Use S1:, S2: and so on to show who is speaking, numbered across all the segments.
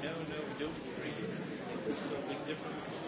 S1: No, no, we don't
S2: agree. There's a big difference.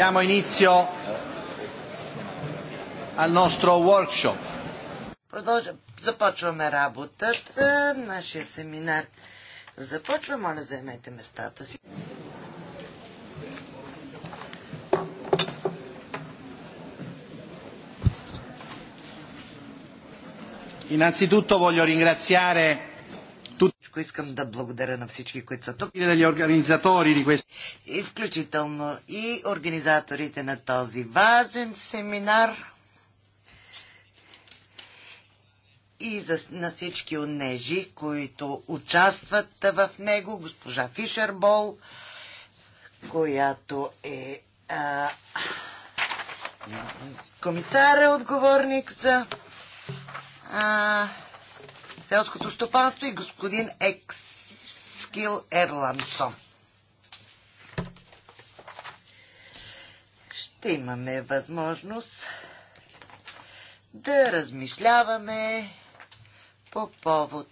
S2: Diamo inizio al nostro workshop.
S3: Започваме работата. Нашия семинар започва. Моля, заемете местата си.
S2: Innanzitutto voglio ringraziare
S3: искам да благодаря на всички, които са тук. И включително и организаторите на този важен семинар. и за, на всички онежи, които участват в него. Госпожа Фишербол, която е а, комисара, е отговорник за а, селското стопанство и господин Екскил Ерландсон. Ще имаме възможност да размишляваме по повод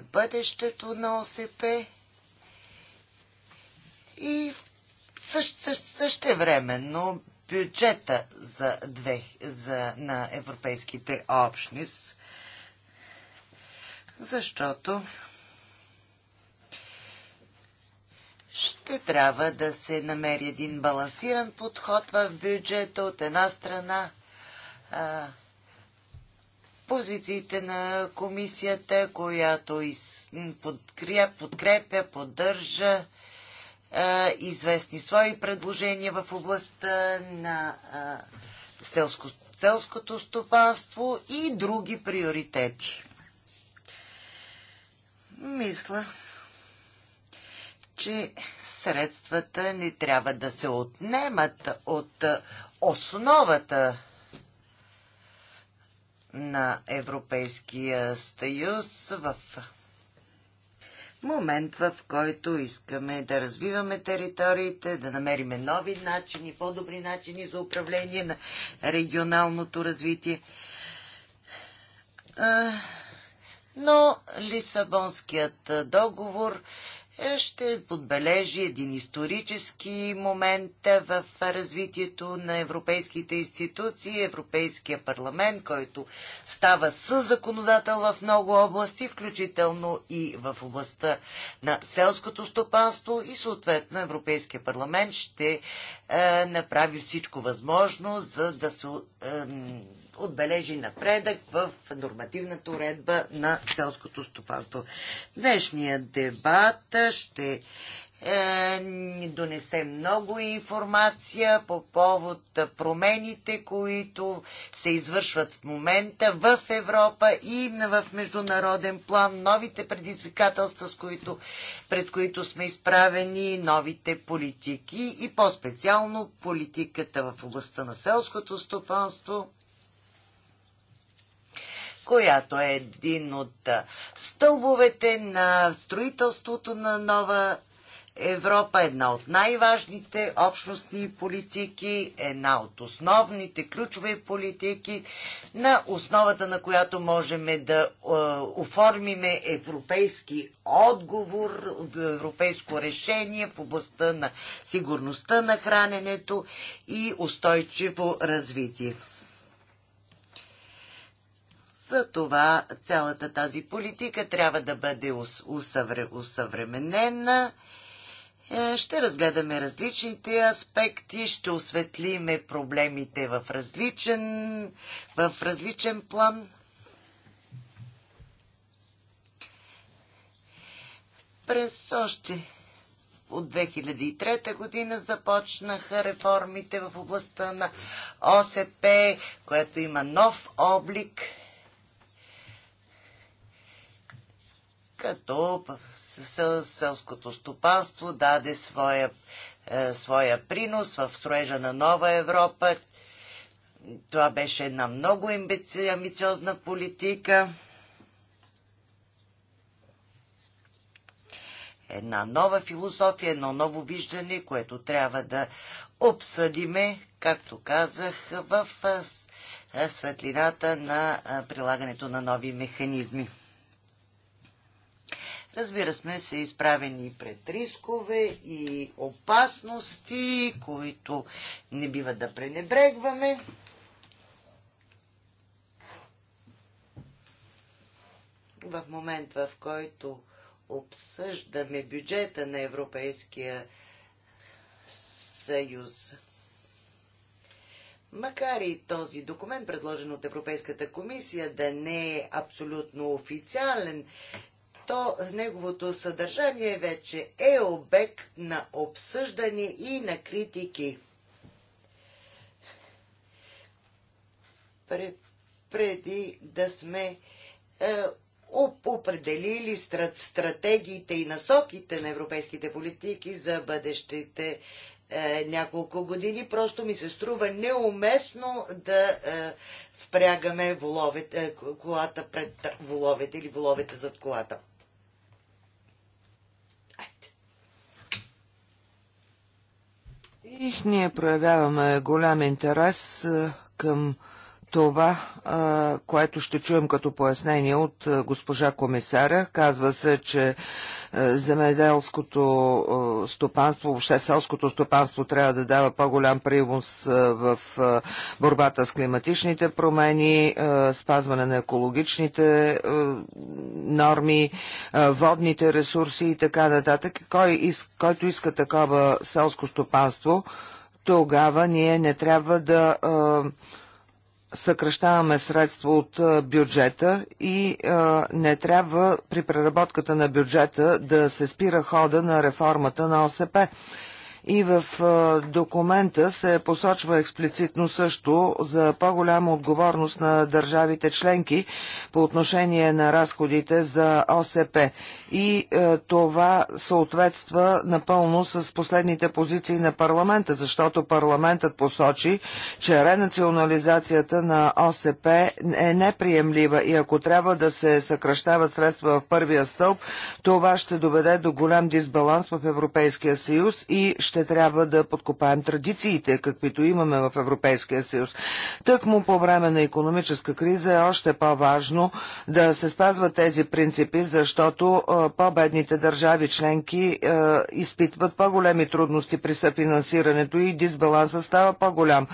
S3: бъдещето на ОСП и също, същевременно бюджета за две, за, на европейските общности защото ще трябва да се намери един балансиран подход в бюджета от една страна. А, позициите на комисията, която из, подкрепя, подкрепя поддържа а, известни свои предложения в областта на а, селско, селското стопанство и други приоритети. Мисля, че средствата ни трябва да се отнемат от основата на Европейския съюз в момент, в който искаме да развиваме териториите, да намериме нови начини, по-добри начини за управление на регионалното развитие но Лисабонският договор е, ще подбележи един исторически момент в развитието на европейските институции, Европейския парламент, който става със законодател в много области, включително и в областта на селското стопанство и съответно Европейския парламент ще е, направи всичко възможно, за да се е, отбележи напредък в нормативната уредба на селското стопанство. Днешният дебат ще е, ни донесе много информация по повод промените, които се извършват в момента в Европа и в международен план, новите предизвикателства, с които, пред които сме изправени, новите политики и по-специално политиката в областта на селското стопанство която е един от стълбовете на строителството на нова Европа, една от най-важните общностни политики, една от основните ключови политики, на основата на която можем да е, оформиме европейски отговор, европейско решение в областта на сигурността на храненето и устойчиво развитие. За това цялата тази политика трябва да бъде усъвременена. Е, ще разгледаме различните аспекти, ще осветлиме проблемите в различен, в различен план. През още от 2003 година започнаха реформите в областта на ОСП, което има нов облик – като селското стопанство даде своя, е, своя принос в строежа на нова Европа. Това беше една много амбициозна политика. Една нова философия, едно ново виждане, което трябва да обсъдиме, както казах, в е, светлината на е, прилагането на нови механизми. Разбира сме се изправени пред рискове и опасности, които не бива да пренебрегваме. В момент, в който обсъждаме бюджета на Европейския съюз, Макар и този документ, предложен от Европейската комисия, да не е абсолютно официален, то неговото съдържание вече е обект на обсъждане и на критики. Преди да сме е, определили стратегиите и насоките на европейските политики за бъдещите е, няколко години. Просто ми се струва неуместно да е, впрягаме воловете, е, колата пред воловете или воловете зад колата.
S4: И ние проявяваме голям интерес към това, което ще чуем като пояснение от госпожа комисара. Казва се, че земеделското стопанство, въобще селското стопанство трябва да дава по-голям принос в борбата с климатичните промени, спазване на екологичните норми, водните ресурси и така нататък. Кой, който иска такова селско стопанство, тогава ние не трябва да съкръщаваме средства от бюджета и не трябва при преработката на бюджета да се спира хода на реформата на ОСП. И в документа се посочва експлицитно също за по-голяма отговорност на държавите членки по отношение на разходите за ОСП и е, това съответства напълно с последните позиции на парламента, защото парламентът посочи, че ренационализацията на ОСП е неприемлива и ако трябва да се съкръщават средства в първия стълб, това ще доведе до голям дисбаланс в Европейския съюз и ще трябва да подкопаем традициите, каквито имаме в Европейския съюз. Тък му по време на економическа криза е още по-важно да се спазват тези принципи, защото е, по-бедните държави членки е, изпитват по-големи трудности при съфинансирането и дисбаланса става по-голям.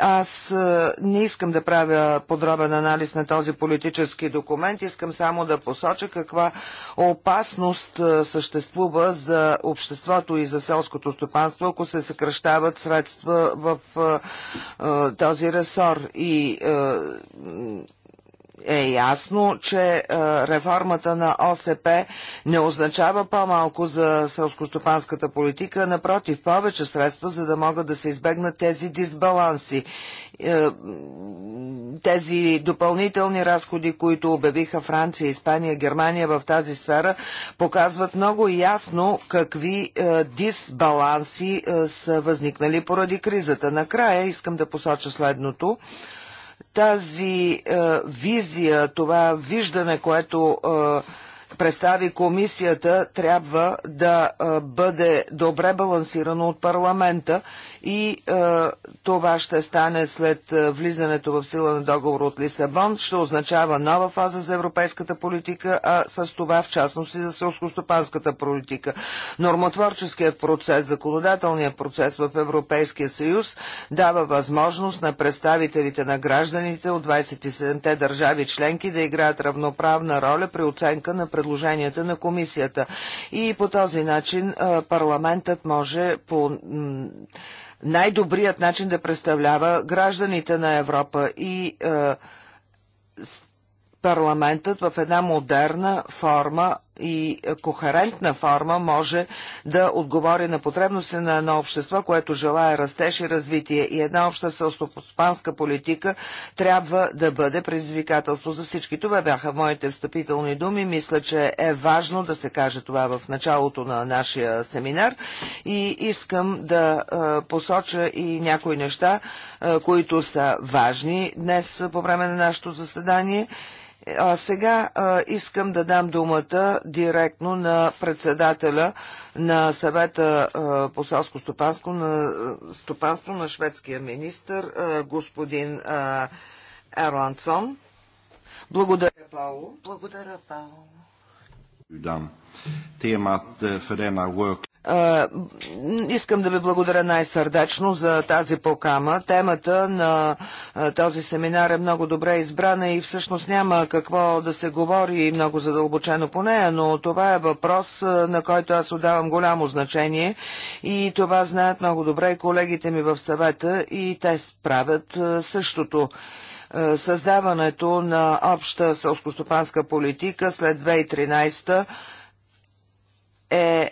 S4: Аз е, не искам да правя подробен анализ на този политически документ, искам само да посоча каква опасност е, съществува за обществото и за селското стопанство, ако се съкръщават средства в е, е, този ресор. И е, е ясно, че е, реформата на ОСП не означава по-малко за селскостопанската политика, напротив, повече средства, за да могат да се избегнат тези дисбаланси е, тези допълнителни разходи, които обявиха Франция, Испания, Германия в тази сфера, показват много ясно какви е, дисбаланси са възникнали поради кризата. Накрая искам да посоча следното тази е, визия, това виждане, което е, представи комисията, трябва да е, бъде добре балансирано от парламента и а, е, това ще стане след е, влизането в сила на договор от Лисабон, ще означава нова фаза за европейската политика, а с това в частност и за селскостопанската политика. Нормотворческият процес, законодателният процес в Европейския съюз дава възможност на представителите на гражданите от 27-те държави членки да играят равноправна роля при оценка на предложенията на комисията. И по този начин е, парламентът може по най-добрият начин да представлява гражданите на Европа и е, парламентът в една модерна форма и кохерентна форма може да отговори на потребности на едно общество, което желая растеж и развитие. И една обща селстопанска политика трябва да бъде предизвикателство за всички. Това бяха моите встъпителни думи. Мисля, че е важно да се каже това в началото на нашия семинар. И искам да посоча и някои неща, които са важни днес по време на нашето заседание. А сега а, искам да дам думата директно на председателя на съвета а, по селско стопанство на, стопанство на шведския министр, а, господин а, Ерландсон. Благодаря, Пауло. Благодаря, Пауло. Темат
S2: for denna work
S4: Искам да ви благодаря най-сърдечно за тази покама. Темата на този семинар е много добре избрана и всъщност няма какво да се говори много задълбочено по нея, но това е въпрос, на който аз отдавам голямо значение и това знаят много добре и колегите ми в съвета и те правят същото създаването на обща селскостопанска политика след 2013 е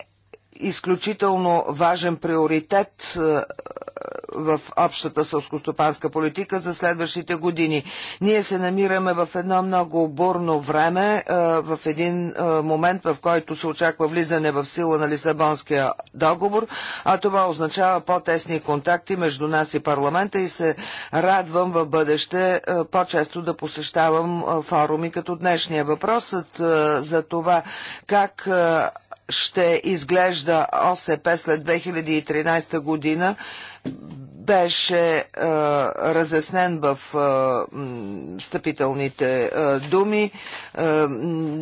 S4: изключително важен приоритет е, в общата сълскостопанска политика за следващите години. Ние се намираме в едно много бурно време, е, в един е, момент, в който се очаква влизане в сила на Лисабонския договор, а това означава по-тесни контакти между нас и парламента и се радвам в бъдеще по-често да посещавам форуми като днешния. Въпросът за това как ще изглежда ОСП след 2013 година, беше е, разяснен в е, стъпителните е, думи.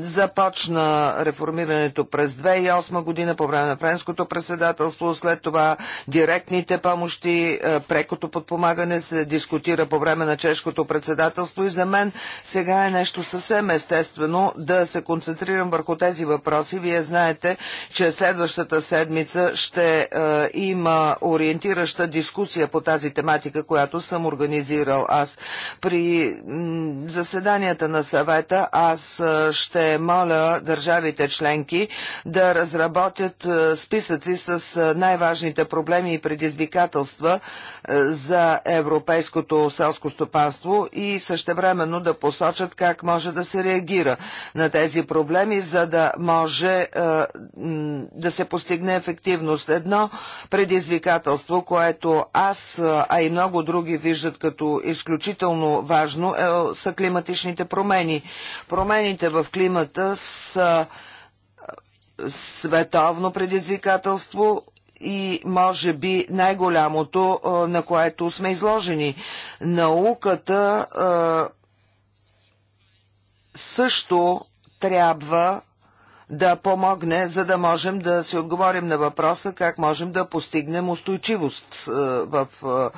S4: започна реформирането през 2008 година по време на френското председателство. След това директните помощи, прекото подпомагане се дискутира по време на чешкото председателство и за мен сега е нещо съвсем естествено да се концентрирам върху тези въпроси. Вие знаете, че следващата седмица ще има ориентираща дискусия по тази тематика, която съм организирал аз. При заседанията на съвета аз ще моля държавите членки да разработят списъци с най-важните проблеми и предизвикателства за европейското селско стопанство и същевременно да посочат как може да се реагира на тези проблеми, за да може да се постигне ефективност. Едно предизвикателство, което аз нас, а и много други виждат като изключително важно, е, са климатичните промени. Промените в климата са е, световно предизвикателство и може би най-голямото, е, на което сме изложени. Науката е, също трябва да помогне, за да можем да си отговорим на въпроса как можем да постигнем устойчивост е, в е,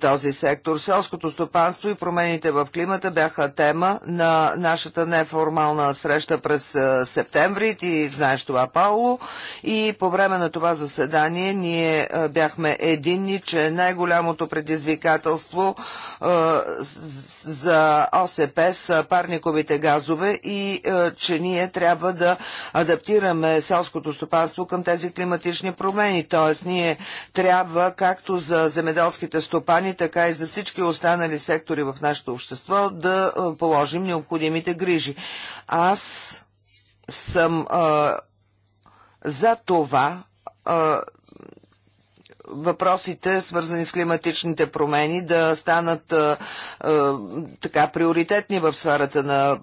S4: този сектор. Селското стопанство и промените в климата бяха тема на нашата неформална среща през септември. Ти знаеш това, Пауло. И по време на това заседание ние бяхме единни, че най-голямото предизвикателство за ОСП с парниковите газове и че ние трябва да адаптираме селското стопанство към тези климатични промени. Тоест, ние трябва, както за земеделските стопанства, компании, така и за всички останали сектори в нашето общество да положим необходимите грижи. Аз съм а, за това а, въпросите, свързани с климатичните промени, да станат а, а, така приоритетни в сферата на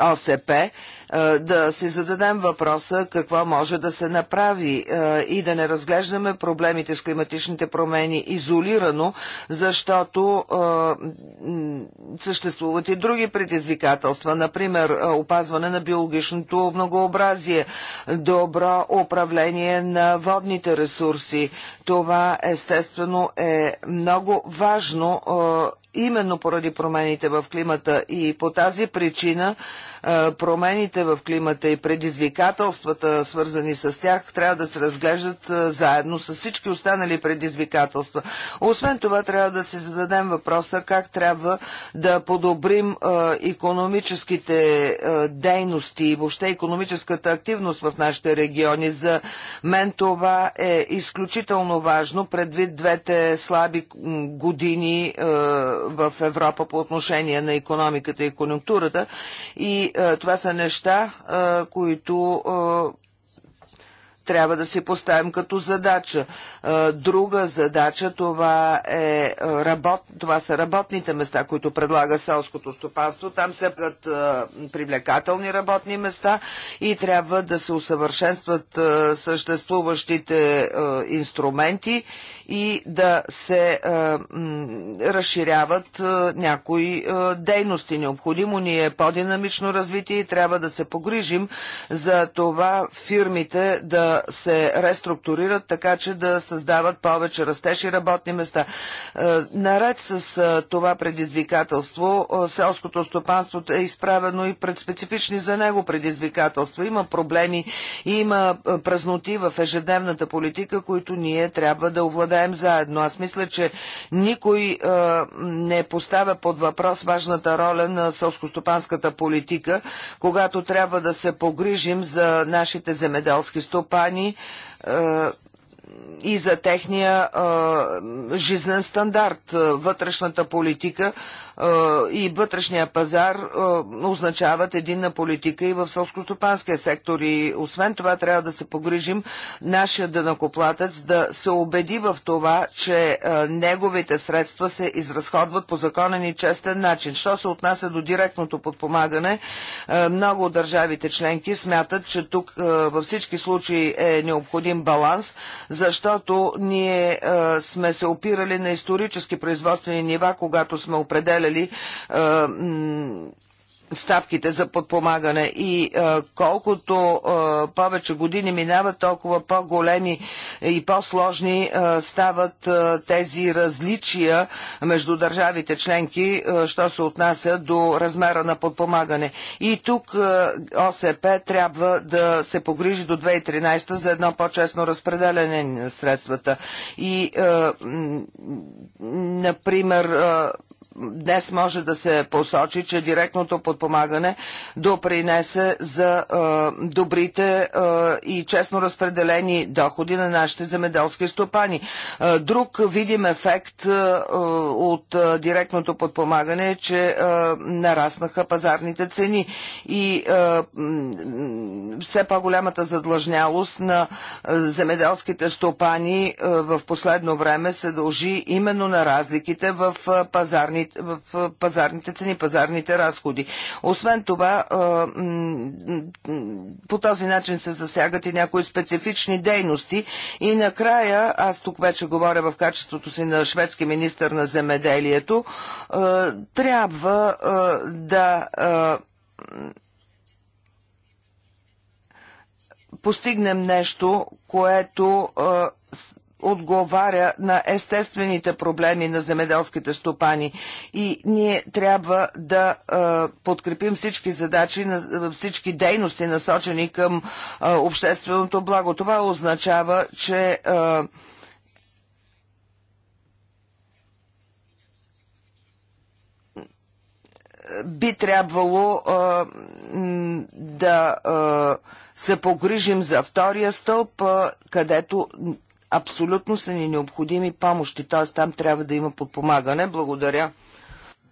S4: ОСП е, да си зададем въпроса какво може да се направи е, и да не разглеждаме проблемите с климатичните промени изолирано, защото е, съществуват и други предизвикателства, например опазване на биологичното многообразие, добро управление на водните ресурси. Това естествено е много важно именно поради промените в климата и по тази причина промените в климата и предизвикателствата, свързани с тях, трябва да се разглеждат заедно с всички останали предизвикателства. Освен това, трябва да си зададем въпроса как трябва да подобрим економическите дейности и въобще економическата активност в нашите региони. За мен това е изключително важно предвид двете слаби години в Европа по отношение на економиката и конюнктурата. И е, това са неща, е, които е, трябва да си поставим като задача. Друга задача това, е работ... това са работните места, които предлага селското стопанство. Там се пред привлекателни работни места и трябва да се усъвършенстват съществуващите инструменти и да се е, м, разширяват а, е, някои а, е, дейности. Необходимо ни е по-динамично развитие и трябва да се погрижим за това фирмите да се реструктурират, така че да създават повече растеж и работни места. А, наред с а, това предизвикателство, а, селското стопанство е изправено и пред специфични за него предизвикателства. Има проблеми и има празноти в ежедневната политика, които ние трябва да овладем живеем заедно. Аз мисля, че никой а, е, не поставя под въпрос важната роля на сълскостопанската политика, когато трябва да се погрижим за нашите земеделски стопани, е, и за техния а, е, жизнен стандарт. Вътрешната политика и вътрешния пазар означават единна политика и в сълскостопанския сектор. И освен това трябва да се погрижим нашия дънакоплатец да се убеди в това, че неговите средства се изразходват по законен и честен начин. Що се отнася до директното подпомагане, много от държавите членки смятат, че тук във всички случаи е необходим баланс, защото ние сме се опирали на исторически производствени нива, когато сме определени заобикаляли ставките за подпомагане и а, колкото а, повече години минават, толкова по-големи и по-сложни стават а, тези различия между държавите членки, а, що се отнася до размера на подпомагане. И тук а, ОСП трябва да се погрижи до 2013 за едно по-честно разпределение на средствата. И, а, например, а, днес може да се посочи, че директното подпомагане допринесе за е, добрите е, и честно разпределени доходи на нашите земеделски стопани. Е, друг видим ефект е, е, от е, директното подпомагане е, че нараснаха пазарните цени и все по-голямата задлъжнялост на земеделските стопани в последно време се дължи именно на разликите в пазарните в пазарните цени, пазарните разходи. Освен това, по този начин се засягат и някои специфични дейности. И накрая, аз тук вече говоря в качеството си на шведски министр на земеделието, трябва да постигнем нещо, което отговаря на естествените проблеми на земеделските стопани. И ние трябва да подкрепим всички задачи, на, всички дейности, насочени към общественото благо. Това означава, че би трябвало а, да а, се погрижим за втория стълб, а, където абсолютно са ни необходими помощи, т.е. там трябва да има подпомагане. Благодаря.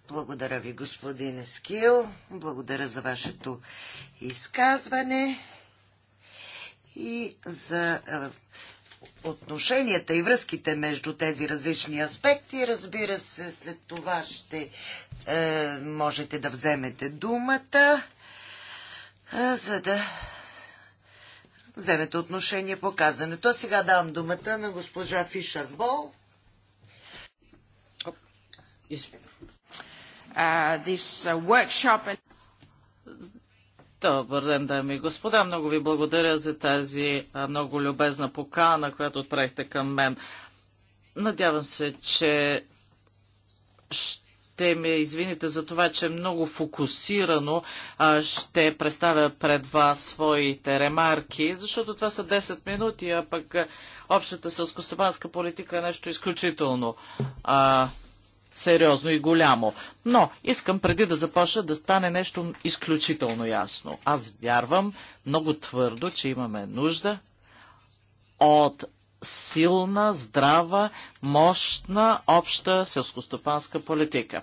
S3: Благодаря ви, господин Скил. Благодаря за вашето изказване и за е, отношенията и връзките между тези различни аспекти. Разбира се, след това ще е, можете да вземете думата, е, за да вземете отношение по казането. Сега давам думата на госпожа Фишер Бол.
S1: Добър ден, дами и господа. Много ви благодаря за тази много любезна покана, която отправихте към мен. Надявам се, че ще ще ме извините за това, че много фокусирано а, ще представя пред вас своите ремарки, защото това са 10 минути, а пък общата селскостопанска политика е нещо изключително а, сериозно и голямо. Но искам преди да започна да стане нещо изключително ясно. Аз вярвам много твърдо, че имаме нужда от силна, здрава, мощна обща селскостопанска политика.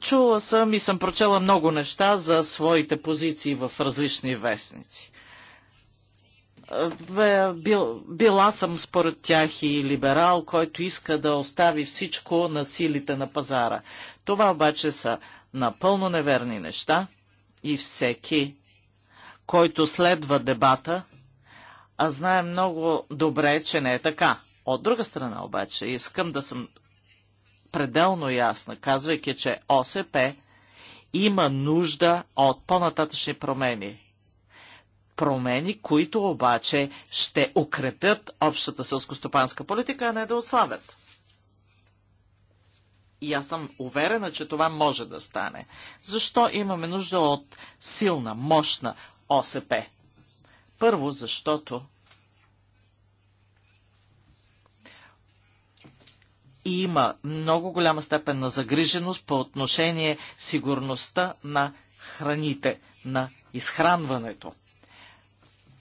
S1: Чула съм и съм прочела много неща за своите позиции в различни вестници. Бил, била съм според тях и либерал, който иска да остави всичко на силите на пазара. Това обаче са напълно неверни неща и всеки, който следва дебата, а знае много добре, че не е така. От друга страна обаче, искам да съм пределно ясна, казвайки, че ОСП има нужда от по-нататъчни промени. Промени, които обаче ще укрепят общата сълскостопанска политика, а не да отслабят. И аз съм уверена, че това може да стане. Защо имаме нужда от силна, мощна ОСП? Първо, защото има много голяма степен на загриженост по отношение сигурността на храните, на изхранването.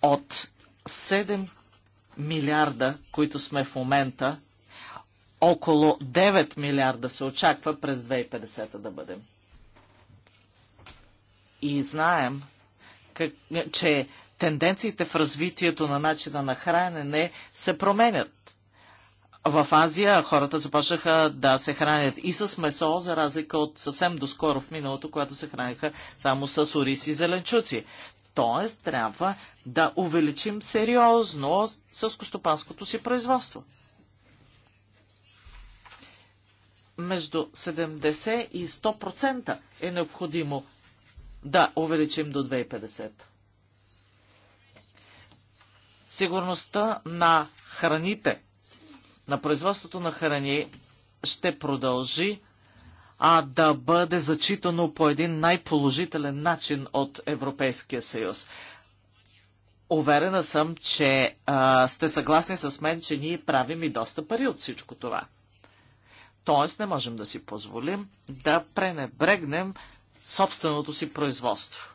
S1: От 7 милиарда, които сме в момента, около 9 милиарда се очаква през 2050 да бъдем. И знаем, как, че тенденциите в развитието на начина на хранене се променят. В Азия хората започнаха да се хранят и с месо, за разлика от съвсем доскоро в миналото, когато се храниха само с ориз и зеленчуци. Тоест, трябва да увеличим сериозно сълскостопанското си производство. Между 70 и 100% е необходимо да увеличим до 2050. Сигурността на храните, на производството на храни ще продължи а да бъде зачитано по един най-положителен начин от Европейския съюз. Уверена съм, че а, сте съгласни с мен, че ние правим и доста пари от всичко това. Тоест не можем да си позволим да пренебрегнем собственото си производство.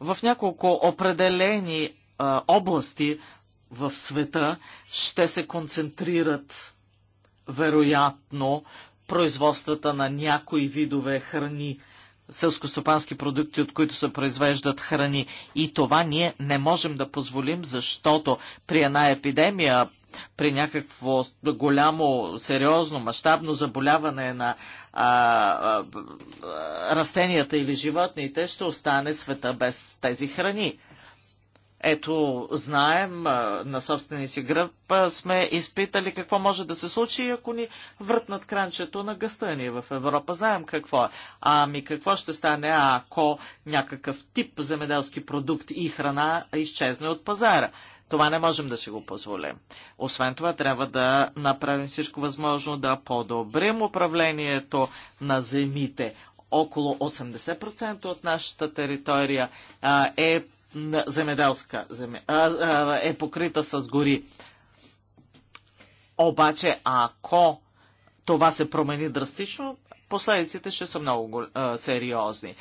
S1: в няколко определени а, области в света ще се концентрират вероятно производствата на някои видове храни, селскостопански продукти, от които се произвеждат храни. И това ние не можем да позволим, защото при една епидемия при някакво голямо, сериозно, мащабно заболяване на а, а, растенията или животните, ще остане света без тези храни. Ето, знаем, на собствения си гръб сме изпитали какво може да се случи, ако ни въртнат кранчето на гъста ни в Европа. Знаем какво е. Ами какво ще стане, ако някакъв тип земеделски продукт и храна изчезне от пазара? Това не можем да си го позволим. Освен това, трябва да направим всичко възможно да подобрим управлението на земите. Около 80% от нашата територия а, е земеделска, земе, а, а, е покрита с гори. Обаче, ако това се промени драстично, последиците ще са много а, сериозни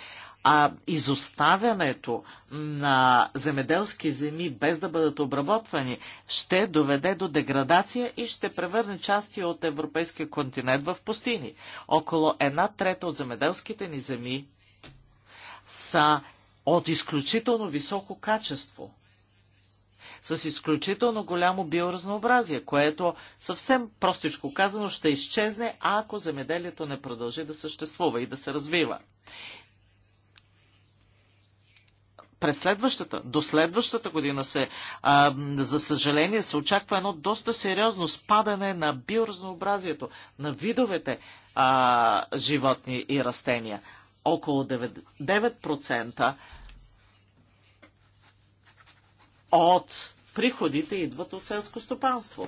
S1: а, изоставянето на земеделски земи без да бъдат обработвани ще доведе до деградация и ще превърне части от европейския континент в пустини. Около една трета от земеделските ни земи са от изключително високо качество, с изключително голямо биоразнообразие, което съвсем простичко казано ще изчезне, ако земеделието не продължи да съществува и да се развива през следващата, до следващата година се, а, за съжаление, се очаква едно доста сериозно спадане на биоразнообразието, на видовете а, животни и растения. Около 9%, 9% от приходите идват от селско стопанство.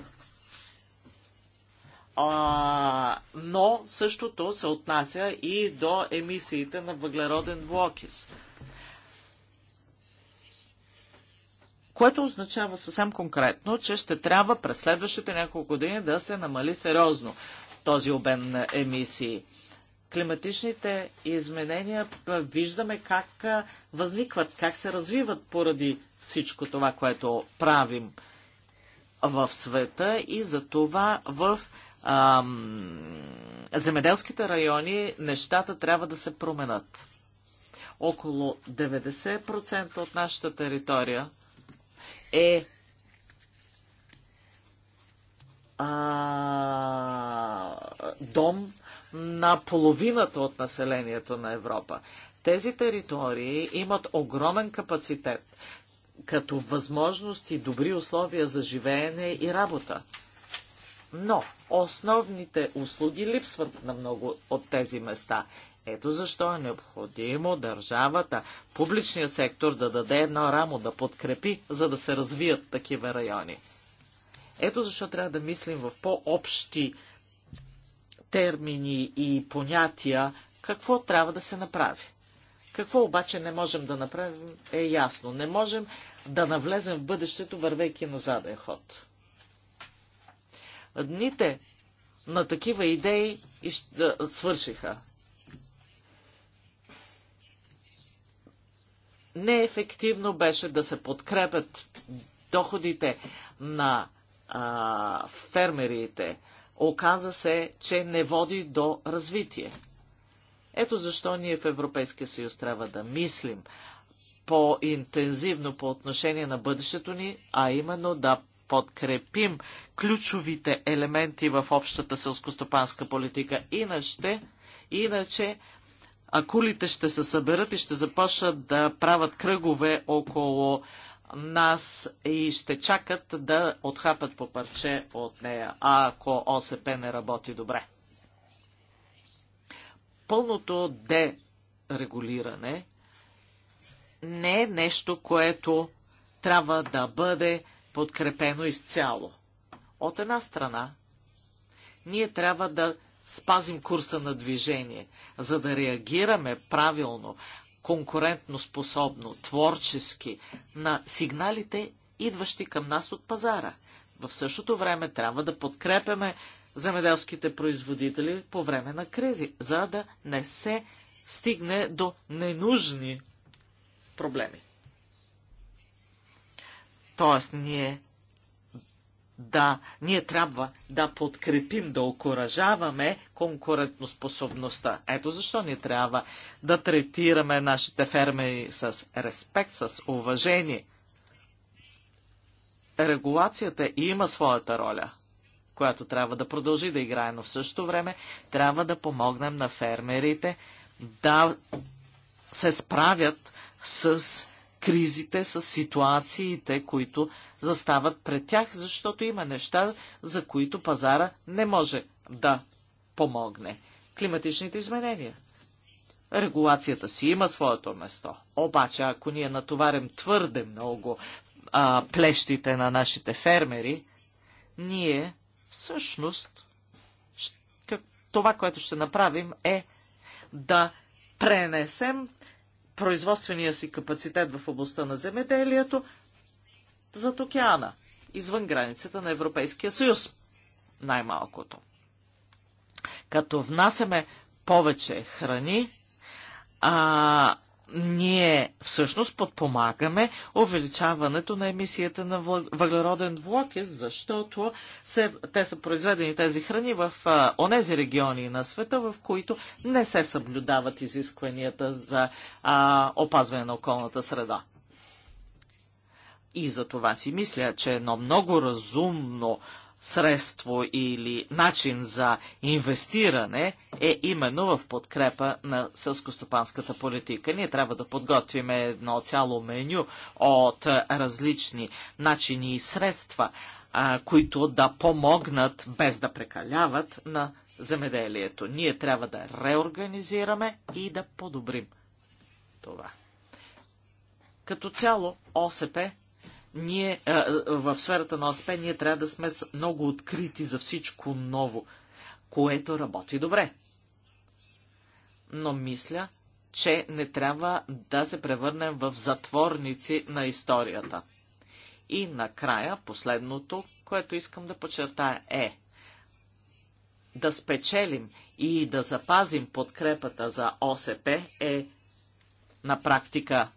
S1: А, но същото се отнася и до емисиите на въглероден двуокис. което означава съвсем конкретно, че ще трябва през следващите няколко години да се намали сериозно този обем на емисии. Климатичните изменения виждаме как възникват, как се развиват поради всичко това, което правим в света и за това в ам, земеделските райони нещата трябва да се променят. Около 90% от нашата територия е а, дом на половината от населението на Европа. Тези територии имат огромен капацитет като възможности, добри условия за живеене и работа. Но основните услуги липсват на много от тези места ето защо е необходимо държавата, публичния сектор да даде едно рамо, да подкрепи, за да се развият такива райони. Ето защо трябва да мислим в по-общи термини и понятия какво трябва да се направи. Какво обаче не можем да направим е ясно. Не можем да навлезем в бъдещето, вървейки на заден ход. Дните на такива идеи свършиха. неефективно беше да се подкрепят доходите на а, фермерите. Оказа се, че не води до развитие. Ето защо ние в Европейския съюз трябва да мислим по-интензивно по отношение на бъдещето ни, а именно да подкрепим ключовите елементи в общата селскостопанска политика. Иначе, иначе Акулите ще се съберат и ще започнат да правят кръгове около нас и ще чакат да отхапат по парче от нея, а ако ОСП не работи добре. Пълното дерегулиране не е нещо, което трябва да бъде подкрепено изцяло. От една страна, ние трябва да спазим курса на движение, за да реагираме правилно, конкурентно способно, творчески на сигналите, идващи към нас от пазара. В същото време трябва да подкрепяме земеделските производители по време на кризи, за да не се стигне до ненужни проблеми. Тоест, ние да, ние трябва да подкрепим, да окоръжаваме конкурентоспособността. Ето защо ни трябва да третираме нашите фермери с респект, с уважение. Регулацията има своята роля, която трябва да продължи да играе, но в същото време трябва да помогнем на фермерите да се справят с кризите, с ситуациите, които застават пред тях, защото има неща, за които пазара не може да помогне. Климатичните изменения. Регулацията си има своето место. Обаче, ако ние натоварим твърде много а, плещите на нашите фермери, ние всъщност това, което ще направим е да пренесем производствения си капацитет в областта на земеделието зад океана, извън границата на Европейския съюз, най-малкото. Като внасяме повече храни, а, ние всъщност подпомагаме увеличаването на емисията на въглероден двуокис, защото се, те са произведени тези храни в онези региони на света, в които не се съблюдават изискванията за а, опазване на околната среда. И за това си мисля, че едно много разумно средство или начин за инвестиране е именно в подкрепа на сълскостопанската политика. Ние трябва да подготвим едно цяло меню от различни начини и средства, които да помогнат, без да прекаляват, на земеделието. Ние трябва да реорганизираме и да подобрим това. Като цяло ОСП ние, в сферата на ОСП ние трябва да сме много открити за всичко ново, което работи добре. Но мисля, че не трябва да се превърнем в затворници на историята. И накрая, последното, което искам да подчертая е да спечелим и да запазим подкрепата за ОСП е на практика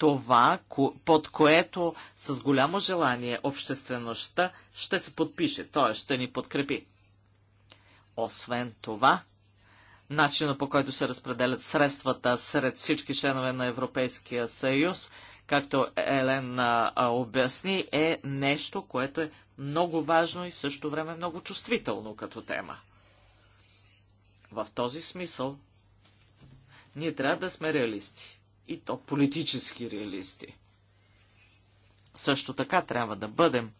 S1: това, под което с голямо желание обществеността ще се подпише, т.е. ще ни подкрепи. Освен това, начина по който се разпределят средствата сред всички членове на Европейския съюз, както Елен обясни, е нещо, което е много важно и в същото време много чувствително като тема. В този смисъл, ние трябва да сме реалисти и то политически реалисти. Също така трябва да бъдем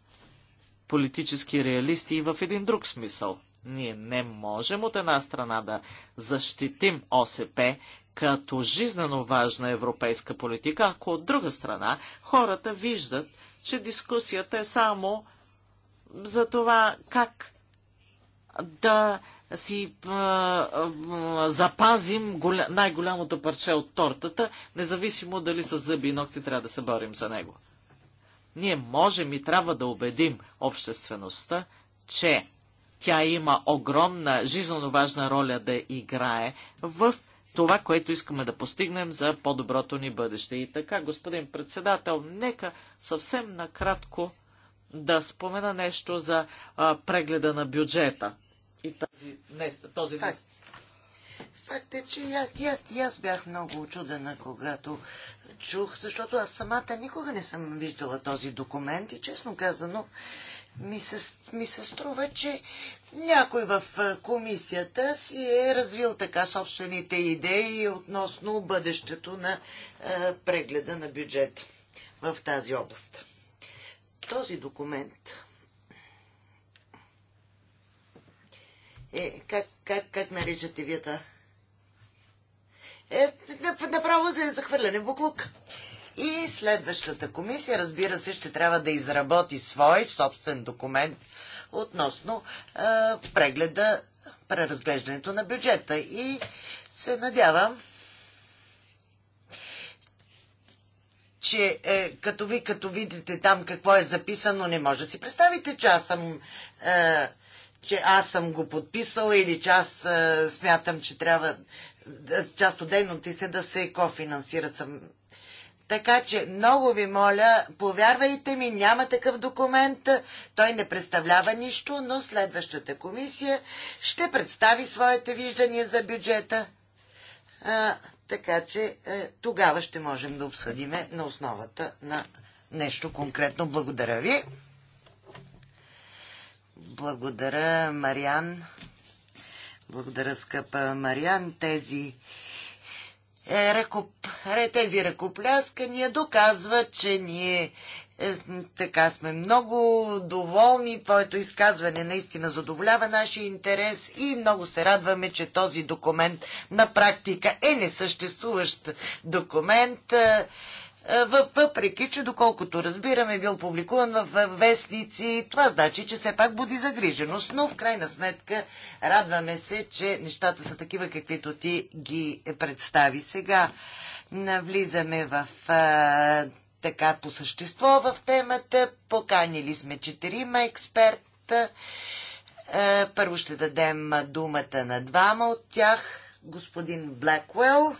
S1: политически реалисти и в един друг смисъл. Ние не можем от една страна да защитим ОСП като жизнено важна европейска политика, ако от друга страна хората виждат, че дискусията е само за това как да си а, а, запазим голя... най-голямото парче от тортата, независимо дали с зъби и ногти трябва да се борим за него. Ние можем и трябва да убедим обществеността, че тя има огромна, жизненно важна роля да играе в това, което искаме да постигнем за по-доброто ни бъдеще. И така, господин председател, нека съвсем накратко да спомена нещо за а, прегледа на бюджета и тази, днес, този вест.
S3: Факт е, че аз, аз, аз бях много очудена, когато чух, защото аз самата никога не съм виждала този документ и честно казано ми се, ми се струва, че някой в комисията си е развил така собствените идеи относно бъдещето на е, прегледа на бюджета в тази област. Този документ е, как, как, как наричате вие та? Е, направо за захвърляне буклук. И следващата комисия, разбира се, ще трябва да изработи свой собствен документ относно е, прегледа, преразглеждането на бюджета. И се надявам, че е, като ви като видите там какво е записано, не може да си представите, че аз съм е, че аз съм го подписала или че аз а, смятам, че трябва част от дейностите да се кофинансира съм. Така че много ви моля, повярвайте ми, няма такъв документ, той не представлява нищо, но следващата комисия ще представи своите виждания за бюджета. А, така че е, тогава ще можем да обсъдиме на основата на нещо конкретно. Благодаря ви. Благодаря, Мариан. Благодаря, скъпа Мариан. Тези е, ръкоп, тези ръкопляскания доказват, че ние е, така сме много доволни. Твоето изказване наистина задоволява нашия интерес и много се радваме, че този документ на практика е несъществуващ документ. Е, е, въпреки че, доколкото разбираме, бил публикуван в вестници. Това значи, че все пак буди загриженост, но в крайна сметка радваме се, че нещата са такива, каквито ти ги представи сега. Навлизаме в а, е, така по същество в темата. Поканили сме четирима експерта. Е, първо ще дадем думата на двама от тях. Господин Блеквел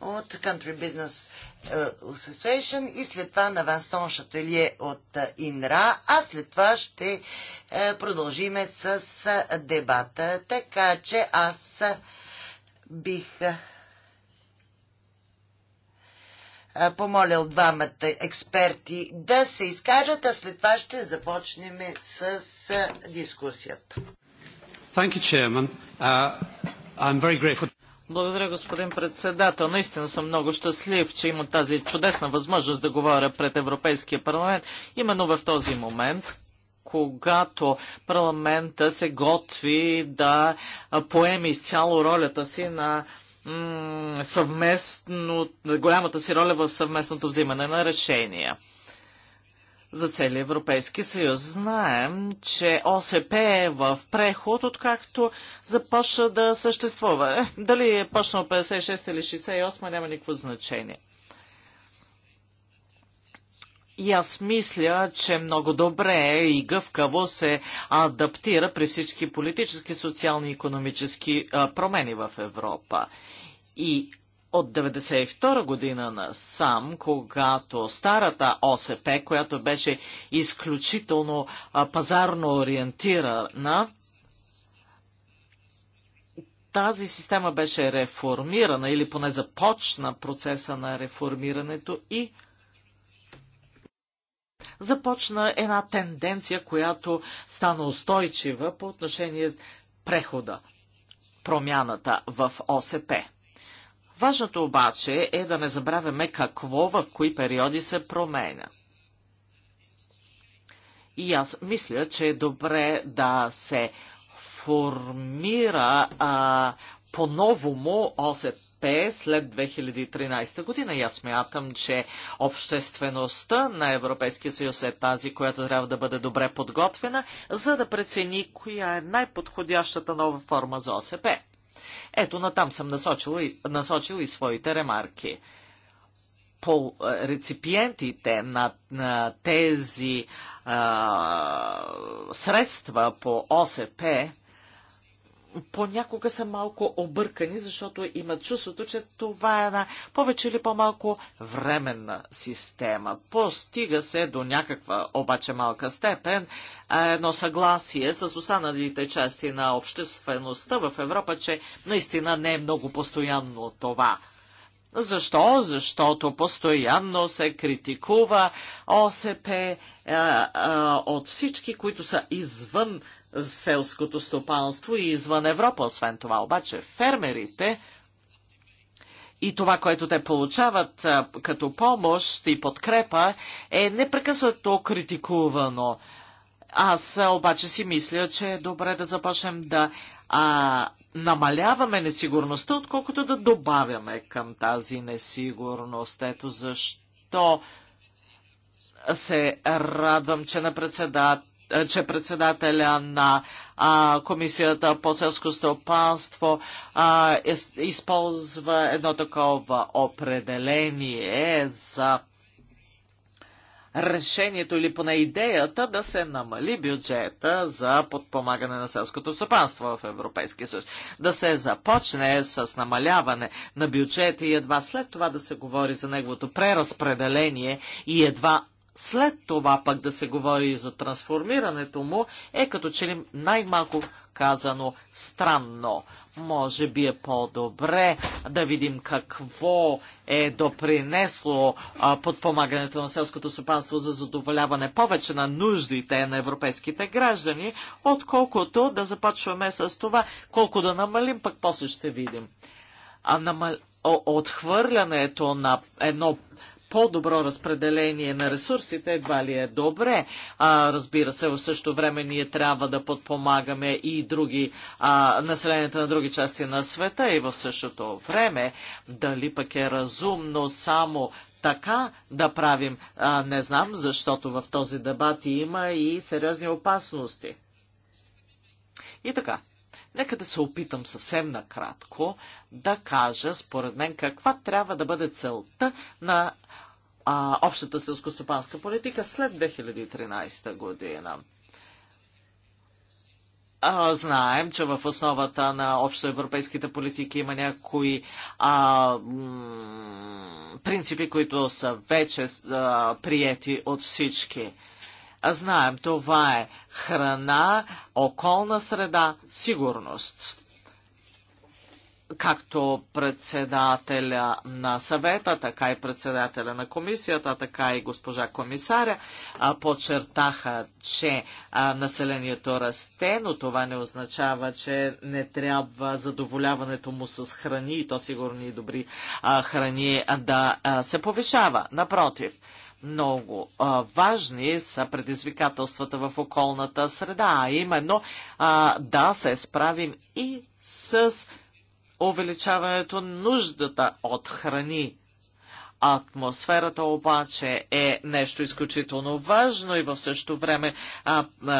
S3: от Country Business е, Association и след това на Вансон Шателие от ИНРА, е, а след това ще е, продължиме с дебата. Така че аз бих помолял двамата експерти да се изкажат, а след това ще започнем с дискусията.
S1: Thank you, Chairman. Uh, I'm very grateful. Благодаря, господин председател. Наистина съм много щастлив, че има тази чудесна възможност да говоря пред Европейския парламент. Именно в този момент, когато парламента се готви да поеме изцяло ролята си на съвместно, голямата си роля в съвместното взимане на решения за целия Европейски съюз. Знаем, че ОСП е в преход, откакто започна да съществува. Дали е почнал 56 или 68, няма никакво значение. И аз мисля, че много добре и гъвкаво се адаптира при всички политически, социални и економически промени в Европа. И от 1992 година на сам, когато старата ОСП, която беше изключително пазарно ориентирана, тази система беше реформирана или поне започна процеса на реформирането и започна една тенденция, която стана устойчива по отношение прехода, промяната в ОСП. Важното обаче е да не забравяме какво в кои периоди се променя. И аз мисля, че е добре да се формира а, по-новому ОСП след 2013 година. И аз смятам, че обществеността на Европейския съюз е тази, която трябва да бъде добре подготвена, за да прецени коя е най-подходящата нова форма за ОСП. Ето, натам съм насочил и, насочил и своите ремарки. По е, реципиентите на, на тези а, средства по ОСП понякога са малко объркани, защото имат чувството, че това е една повече или по-малко временна система. Постига се до някаква обаче малка степен едно съгласие с останалите части на обществеността в Европа, че наистина не е много постоянно това. Защо? Защото постоянно се критикува ОСП е, е, от всички, които са извън селското стопанство и извън Европа. Освен това, обаче, фермерите и това, което те получават като помощ и подкрепа, е непрекъснато критикувано. Аз обаче си мисля, че е добре да започнем да а, намаляваме несигурността, отколкото да добавяме към тази несигурност. Ето защо се радвам, че на председател е, че председателя на а, Комисията по селско стопанство а, използва едно такова определение за решението или поне идеята да се намали бюджета за подпомагане на селското стопанство в Европейския съюз. Да се започне с намаляване на бюджета и едва след това да се говори за неговото преразпределение и едва след това пък да се говори за трансформирането му, е като че ли най-малко казано странно. Може би е по-добре да видим какво е допринесло а, подпомагането на селското стопанство за задоволяване повече на нуждите на европейските граждани, отколкото да започваме с това, колко да намалим, пък после ще видим. А намал... Отхвърлянето на едно по-добро разпределение на ресурсите едва ли е добре. А, разбира се, в същото време ние трябва да подпомагаме и други а, населенията на други части на света и в същото време дали пък е разумно само така да правим, а, не знам, защото в този дебат има и сериозни опасности. И така, Нека да се опитам съвсем накратко да кажа, според мен, каква трябва да бъде целта на а, общата селскостопанска политика след 2013 година. А, знаем, че в основата на общоевропейските политики има някои а, принципи, които са вече а, приети от всички. Знаем, това е храна, околна среда, сигурност. Както председателя на съвета, така и председателя на комисията, така и госпожа комисаря подчертаха, че населението расте, но това не означава, че не трябва задоволяването му с храни, и то сигурни и добри храни, да се повишава. Напротив, много а, важни са предизвикателствата в околната среда, а именно а, да се справим и с увеличаването нуждата от храни Атмосферата обаче е нещо изключително важно и в същото време а, а,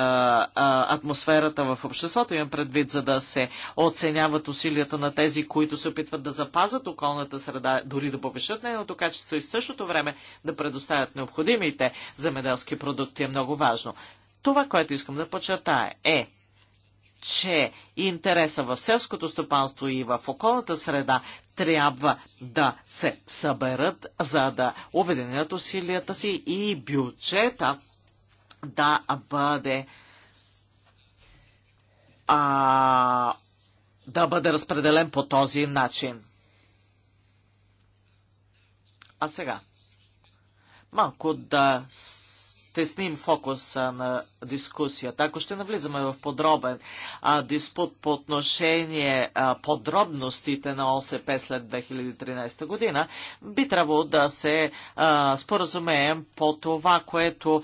S1: а, атмосферата в обществото имам предвид, за да се оценяват усилията на тези, които се опитват да запазят околната среда, дори да повишат нейното качество и в същото време да предоставят необходимите замеделски продукти е много важно. Това, което искам да подчертая е, че интереса в селското стопанство и в околната среда трябва да се съберат, за да обединят усилията си и бюджета да бъде а, да бъде разпределен по този начин. А сега, малко да стесним фокуса на дискусията. Ако ще навлизаме в подробен а, диспут по отношение а, подробностите на ОСП след 2013 година, би трябвало да се а, споразумеем по това, което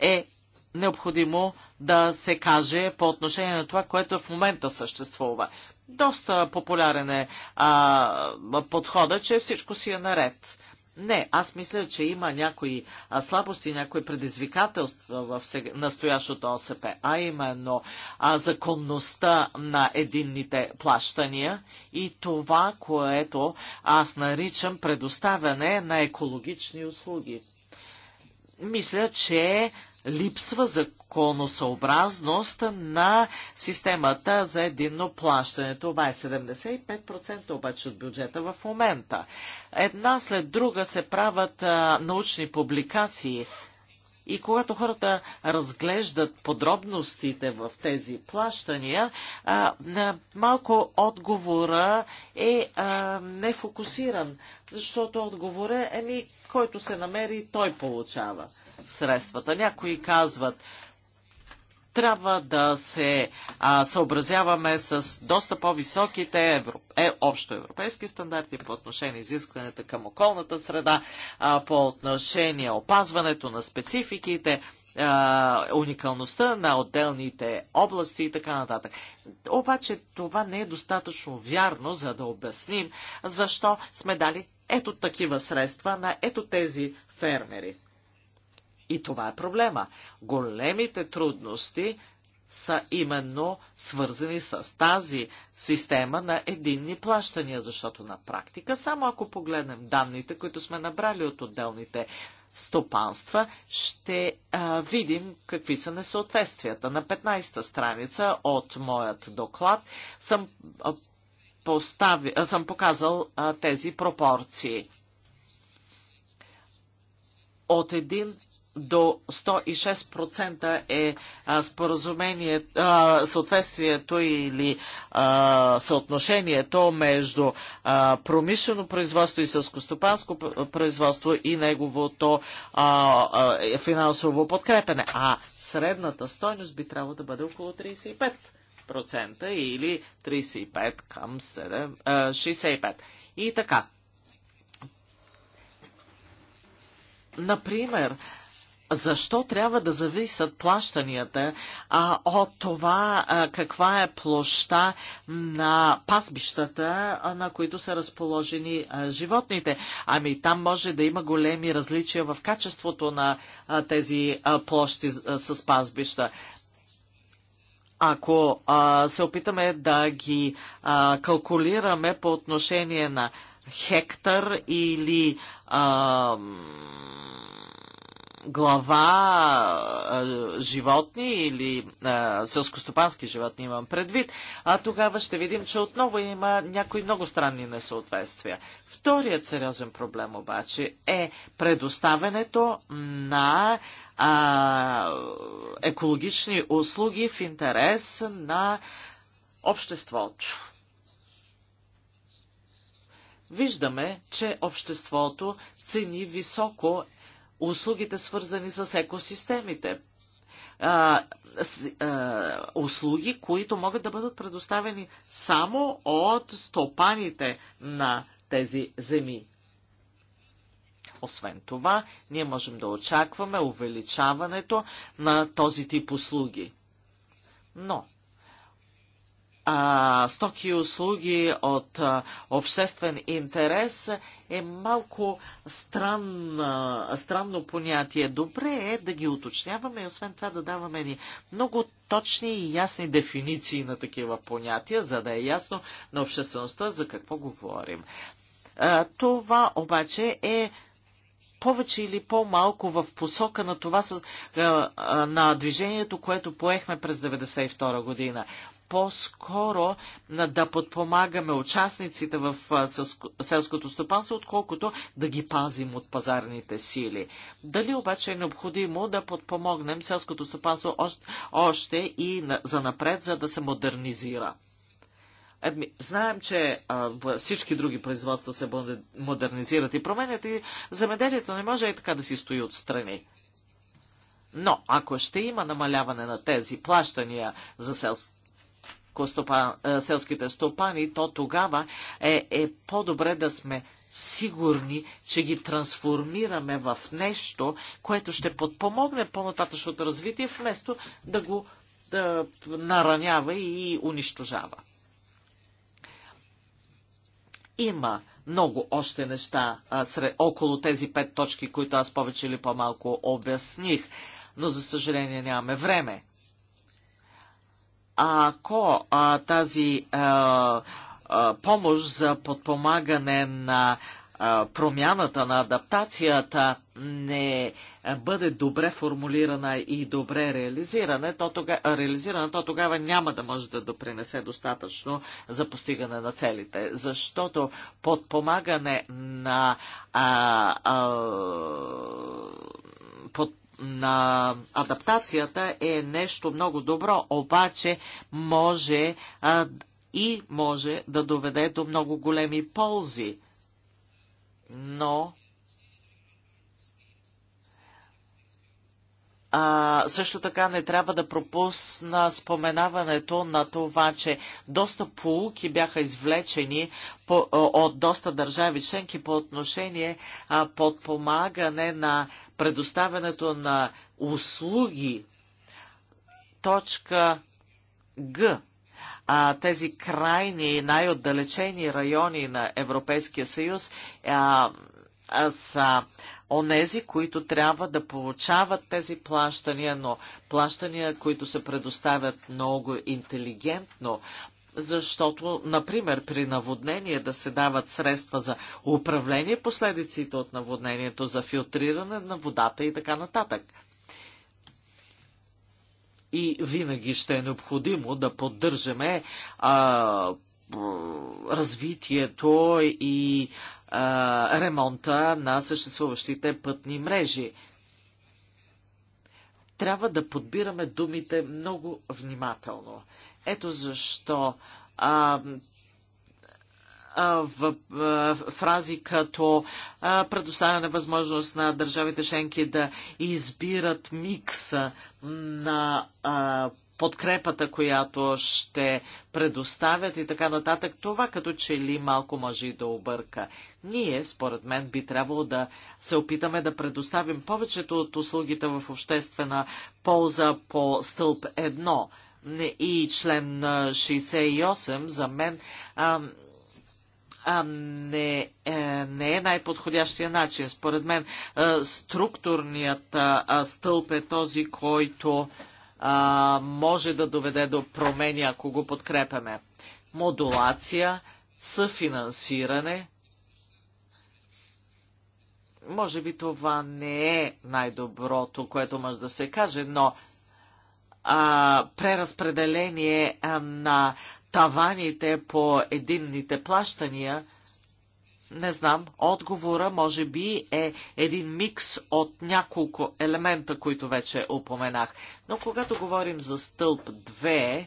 S1: е необходимо да се каже по отношение на това, което в момента съществува. Доста популярен е а, подходът, че всичко си е наред не, аз мисля, че има някои слабости, някои предизвикателства в настоящото ОСП, а именно а, законността на единните плащания и това, което аз наричам предоставяне на екологични услуги. Мисля, че липсва за законосъобразност на системата за единно плащане. Това е 75% обаче от бюджета в момента. Една след друга се правят а, научни публикации и когато хората разглеждат подробностите в тези плащания, а, малко отговора е а, нефокусиран, защото отговора е ми, който се намери, той получава средствата. Някои казват, трябва да се а, съобразяваме с доста по-високите евро, е, европейски стандарти по отношение изискването към околната среда, а, по отношение опазването на спецификите, а, уникалността на отделните области и така нататък. Обаче това не е достатъчно вярно, за да обясним защо сме дали ето такива средства на ето тези фермери. И това е проблема. Големите трудности са именно свързани с тази система на единни плащания, защото на практика, само ако погледнем данните, които сме набрали от отделните стопанства, ще а, видим какви са несъответствията. На 15-та страница от моят доклад съм, а, постави, а, съм показал а, тези пропорции. От един до 106% е споразумение, съответствието или съотношението между промишлено производство и сълскостопанско производство и неговото е, финансово подкрепене. А средната стойност би трябвало да бъде около 35% или 35 към 7, 65. И така. Например, защо трябва да зависят плащанията а, от това а, каква е площа на пасбищата, на които са разположени а, животните. Ами там може да има големи различия в качеството на а, тези а, площи а, с пасбища. Ако а, се опитаме да ги а, калкулираме по отношение на хектар или а, глава животни или селскостопански животни имам предвид, а тогава ще видим, че отново има някои много странни несъответствия. Вторият сериозен проблем обаче е предоставянето на екологични услуги в интерес на обществото. Виждаме, че обществото цени високо услугите свързани с екосистемите. А, с, а, услуги, които могат да бъдат предоставени само от стопаните на тези земи. Освен това, ние можем да очакваме увеличаването на този тип услуги. Но стоки и услуги от обществен интерес е малко странна, странно понятие. Добре е да ги уточняваме и освен това да даваме ни много точни и ясни дефиниции на такива понятия, за да е ясно на обществеността за какво говорим. това обаче е повече или по-малко в посока на това на движението, което поехме през 1992 година по-скоро да подпомагаме участниците в селското стопанство, отколкото да ги пазим от пазарните сили. Дали обаче е необходимо да подпомогнем селското стопанство още и за напред, за да се модернизира? Знаем, че а, всички други производства се модернизират и променят и замеделието не може и така да си стои отстрани. Но ако ще има намаляване на тези плащания за селско стопа, е, селските стопани, то тогава е, е по-добре да сме сигурни, че ги трансформираме в нещо, което ще подпомогне по-нататъчното развитие, вместо да го да наранява и унищожава. Има много още неща а, сред, около тези пет точки, които аз повече или по-малко обясних, но за съжаление нямаме време ако а, тази а, а, помощ за подпомагане на а, промяната на адаптацията не бъде добре формулирана и добре реализирана, то тогава, реализирана, то тогава няма да може да допринесе достатъчно за постигане на целите. Защото подпомагане на а, а, под, на адаптацията е нещо много добро, обаче може а, и може да доведе до много големи ползи. Но А, също така не трябва да пропусна споменаването на това, че доста полуки бяха извлечени по, от доста държави членки по отношение а, подпомагане на предоставянето на услуги, точка Г, а, тези крайни, най-отдалечени райони на Европейския съюз а, а, са онези, които трябва да получават тези плащания, но плащания, които се предоставят много интелигентно, защото, например, при наводнение да се дават средства за управление последиците от наводнението, за филтриране на водата и така нататък. И винаги ще е необходимо да поддържаме а, развитието и а, ремонта на съществуващите пътни мрежи. Трябва да подбираме думите много внимателно. Ето защо а, в, фрази като предоставяне възможност на държавите шенки да избират микса на подкрепата, която ще предоставят и така нататък. Това като че ли малко може и да обърка. Ние, според мен, би трябвало да се опитаме да предоставим повечето от услугите в обществена полза по стълб едно и член 68 за мен а, а не, е, не е най-подходящия начин. Според мен структурният стълб е този, който а, може да доведе до промени, ако го подкрепяме. Модулация, съфинансиране. Може би това не е най-доброто, което може да се каже, но преразпределение на таваните по единните плащания, не знам, отговора може би е един микс от няколко елемента, които вече упоменах. Но когато говорим за стълб 2,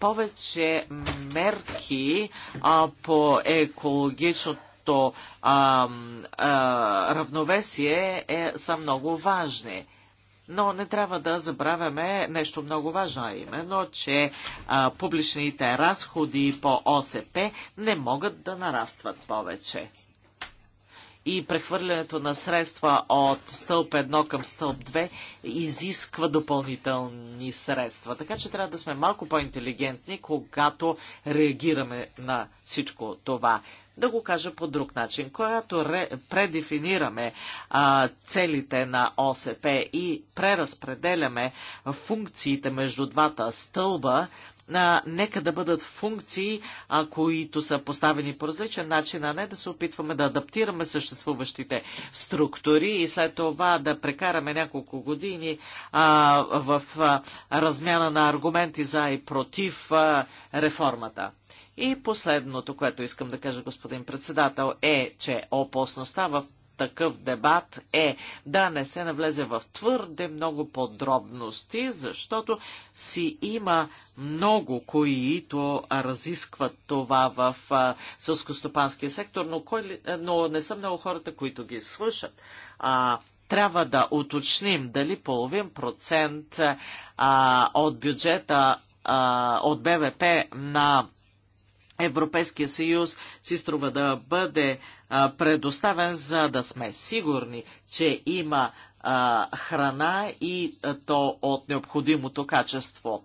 S1: повече мерки а, по екологичното а, а, равновесие е, са много важни. Но не трябва да забравяме нещо много важно, а именно, че а, публичните разходи по ОСП не могат да нарастват повече. И прехвърлянето на средства от стълб 1 към стълб 2 изисква допълнителни средства. Така че трябва да сме малко по-интелигентни, когато реагираме на всичко това. Да го кажа по друг начин. Когато предефинираме а, целите на ОСП и преразпределяме функциите между двата стълба, а, нека да бъдат функции, а, които са поставени по различен начин, а не да се опитваме да адаптираме съществуващите структури и след това да прекараме няколко години а, в а, размяна на аргументи за и против а, реформата. И последното, което искам да кажа, господин председател, е, че опасността в такъв дебат е да не се навлезе в твърде много подробности, защото си има много, които разискват това в сълскостопанския сектор, но, кой, но не са много хората, които ги слушат. А, трябва да уточним дали половин процент а, от бюджета а, от БВП на Европейския съюз си струва да бъде а, предоставен, за да сме сигурни, че има а, храна и а, то от необходимото качество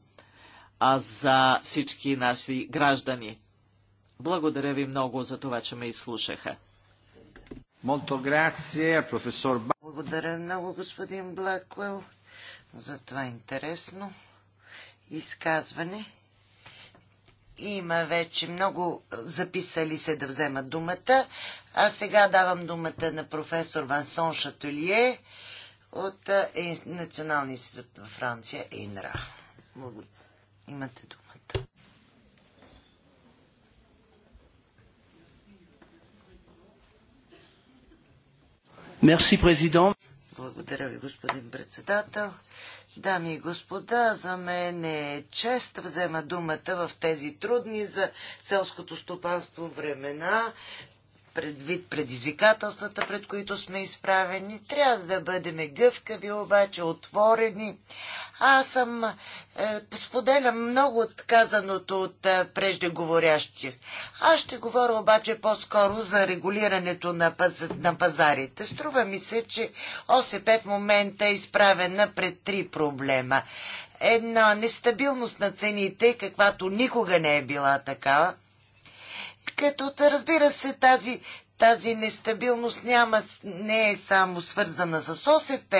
S1: а, за всички наши граждани. Благодаря ви много за това, че ме изслушаха.
S3: Благодаря много, господин Блаквел, за това интересно изказване. Има вече много записали се да вземат думата. А сега давам думата на професор Вансон Шатолие от е, Националния институт на Франция ИНРА. Благодаря. Имате думата.
S2: Мерси,
S3: Благодаря ви, господин председател. Дами и господа, за мен е чест взема думата в тези трудни за селското стопанство времена предвид предизвикателствата, пред които сме изправени. Трябва да бъдем гъвкави, обаче отворени. Аз съм, е, споделям много от казаното от е, преждеговорящия. Аз ще говоря обаче по-скоро за регулирането на, паз, на пазарите. Струва ми се, че ОСП в момента е изправена пред три проблема. Една нестабилност на цените, каквато никога не е била такава като разбира се тази, тази нестабилност няма, не е само свързана с ОСП,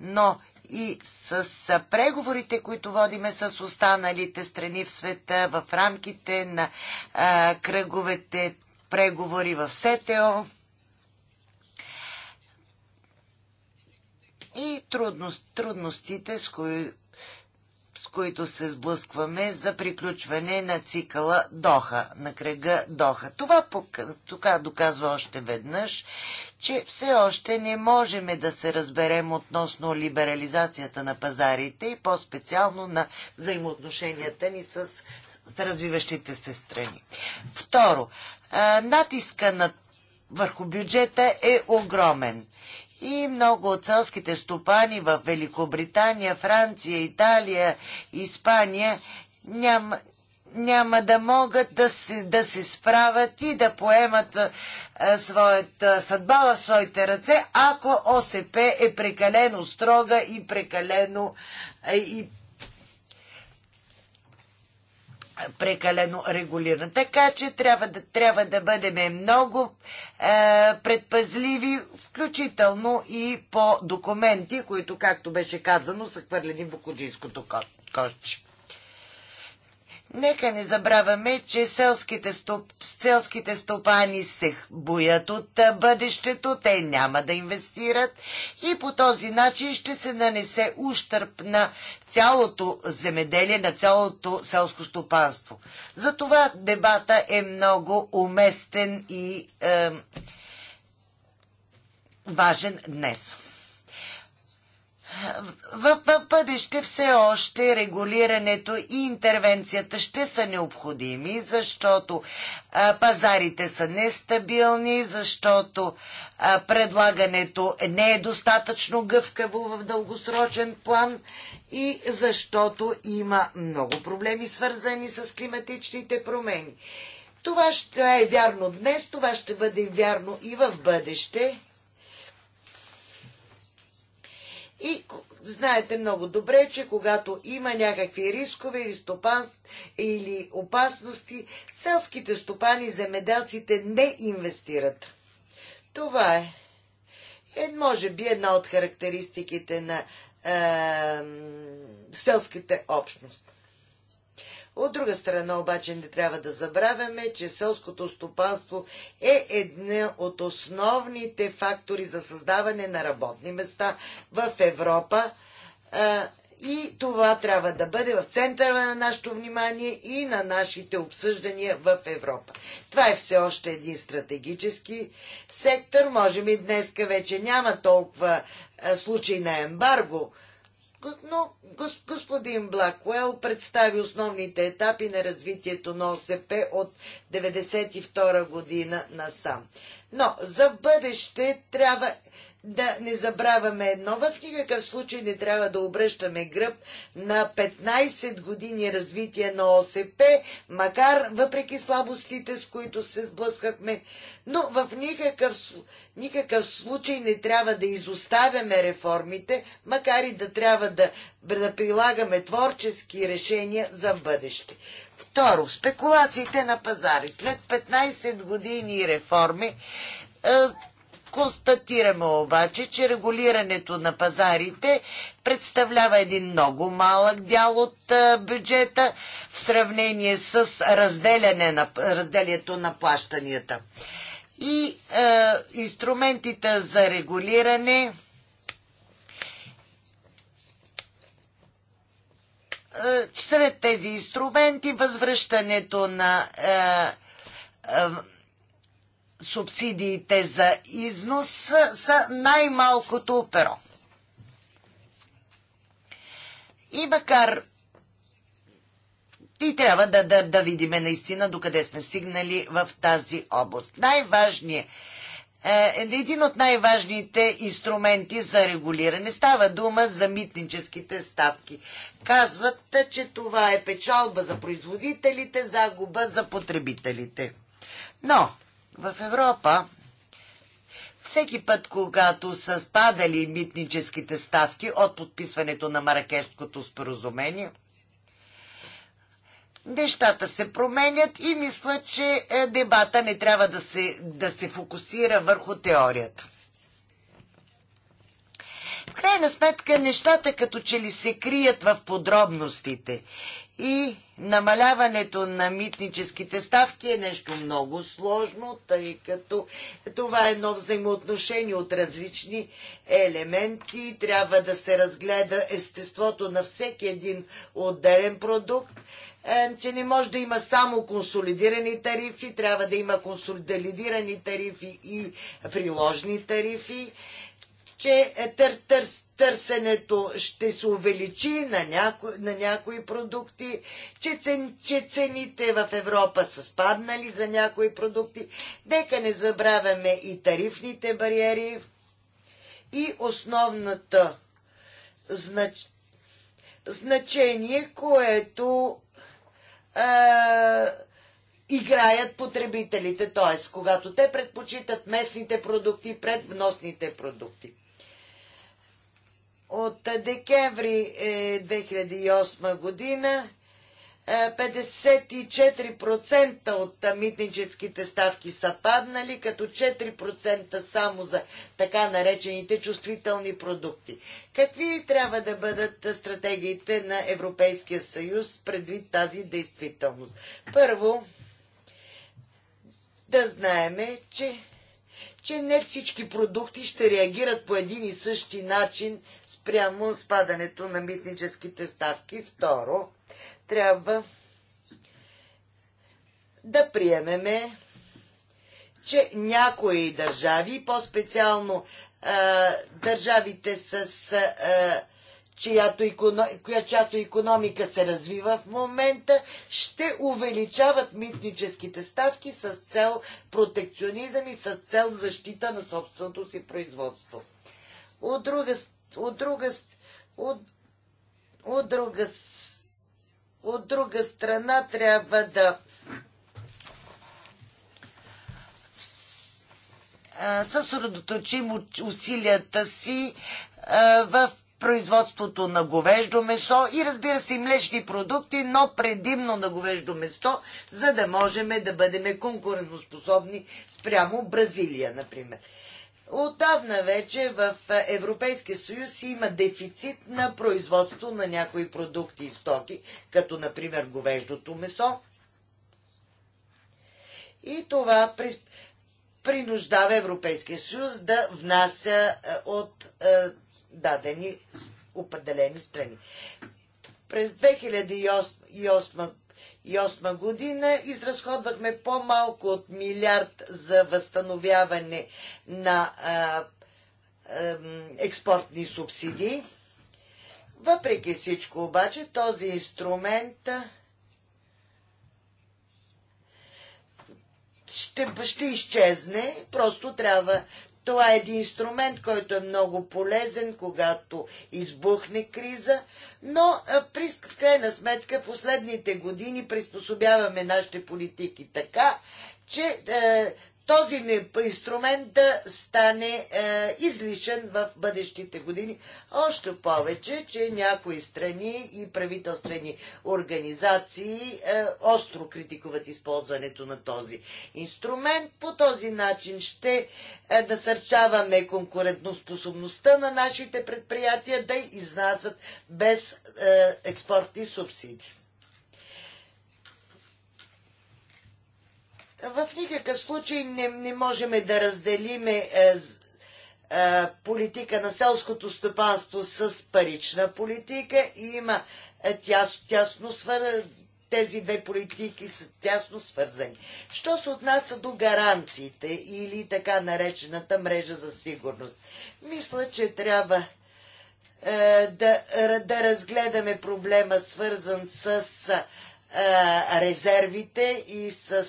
S3: но и с преговорите, които водиме с останалите страни в света в рамките на а, кръговете преговори в СТО. И трудност, трудностите, с кои, които се сблъскваме за приключване на цикъла Доха, на кръга Доха. Това тока доказва още веднъж, че все още не можем да се разберем относно либерализацията на пазарите и по-специално на взаимоотношенията ни с, с развиващите се страни. Второ, натиска на върху бюджета е огромен. И много от селските стопани в Великобритания, Франция, Италия, Испания няма, няма да могат да се, да справят и да поемат а, своята съдба в своите ръце, ако ОСП е прекалено строга и прекалено а, и прекалено регулирана. Така че трябва да, трябва да бъдем много е, предпазливи, включително и по документи, които, както беше казано, са хвърлени в Окоджийското кошче. Нека не забравяме, че селските, стоп, селските стопани се боят от бъдещето, те няма да инвестират и по този начин ще се нанесе ущърп на цялото земеделие, на цялото селско стопанство. Затова дебата е много уместен и е, важен днес в, в бъдеще все още регулирането и интервенцията ще са необходими, защото а, пазарите са нестабилни, защото а, предлагането не е достатъчно гъвкаво в дългосрочен план и защото има много проблеми свързани с климатичните промени. Това ще е вярно днес, това ще бъде вярно и в бъдеще И знаете много добре, че когато има някакви рискове или, стопан, или опасности, селските стопани, земеделците не инвестират. Това е, е може би една от характеристиките на е, селските общности. От друга страна обаче не трябва да забравяме, че селското стопанство е една от основните фактори за създаване на работни места в Европа и това трябва да бъде в центъра на нашето внимание и на нашите обсъждания в Европа. Това е все още един стратегически сектор. Може би днеска вече няма толкова случай на ембарго, но господин Блакуел представи основните етапи на развитието на ОСП от 1992 година насам. Но за бъдеще трябва да не забравяме едно. В никакъв случай не трябва да обръщаме гръб на 15 години развитие на ОСП, макар въпреки слабостите, с които се сблъскахме, но в никакъв, никакъв случай не трябва да изоставяме реформите, макар и да трябва да, да прилагаме творчески решения за бъдеще. Второ, спекулациите на пазари. След 15 години реформи е, Констатираме обаче, че регулирането на пазарите представлява един много малък дял от бюджета в сравнение с разделяне на, разделието на плащанията. И е, инструментите за регулиране сред тези инструменти възвръщането на е, е, субсидиите за износ са най-малкото перо. И макар ти трябва да, да, да видим наистина докъде сме стигнали в тази област. Най-важният е, един от най-важните инструменти за регулиране. Става дума за митническите ставки. Казват, че това е печалба за производителите, загуба за потребителите. Но в Европа всеки път, когато са спадали митническите ставки от подписването на Маракешското споразумение, нещата се променят и мисля, че е, дебата не трябва да се, да се фокусира върху теорията. В крайна сметка нещата като че ли се крият в подробностите и намаляването на митническите ставки е нещо много сложно, тъй като това е едно взаимоотношение от различни елементи. Трябва да се разгледа естеството на всеки един отделен продукт е, че не може да има само консолидирани тарифи, трябва да има консолидирани тарифи и приложни тарифи, че тър, търс, търсенето ще се увеличи на, няко, на някои продукти, че, цен, че цените в Европа са спаднали за някои продукти. Нека не забравяме и тарифните бариери и основната знач... значение, което е, играят потребителите, т.е. когато те предпочитат местните продукти пред вносните продукти. От декември 2008 е, година 54% е, от митническите ставки са паднали, като 4% само за така наречените чувствителни продукти. Какви трябва да бъдат стратегиите на Европейския съюз предвид тази действителност? Първо, да знаеме, че, че не всички продукти ще реагират по един и същи начин спрямо спадането на митническите ставки. Второ, трябва да приемеме, че някои държави, по-специално държавите с а, чиято, чиято економика се развива в момента, ще увеличават митническите ставки с цел протекционизъм и с цел защита на собственото си производство. От друга страна, от друга, от, от друга, от друга страна трябва да съсредоточим усилията си в производството на говеждо месо и разбира се и млечни продукти, но предимно на говеждо месо, за да можем да бъдем конкурентоспособни спрямо Бразилия, например. Отдавна вече в Европейския съюз има дефицит на производство на някои продукти и стоки, като например говеждото месо. И това принуждава Европейския съюз да внася е, от е, дадени определени страни. През 2008 2008 година изразходвахме по-малко от милиард за възстановяване на а, а, експортни субсидии. Въпреки всичко обаче този инструмент ще, ще изчезне, просто трябва, това е един инструмент, който е много полезен, когато избухне криза, но при, в крайна сметка последните години приспособяваме нашите политики така, че е, този инструмент да стане е, излишен в бъдещите години. Още повече, че някои страни и правителствени организации е, остро критикуват използването на този инструмент. По този начин ще е, насърчаваме конкурентоспособността на нашите предприятия да изнасят без е, експортни субсидии. В никакъв случай не, не можем да разделиме е, е, политика на селското стопанство с парична политика и има е, тяс, тясно свързани тези две политики са тясно свързани. Що се отнася до гаранциите или така наречената мрежа за сигурност? Мисля, че трябва е, да, да разгледаме проблема свързан с е, резервите и с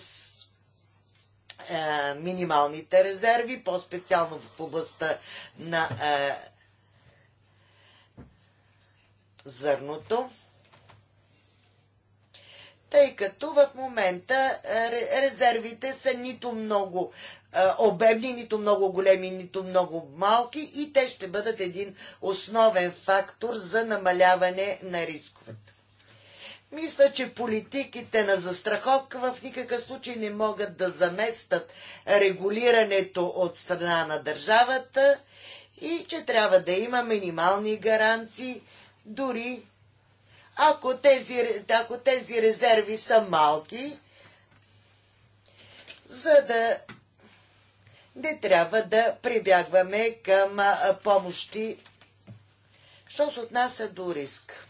S3: е, минималните резерви, по-специално в областта на е, зърното тъй като в момента е, резервите са нито много обемни, нито много големи, нито много малки и те ще бъдат един основен фактор за намаляване на рисковете. Мисля, че политиките на застраховка в никакъв случай не могат да заместят регулирането от страна на държавата и че трябва да има минимални гаранции, дори ако тези, ако тези резерви са малки, за да не трябва да прибягваме към помощи, що се отнася до риск.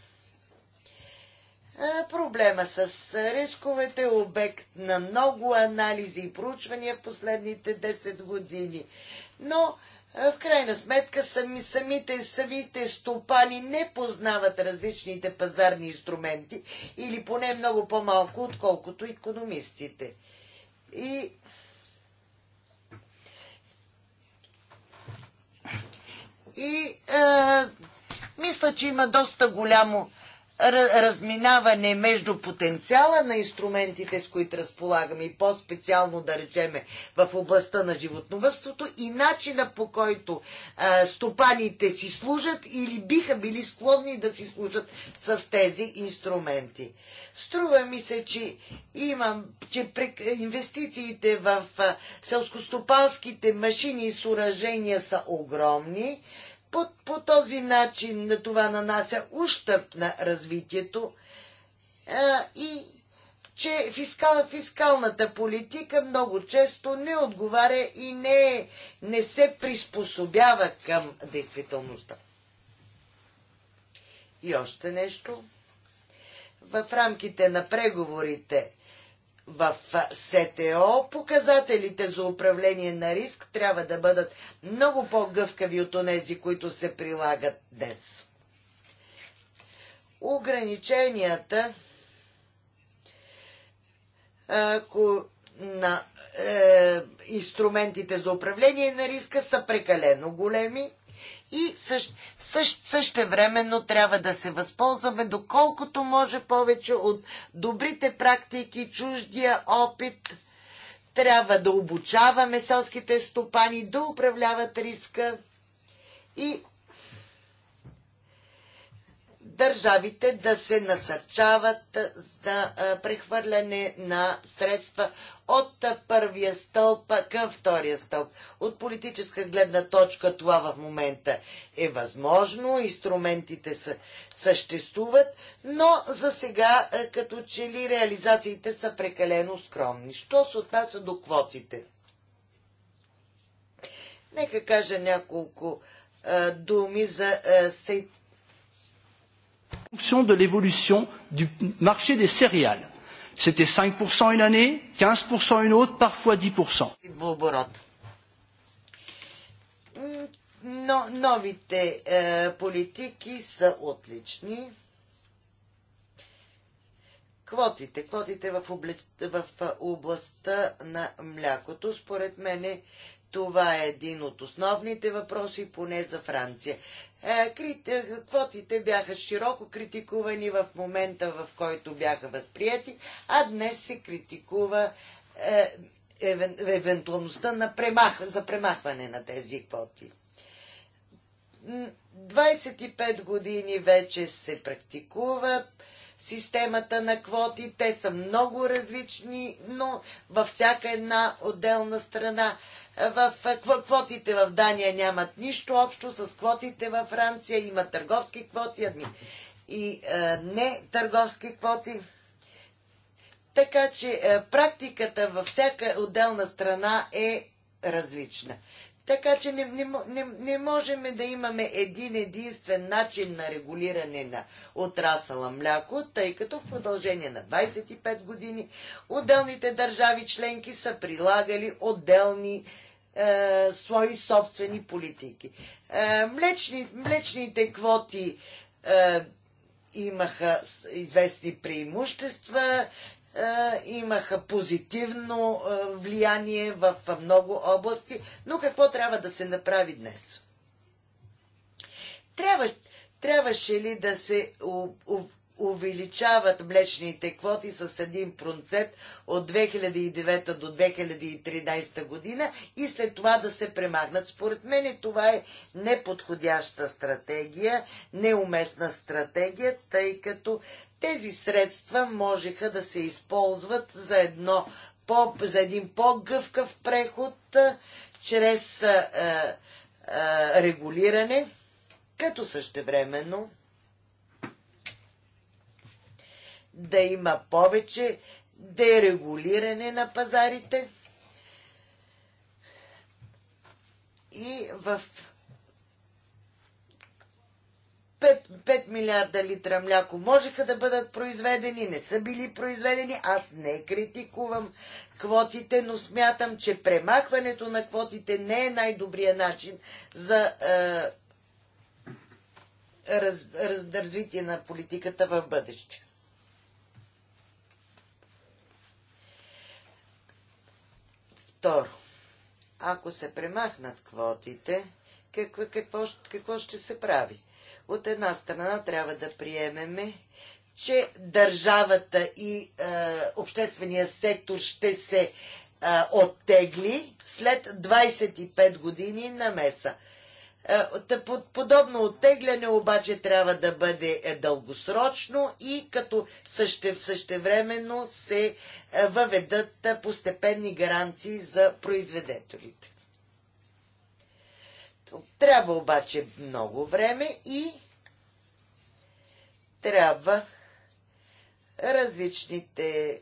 S3: Проблема с рисковете е обект на много анализи и проучвания в последните 10 години. Но в крайна сметка сами, самите, самите стопани не познават различните пазарни инструменти или поне много по-малко, отколкото економистите. И и а, мисля, че има доста голямо разминаване между потенциала на инструментите, с които разполагаме и по-специално да речеме в областта на животновътството и начина по който а, стопаните си служат или биха били склонни да си служат с тези инструменти. Струва ми се, че имам, че инвестициите в селскостопанските машини и съоръжения са огромни, по, по този начин на това нанася ущърп на развитието а, и че фискал, фискалната политика много често не отговаря и не, не се приспособява към действителността. И още нещо. В рамките на преговорите в СТО. Показателите за управление на риск трябва да бъдат много по-гъвкави от онези, които се прилагат днес. Ограниченията ако на е, инструментите за управление на риска са прекалено големи и също, също, времено трябва да се възползваме доколкото може повече от добрите практики, чуждия опит. Трябва да обучаваме селските стопани да управляват риска и държавите да се насърчават за прехвърляне на средства от първия стълб към втория стълб. От политическа гледна точка това в момента е възможно, инструментите съществуват, но за сега като че ли реализациите са прекалено скромни. Що се отнася до квотите? Нека кажа няколко думи за Сейт
S2: fonction de l'évolution du marché des céréales. C'était 5% une année, 15% une autre, parfois 10%.
S3: Но новите е, политики са отлични. Квотите, квотите в, област, в е, областта на млякото, според мене, това е един от основните въпроси, поне за Франция. Е, е, квотите бяха широко критикувани в момента, в който бяха възприяти, а днес се критикува е, евентуалността на премах, за премахване на тези квоти. 25 години вече се практикува системата на квоти. Те са много различни, но във всяка една отделна страна. В квотите в Дания нямат нищо общо с квотите във Франция. Има търговски квоти и е, не търговски квоти. Така че е, практиката във всяка отделна страна е различна. Така че не, не, не, не можем да имаме един единствен начин на регулиране на отрасъла мляко, тъй като в продължение на 25 години отделните държави членки са прилагали отделни е, свои собствени политики. Е, млечни, млечните квоти е, имаха известни преимущества, е, имаха позитивно е, влияние в много области, но какво трябва да се направи днес? Трябва, трябваше ли да се увеличават млечните квоти с 1% от 2009 до 2013 година и след това да се премахнат. Според мен това е неподходяща стратегия, неуместна стратегия, тъй като тези средства можеха да се използват за, едно, по, за един по-гъвкав преход а, чрез а, а, регулиране, като същевременно да има повече дерегулиране на пазарите и в 5, 5 милиарда литра мляко можеха да бъдат произведени, не са били произведени. Аз не критикувам квотите, но смятам, че премахването на квотите не е най-добрият начин за е, раз, раз, развитие на политиката в бъдеще. Второ, ако се премахнат квотите, какво, какво, какво ще се прави? От една страна трябва да приемеме, че държавата и е, обществения сектор ще се е, оттегли след 25 години намеса. Е, подобно оттегляне обаче трябва да бъде е, дългосрочно и като същевременно се е, въведат постепенни гаранции за произведетелите. Трябва обаче много време и трябва различните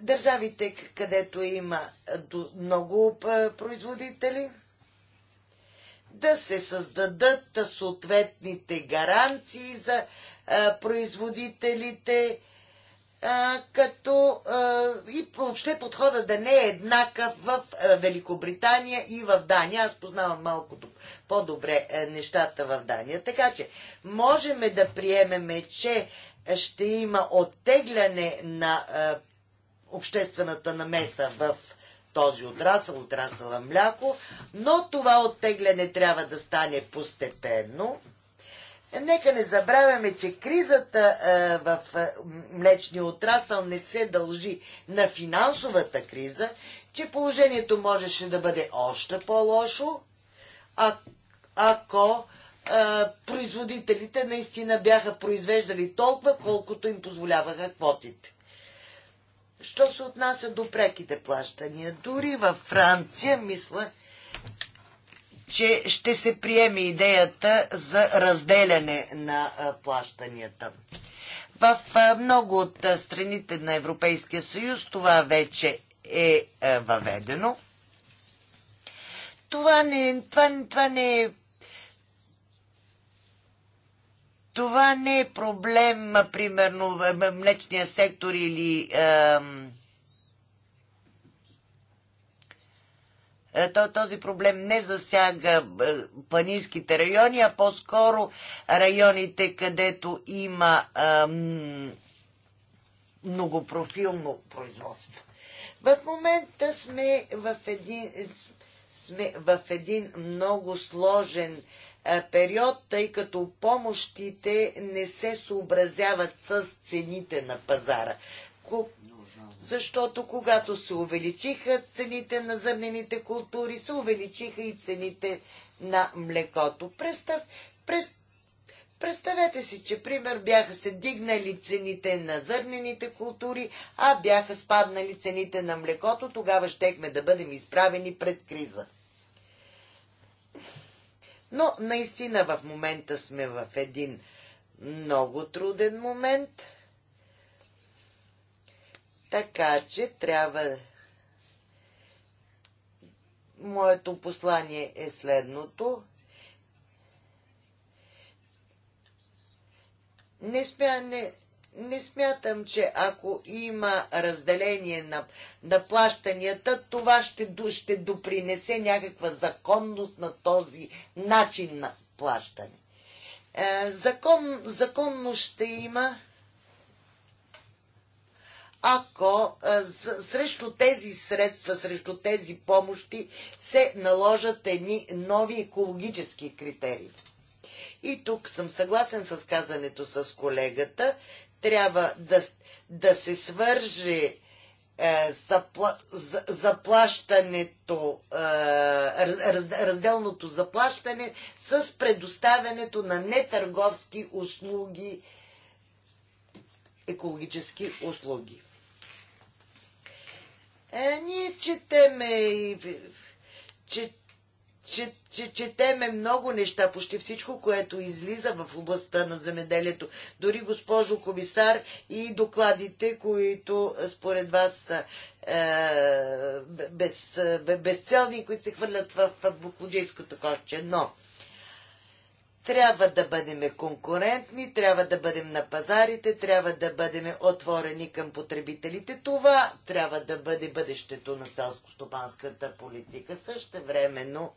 S3: държавите, където има много производители, да се създадат съответните гаранции за производителите, като и въобще подхода да не е еднакъв в Великобритания и в Дания. Аз познавам малко по-добре е, нещата в Дания. Така че можем да приемеме, че ще има оттегляне на обществената намеса в този отрасъл, отрасъла мляко, но това оттегляне трябва да стане постепенно Нека не забравяме, че кризата в млечния отрасъл не се дължи на финансовата криза, че положението можеше да бъде още по-лошо, а, ако а, производителите наистина бяха произвеждали толкова, колкото им позволяваха квотите. Що се отнася до преките плащания? Дори във Франция, мисля, че ще се приеме идеята за разделяне на плащанията. В много от страните на Европейския съюз това вече е въведено. Това не, това, това не е това не е проблем, примерно, млечния сектор или Е, този проблем не засяга е, планинските райони, а по-скоро районите, където има многопрофилно производство. В момента сме в един, сме в един много сложен е, период, тъй като помощите не се съобразяват с цените на пазара. Защото когато се увеличиха цените на зърнените култури, се увеличиха и цените на млекото. Представ, през, Представете си, че пример бяха се дигнали цените на зърнените култури, а бяха спаднали цените на млекото, тогава щехме да бъдем изправени пред криза. Но наистина в момента сме в един много труден момент – така че трябва. Моето послание е следното. Не, смя, не, не смятам, че ако има разделение на, на плащанията, това ще, ще допринесе някаква законност на този начин на плащане. Е, закон, законно ще има ако срещу тези средства, срещу тези помощи се наложат едни нови екологически критерии. И тук съм съгласен с казането с колегата. Трябва да, да се свърже е, запла, за, заплащането, е, раз, разделното заплащане с предоставянето на нетърговски услуги, екологически услуги. Е, ние четеме и че, че, че, четеме много неща, почти всичко, което излиза в областта на земеделието. Дори госпожо комисар и докладите, които е, според вас са е, без, безцелни, които се хвърлят в, в буклоджейското кошче. Но трябва да бъдем конкурентни, трябва да бъдем на пазарите, трябва да бъдем отворени към потребителите. Това трябва да бъде бъдещето на селско-стопанската политика. Също времено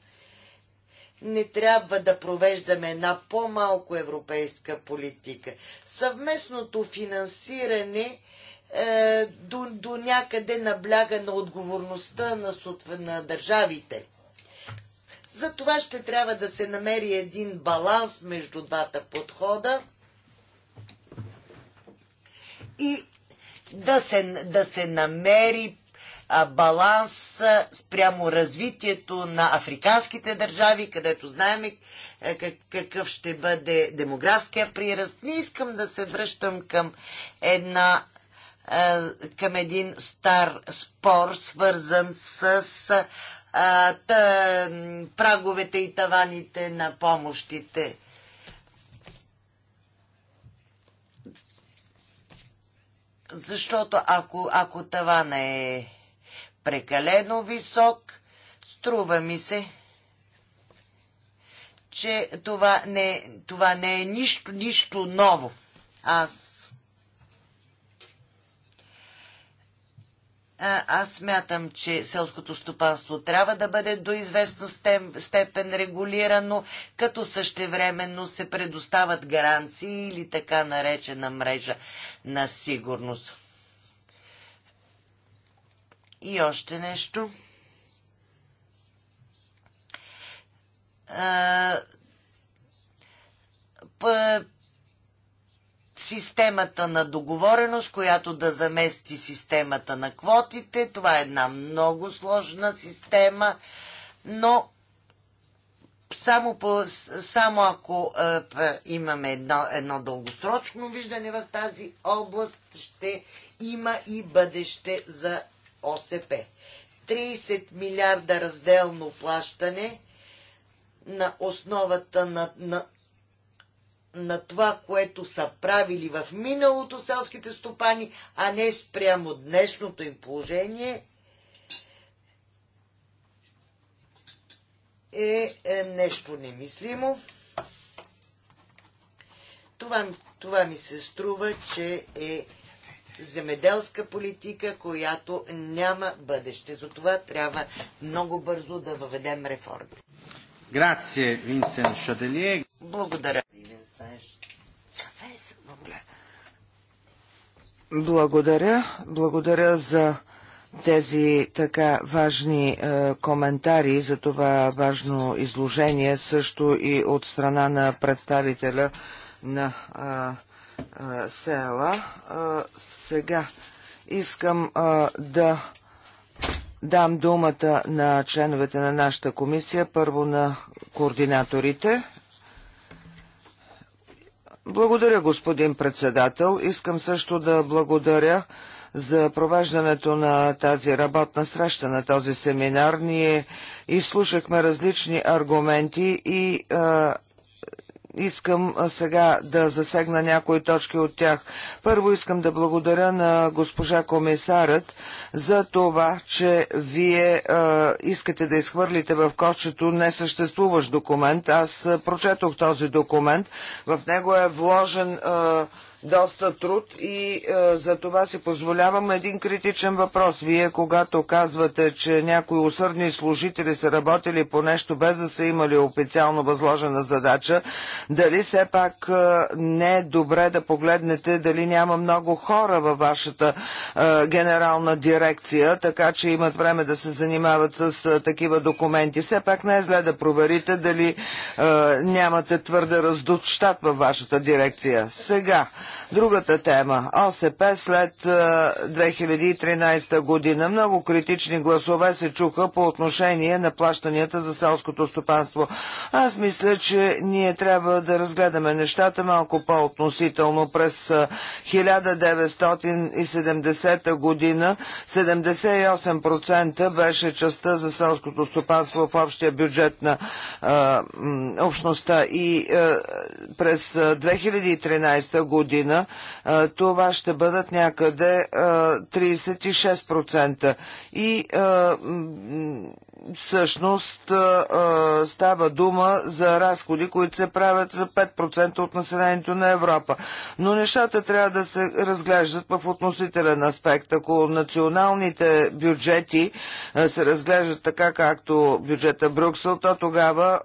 S3: не трябва да провеждаме една по-малко европейска политика. Съвместното финансиране е, до, до някъде набляга на отговорността на, на държавите. За това ще трябва да се намери един баланс между двата подхода и да се, да се намери баланс спрямо развитието на африканските държави, където знаем е, какъв ще бъде демографския приръст. Не искам да се връщам към една е, към един стар спор, свързан с а, та, праговете и таваните на помощите. Защото ако, ако тавана е прекалено висок, струва ми се, че това не, това не е нищо, нищо ново. Аз Аз смятам, че селското стопанство трябва да бъде до известно степен регулирано, като същевременно се предостават гаранции или така наречена мрежа на сигурност. И още нещо системата на договореност, която да замести системата на квотите. Това е една много сложна система, но само, по, само ако е, имаме едно, едно дългосрочно виждане в тази област, ще има и бъдеще за ОСП. 30 милиарда разделно плащане на основата на, на на това, което са правили в миналото селските стопани, а не спрямо днешното им положение, е, е, нещо немислимо. Това, това ми се струва, че е земеделска политика, която няма бъдеще. Затова трябва много бързо да въведем реформи.
S2: Благодаря,
S4: Благодаря. Благодаря за тези така важни е, коментари за това важно изложение, също и от страна на представителя на е, е, СЕЛА. Е, сега искам е, да дам думата на членовете на нашата комисия, първо на координаторите. Благодаря, господин председател. Искам също да благодаря за провеждането на тази работна среща, на този семинар. Ние изслушахме различни аргументи и а, искам сега да засегна някои точки от тях. Първо искам да благодаря на госпожа комисарът за това, че вие а, искате да изхвърлите в кошчето несъществуващ документ. Аз прочетох този документ. В него е вложен а, доста труд и е, за това си позволявам един критичен въпрос. Вие, когато казвате, че някои усърдни служители са работили по нещо без да са имали официално възложена задача, дали все пак е, не е добре да погледнете дали няма много хора във вашата е, генерална дирекция, така че имат време да се занимават с е, такива документи. Все пак не е зле да проверите дали е, нямате твърде раздут щат във вашата дирекция. Сега, Другата тема – ОСП след 2013 е, година. Много критични гласове се чуха по отношение на плащанията за селското стопанство. Аз мисля, че ние трябва да разгледаме нещата малко по-относително. През 1970 е, година 78% беше частта за селското стопанство в общия бюджет на а, е, общността и а, през 2013 година година, това ще бъдат някъде 36%. И всъщност става дума за разходи, които се правят за 5% от населението на Европа. Но нещата трябва да се разглеждат в относителен аспект. Ако националните бюджети се разглеждат така, както бюджета Брюксел, то тогава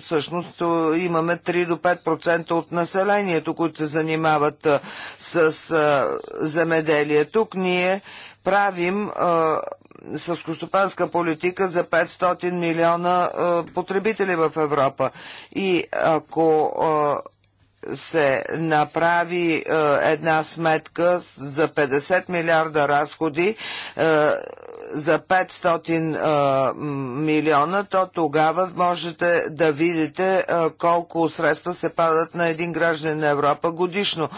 S4: всъщност имаме 3 до 5% от населението, които се занимават с земеделие. Тук ние правим селскостопанска политика за 500 милиона потребители в Европа. И ако се направи е, една сметка за 50 милиарда разходи е, за 500 е, милиона, то тогава можете да видите колко средства се падат на един граждан на Европа годишно.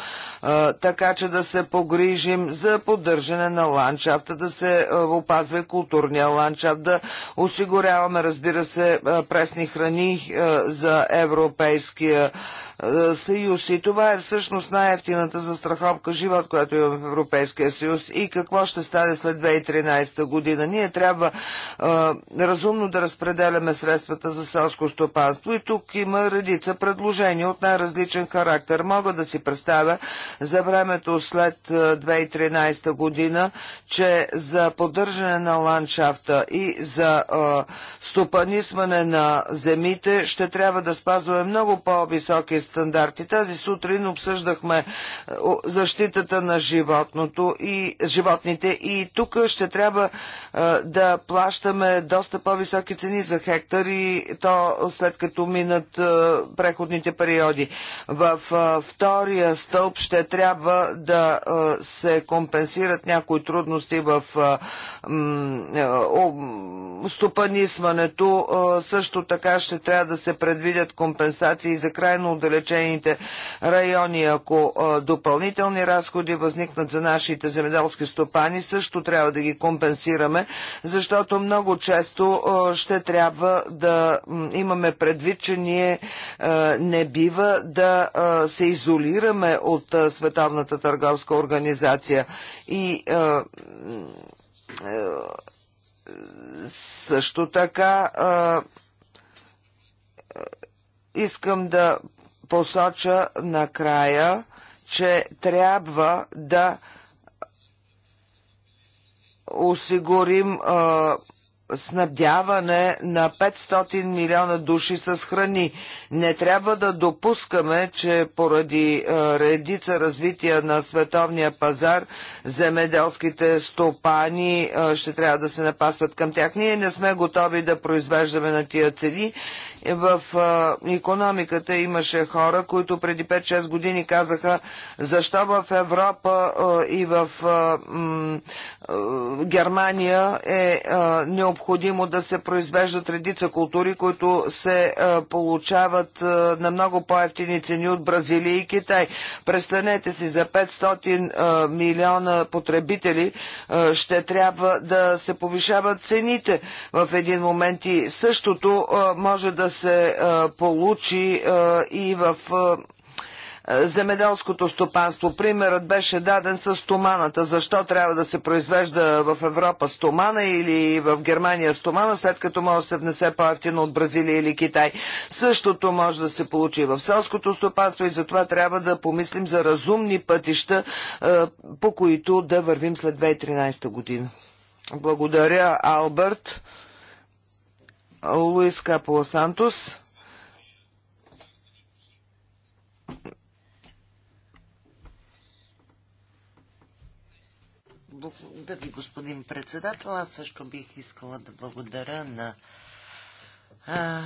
S4: Така че да се погрижим за поддържане на ландшафта, да се опазва културния ландшафт, да осигуряваме, разбира се, пресни храни за европейския съюз. И това е всъщност най-ефтината застраховка живот, която имаме в Европейския съюз. И какво ще стане след 2013 година? Ние трябва а, разумно да разпределяме средствата за селско стопанство и тук има редица предложения от най-различен характер. Мога да си представя за времето след 2013 година, че за поддържане на ландшафта и за а, стопанисване на земите ще трябва да спазваме много по-високи стандарти стандарти. Тази сутрин обсъждахме е, защитата на животното и животните и тук ще трябва е, да плащаме доста по-високи цени за хектар и то след като минат е, преходните периоди. В втория стълб ще трябва да се компенсират някои трудности в стопанисването. Също така ще трябва да се предвидят компенсации за крайно отдалечени отдалечените райони. Ако допълнителни разходи възникнат за нашите земеделски стопани, също трябва да ги компенсираме, защото много често ще трябва да имаме предвид, че ние не бива да се изолираме от Световната търговска организация. И също така искам да посоча накрая, че трябва да осигурим а, снабдяване на 500 милиона души с храни. Не трябва да допускаме, че поради а, редица развития на световния пазар, земеделските стопани а, ще трябва да се напасват към тях. Ние не сме готови да произвеждаме на тия цели в економиката имаше хора, които преди 5-6 години казаха защо в Европа и в е, Германия е, е необходимо да се произвеждат редица култури, които се е, получават на много по-ефтини цени от Бразилия и Китай. Престанете си, за 500 милиона потребители ще трябва да се повишават цените в един момент и същото може да се получи и в е, земеделското стопанство. Примерът беше даден с стоманата. Защо трябва да се произвежда в Европа стомана или в Германия стомана, след като може да се внесе по-ефтино от Бразилия или Китай. Същото може да се получи в селското стопанство и затова трябва да помислим за разумни пътища, е, по които да вървим след 2013 година. Благодаря, Алберт. Луис Капола Сантос.
S3: Благодаря ви, господин председател. Аз също бих искала да благодаря на а,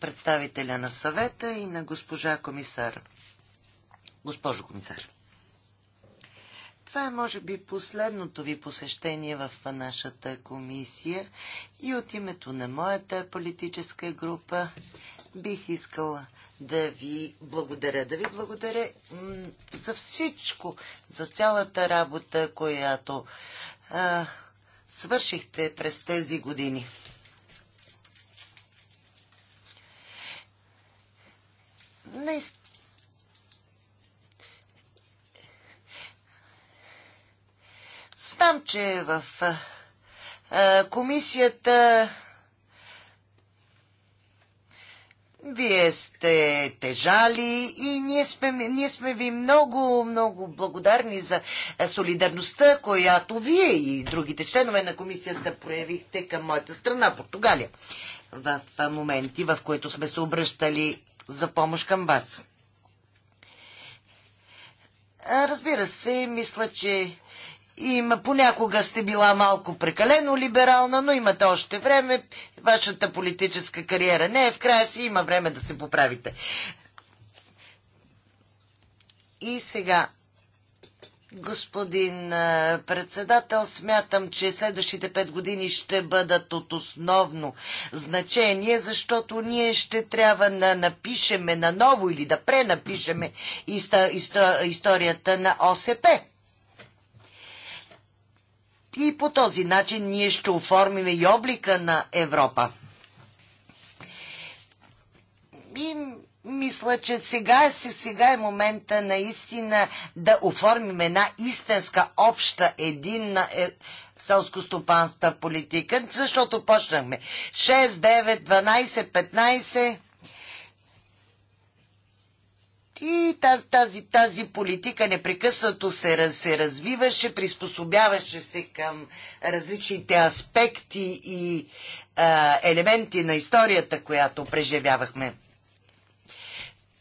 S3: представителя на съвета и на госпожа комисар. Госпожо комисар. Това е, може би, последното ви посещение в нашата комисия и от името на моята политическа група бих искала да ви благодаря. Да ви благодаря за всичко, за цялата работа, която а, свършихте през тези години? Не... Знам, че в комисията Вие сте тежали и ние сме, ние сме ви много, много благодарни за е, солидарността, която вие и другите членове на комисията проявихте към моята страна, Португалия, в е, моменти, в които сме се обръщали за помощ към вас. Разбира се, мисля, че има, понякога сте била малко прекалено либерална, но имате още време. Вашата политическа кариера не е в края си, има време да се поправите. И сега, господин председател, смятам, че следващите пет години ще бъдат от основно значение, защото ние ще трябва да напишеме наново или да пренапишеме историята на ОСП. И по този начин ние ще оформиме и облика на Европа. И мисля, че сега, сега е момента наистина да оформим една истинска, обща, единна е, селско-стопанска политика, защото почнахме 6, 9, 12, 15 и тази, тази, тази политика непрекъснато се, се развиваше, приспособяваше се към различните аспекти и а, елементи на историята, която преживявахме.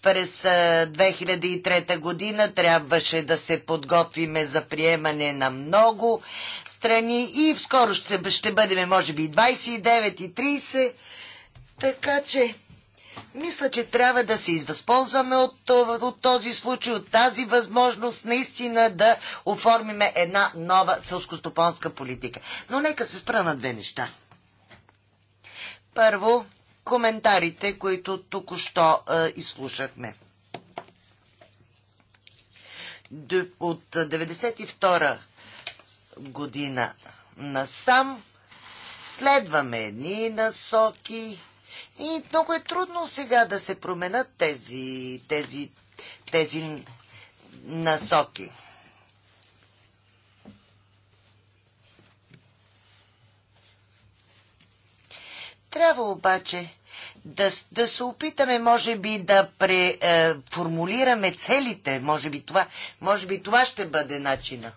S3: През 2003 година трябваше да се подготвиме за приемане на много страни и скоро ще, ще бъдем, може би, 29 и 30. Така че мисля, че трябва да се възползваме от, от този случай, от тази възможност наистина да оформиме една нова сълскостопонска политика. Но нека се спра на две неща. Първо, коментарите, които току-що е, изслушахме. От 92 година насам следваме едни насоки, и много е трудно сега да се променят тези, тези, тези насоки. Трябва обаче да, да се опитаме, може би, да преформулираме е, целите. Може би, това, може би това ще бъде начина.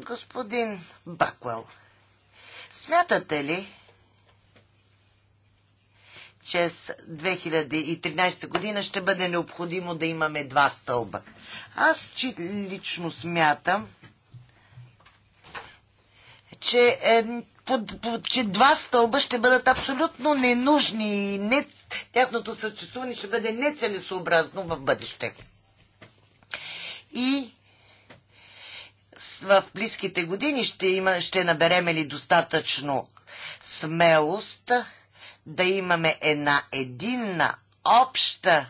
S3: Господин Баквел, смятате ли, че с 2013 година ще бъде необходимо да имаме два стълба? Аз лично смятам, че, е, под, под, че два стълба ще бъдат абсолютно ненужни и не, тяхното съществуване ще бъде нецелесообразно в бъдеще. И в близките години ще, има, ще набереме ли достатъчно смелост да имаме една единна, обща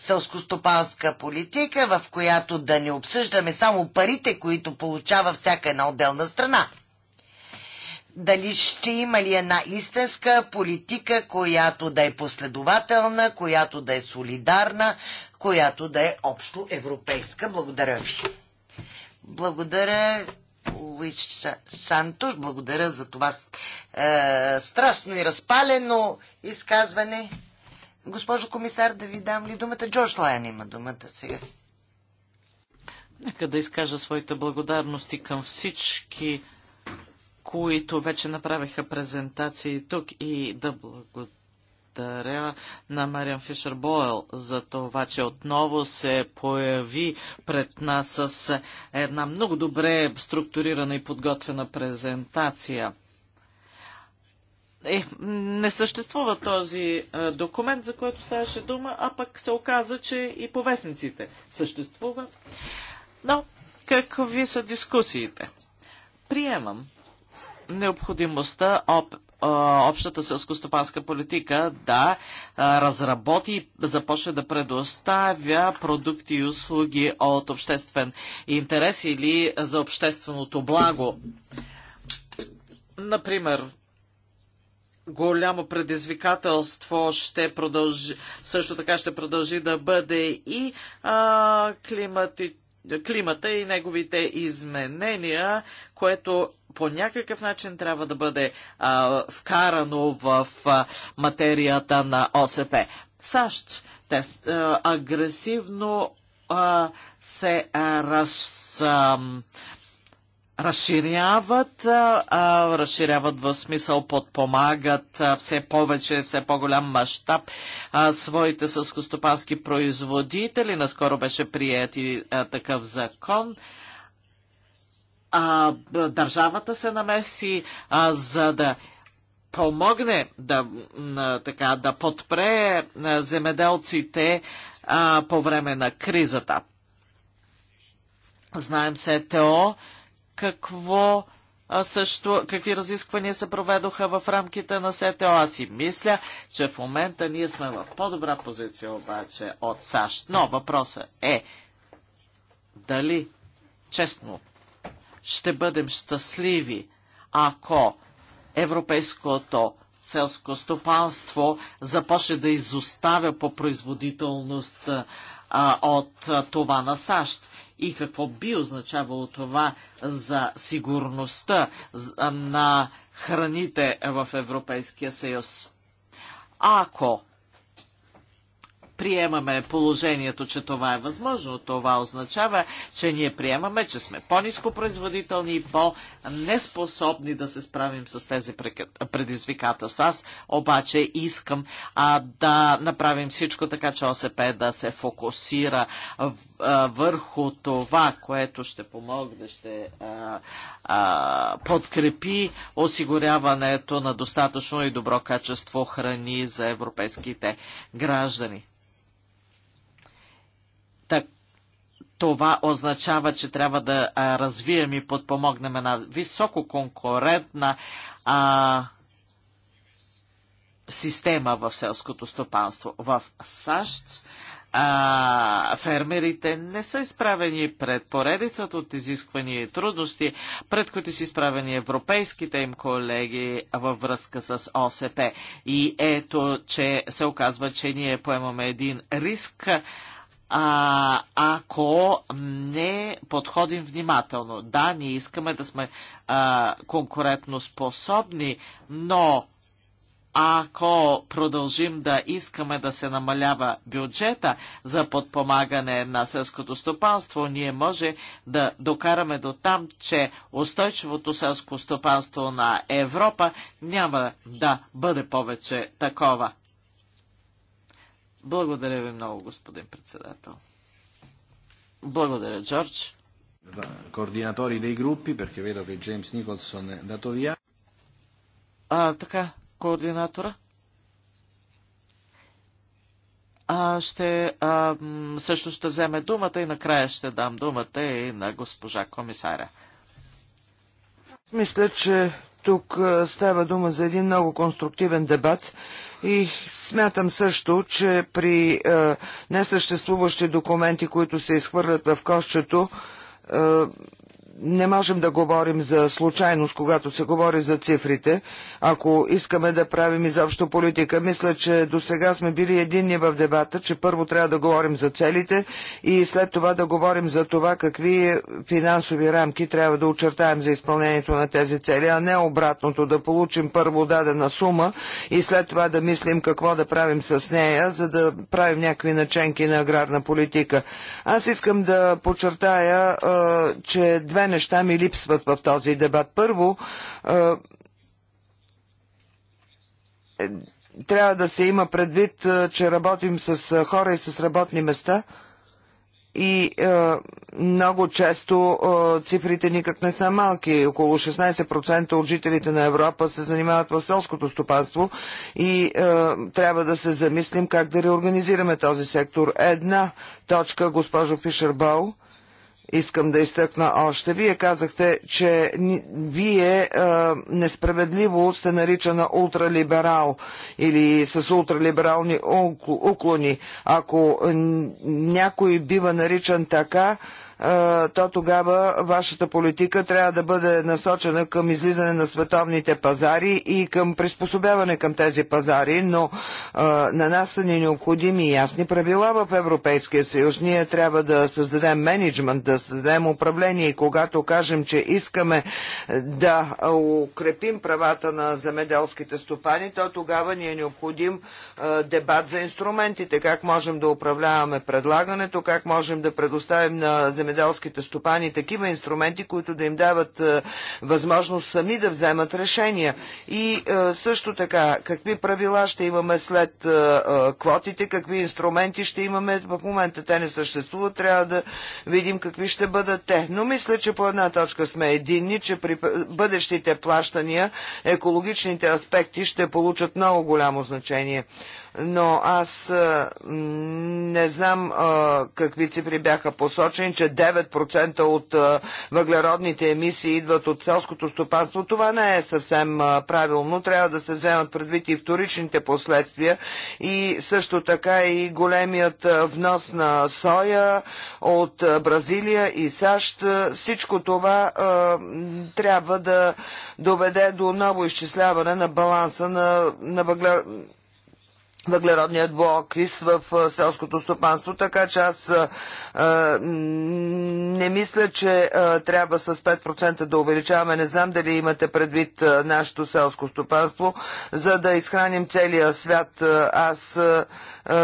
S3: селскостопанска политика, в която да не обсъждаме само парите, които получава всяка една отделна страна. Дали ще има ли една истинска политика, която да е последователна, която да е солидарна, която да е общо европейска? Благодаря ви. Благодаря, Луис Сантош. Благодаря за това е, страстно и разпалено изказване. Госпожо комисар, да ви дам ли думата? Джордж Лайан има думата сега.
S1: Нека да изкажа своите благодарности към всички, които вече направиха презентации тук и да благодаря благодаря на Мариан Фишер Бойл за това, че отново се появи пред нас с една много добре структурирана и подготвена презентация. Е, не съществува този е, документ, за който ставаше дума, а пък се оказа, че и повестниците съществува. Но какви са дискусиите? Приемам необходимостта общата селско-стопанска политика да разработи и започне да предоставя продукти и услуги от обществен интерес или за общественото благо. Например, голямо предизвикателство ще продължи, също така ще продължи да бъде и а, климати, климата и неговите изменения, което по някакъв начин трябва да бъде а, вкарано в а, материята на ОСП. САЩ, те а, агресивно а, се а, раз, а, разширяват, а, разширяват в смисъл подпомагат а, все повече, все по-голям мащаб своите съскостопански производители. Наскоро беше прият и а, такъв закон. А, а, държавата се намеси, а, за да помогне да, а, така, да подпре земеделците а, по време на кризата. Знаем се ТО какво също какви разисквания се проведоха в рамките на СТО. Аз и мисля, че в момента ние сме в по-добра позиция обаче от САЩ. Но въпросът е дали честно ще бъдем щастливи, ако европейското селско стопанство започне да изоставя по производителност а, от а, това на САЩ. И какво би означавало това за сигурността на храните в Европейския съюз? Ако приемаме положението, че това е възможно. Това означава, че ние приемаме, че сме по-низкопроизводителни и по-неспособни да се справим с тези предизвикателства. Аз обаче искам а, да направим всичко така, че ОСП да се фокусира в, върху това, което ще помогне, ще а, а, подкрепи осигуряването на достатъчно и добро качество храни за европейските граждани. Так, това означава, че трябва да а, развием и подпомогнем една високо конкурентна а, система в селското стопанство. В САЩ а, фермерите не са изправени пред поредицата от изисквания и трудности, пред които са изправени европейските им колеги във връзка с ОСП. И ето, че се оказва, че ние поемаме един риск, а, ако не подходим внимателно. Да, ние искаме да сме а, конкурентно способни, но ако продължим да искаме да се намалява бюджета за подпомагане на селското стопанство, ние може да докараме до там, че устойчивото селско стопанство на Европа няма да бъде повече такова. Благодаря ви много, господин председател. Благодаря, Джордж. Координатори dei групи, perché vedo che James Nicholson е да via. А, така, координатора. А, ще, а, също ще вземе думата и накрая ще дам думата и на госпожа комисаря.
S4: Мисля, че тук става дума за един много конструктивен дебат и смятам също, че при е, несъществуващи документи, които се изхвърлят в кошчето, е, не можем да говорим за случайност, когато се говори за цифрите, ако искаме да правим изобщо политика. Мисля, че до сега сме били единни в дебата, че първо трябва да говорим за целите и след това да говорим за това какви финансови рамки трябва да очертаем за изпълнението на тези цели, а не обратното да получим първо дадена сума и след това да мислим какво да правим с нея, за да правим някакви наченки на аграрна политика. Аз искам да подчертая, че две неща ми липсват в този дебат. Първо, е, трябва да се има предвид, че работим с хора и с работни места и много често цифрите никак не са малки. Около 16% от жителите на Европа се занимават в селското стопанство и трябва да се замислим как да реорганизираме този сектор. Една точка, госпожо Фишербол искам да изтъкна още. Вие казахте, че вие е, несправедливо сте наричана ултралиберал или с ултралиберални уклони. Ако някой бива наричан така, то тогава вашата политика трябва да бъде насочена към излизане на световните пазари и към приспособяване към тези пазари, но на нас са ни необходими ясни правила в Европейския съюз. Ние трябва да създадем менеджмент, да създадем управление и когато кажем, че искаме да укрепим правата на земеделските стопани, то тогава ни е необходим дебат за инструментите, как можем да управляваме предлагането, как можем да предоставим на земеделските земеделските стопани такива инструменти, които да им дават е, възможност сами да вземат решения. И е, също така, какви правила ще имаме след е, квотите, какви инструменти ще имаме. В момента те не съществуват, трябва да видим какви ще бъдат те. Но мисля, че по една точка сме единни, че при бъдещите плащания екологичните аспекти ще получат много голямо значение но аз не знам какви цифри бяха посочени, че 9% от въглеродните емисии идват от селското стопанство. Това не е съвсем правилно. Трябва да се вземат предвид и вторичните последствия и също така и големият внос на соя от Бразилия и САЩ. Всичко това трябва да доведе до ново изчисляване на баланса на, на въглеродните въглеродният двуокис в селското стопанство, така че аз а, не мисля, че а, трябва с 5% да увеличаваме. Не знам дали имате предвид а, нашето селско стопанство, за да изхраним целия свят. Аз а,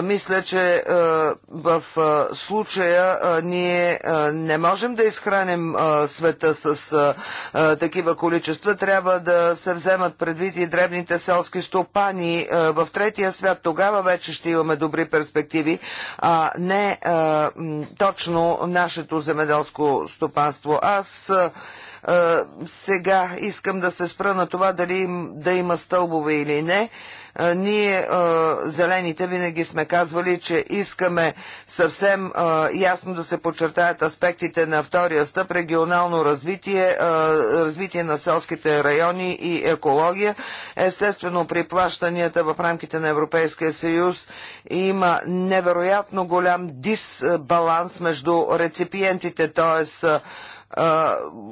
S4: мисля, че в случая ние не можем да изхраним света с такива количества. Трябва да се вземат предвид и древните селски стопани в третия свят. Тогава вече ще имаме добри перспективи, а не точно нашето земеделско стопанство. Аз сега искам да се спра на това дали да има стълбове или не. Ние, зелените, винаги сме казвали, че искаме съвсем ясно да се подчертаят аспектите на втория стъп, регионално развитие, развитие на селските райони и екология. Естествено, при плащанията в рамките на Европейския съюз има невероятно голям дисбаланс между реципиентите, т.е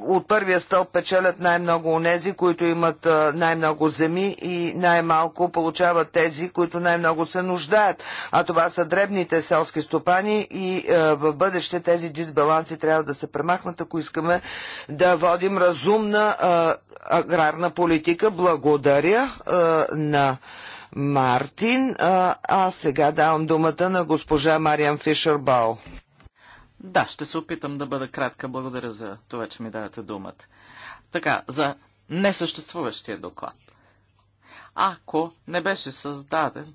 S4: от първия стълб печелят най-много онези, които имат най-много земи и най-малко получават тези, които най-много се нуждаят. А това са дребните селски стопани и в бъдеще тези дисбаланси трябва да се премахнат, ако искаме да водим разумна аграрна политика. Благодаря на Мартин. А сега давам думата на госпожа Мариан Фишербал.
S1: Да, ще се опитам да бъда кратка. Благодаря за това, че ми давате думата. Така, за несъществуващия доклад. Ако не беше създаден,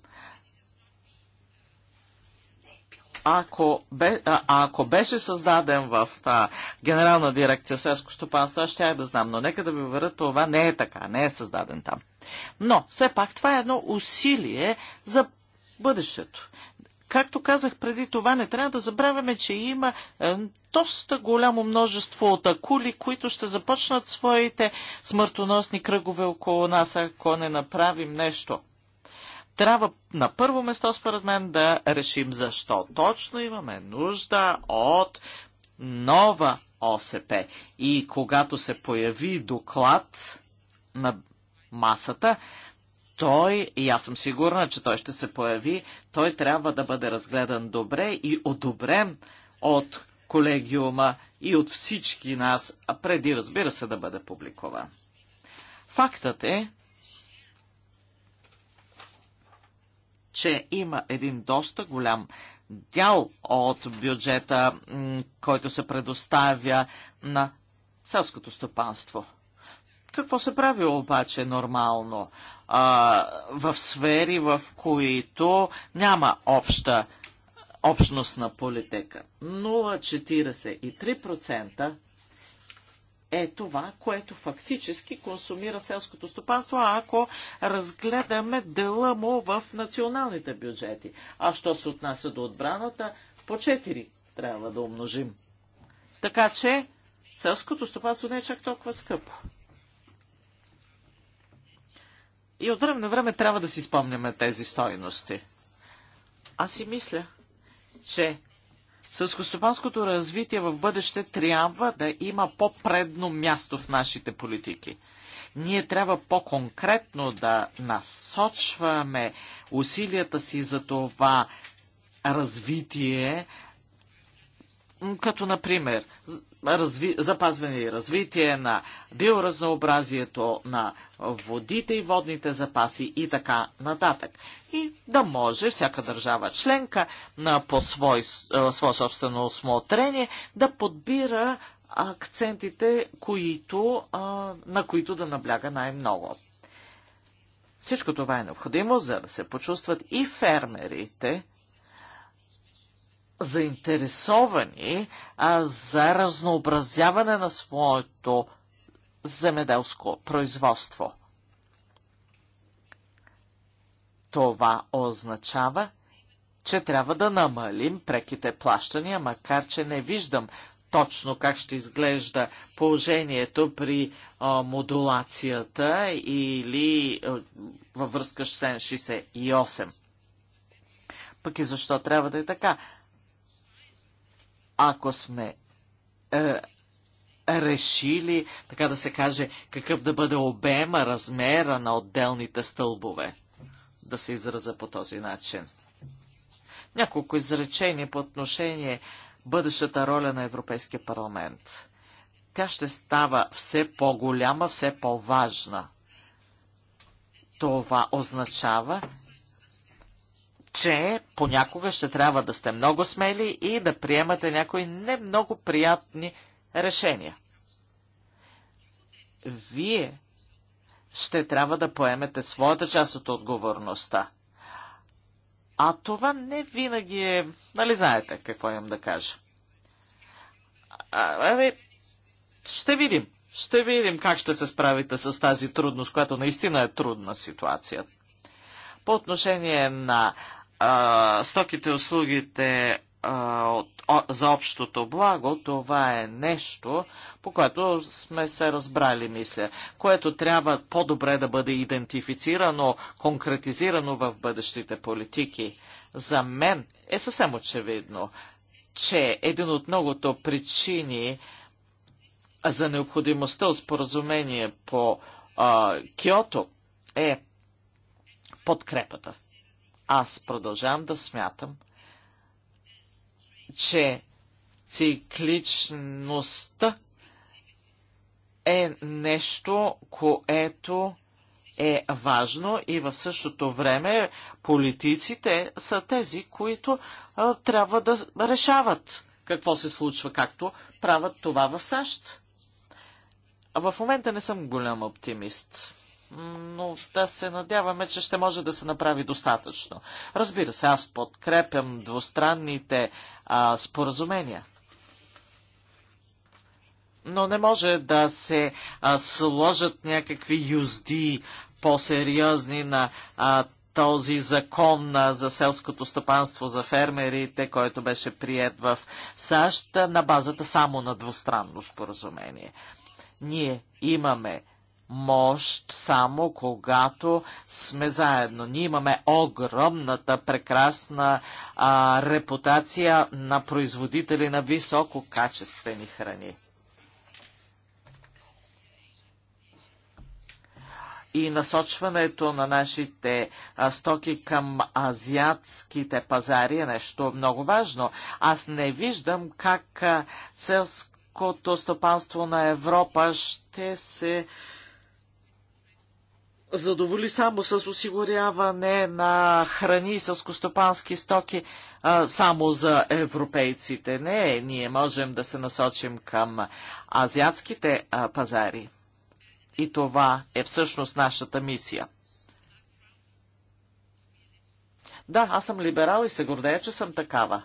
S1: ако, бе, а, ако беше създаден в а, Генерална дирекция селско стопанство, аз ще я да знам, но нека да ви уверя, това не е така, не е създаден там. Но, все пак, това е едно усилие за бъдещето. Както казах преди това, не трябва да забравяме, че има е, доста голямо множество от акули, които ще започнат своите смъртоносни кръгове около нас, ако не направим нещо. Трябва на първо место, според мен, да решим защо точно имаме нужда от нова ОСП. И когато се появи доклад на масата, той, и аз съм сигурна, че той ще се появи, той трябва да бъде разгледан добре и одобрен от колегиума и от всички нас, а преди, разбира се, да бъде публикован. Фактът е, че има един доста голям дял от бюджета, който се предоставя на селското стопанство – какво се прави обаче нормално а, в сфери, в които няма обща общностна политика? 0,43% е това, което фактически консумира селското стопанство, ако разгледаме дела му в националните бюджети. А що се отнася до отбраната, по 4 трябва да умножим. Така че селското стопанство не е чак толкова скъпо. И от време на време трябва да си спомняме тези стойности. Аз си мисля, че сълскостопанското развитие в бъдеще трябва да има по-предно място в нашите политики. Ние трябва по-конкретно да насочваме усилията си за това развитие, като например разви... запазване и развитие на биоразнообразието на водите и водните запаси и така нататък. И да може всяка държава членка на, по свой, е, свое собствено осмотрение да подбира акцентите, които, на които да набляга най-много. Всичко това е необходимо, за да се почувстват и фермерите, заинтересовани а, за разнообразяване на своето земеделско производство. Това означава, че трябва да намалим преките плащания, макар че не виждам точно как ще изглежда положението при а, модулацията или а, във връзка с 68. Пък и защо трябва да е така? ако сме е, решили, така да се каже, какъв да бъде обема, размера на отделните стълбове. Да се израза по този начин. Няколко изречения по отношение бъдещата роля на Европейския парламент. Тя ще става все по-голяма, все по-важна. Това означава, че понякога ще трябва да сте много смели и да приемате някои не много приятни решения. Вие ще трябва да поемете своята част от отговорността. А това не винаги е... Нали знаете какво имам да кажа? Ами, ще видим. Ще видим как ще се справите с тази трудност, която наистина е трудна ситуация. По отношение на стоките и услугите а, от, о, за общото благо, това е нещо, по което сме се разбрали, мисля, което трябва по-добре да бъде идентифицирано, конкретизирано в бъдещите политики. За мен е съвсем очевидно, че един от многото причини за необходимостта от споразумение по а, Киото е подкрепата аз продължавам да смятам, че цикличността е нещо, което е важно и в същото време политиците са тези, които а, трябва да решават какво се случва, както правят това в САЩ. В момента не съм голям оптимист но да се надяваме, че ще може да се направи достатъчно. Разбира се, аз подкрепям двустранните а, споразумения. Но не може да се а, сложат някакви юзди по-сериозни на а, този закон за селското стопанство за фермерите, който беше прият в САЩ на базата само на двустранно споразумение. Ние имаме мощ само когато сме заедно. Ние имаме огромната, прекрасна а, репутация на производители на висококачествени храни. и насочването на нашите а, стоки към азиатските пазари е нещо много важно. Аз не виждам как селското стопанство на Европа ще се а, задоволи само с осигуряване на храни с костопански стоки а, само за европейците. Не, ние можем да се насочим към азиатските а, пазари. И това е всъщност нашата мисия. Да, аз съм либерал и се гордея, че съм такава.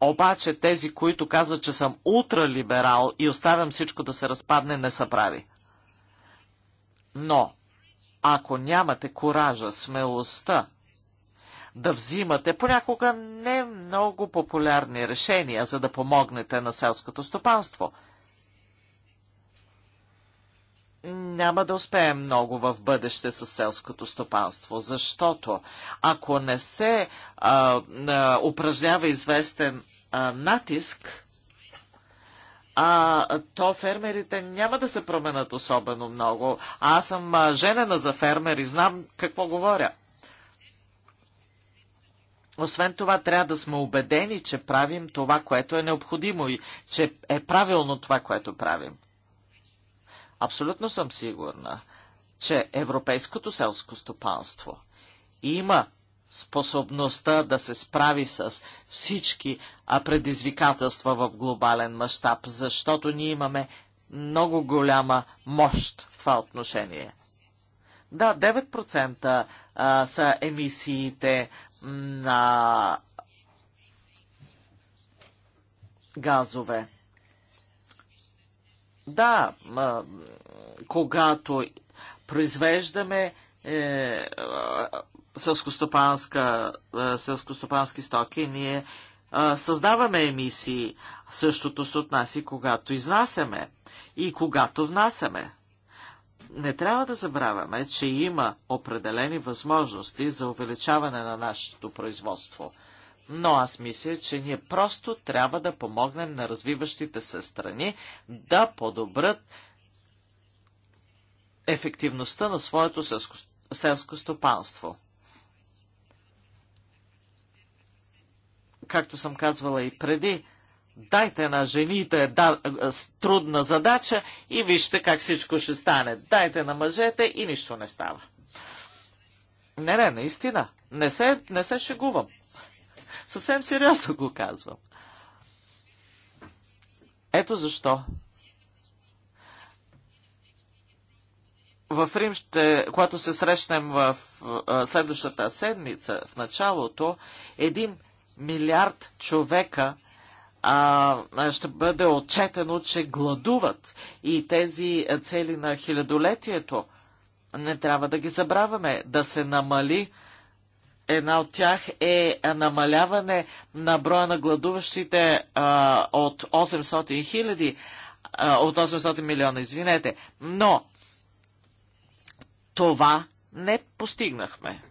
S1: Обаче тези, които казват, че съм ултралиберал и оставям всичко да се разпадне, не са прави. Но ако нямате коража, смелостта да взимате понякога не много популярни решения, за да помогнете на селското стопанство, няма да успеем много в бъдеще с селското стопанство, защото ако не се а, а, упражнява известен а, натиск, а, то фермерите няма да се променят особено много. Аз съм женена за фермери, знам какво говоря. Освен това, трябва да сме убедени, че правим това, което е необходимо и че е правилно това, което правим. Абсолютно съм сигурна, че европейското селско стопанство има способността да се справи с всички предизвикателства в глобален мащаб, защото ние имаме много голяма мощ в това отношение. Да, 9% са емисиите на газове. Да, когато произвеждаме е, е, селскостопански стоки, ние е, създаваме емисии. Същото се отнаси, когато изнасяме и когато внасяме. Не трябва да забравяме, че има определени възможности за увеличаване на нашето производство. Но аз мисля, че ние просто трябва да помогнем на развиващите се страни да подобрят ефективността на своето селско, селско стопанство. както съм казвала и преди, дайте на жените да, е, е, трудна задача и вижте как всичко ще стане. Дайте на мъжете и нищо не става. Не, не, наистина. Не се, не се шегувам. Съвсем сериозно го казвам. Ето защо. В Рим ще, когато се срещнем в е, следващата седмица, в началото, един милиард човека а, ще бъде отчетено, че гладуват и тези цели на хилядолетието. Не трябва да ги забравяме. Да се намали Една от тях е намаляване на броя на гладуващите а, от 800 хиляди, от 800 милиона, извинете. Но това не постигнахме.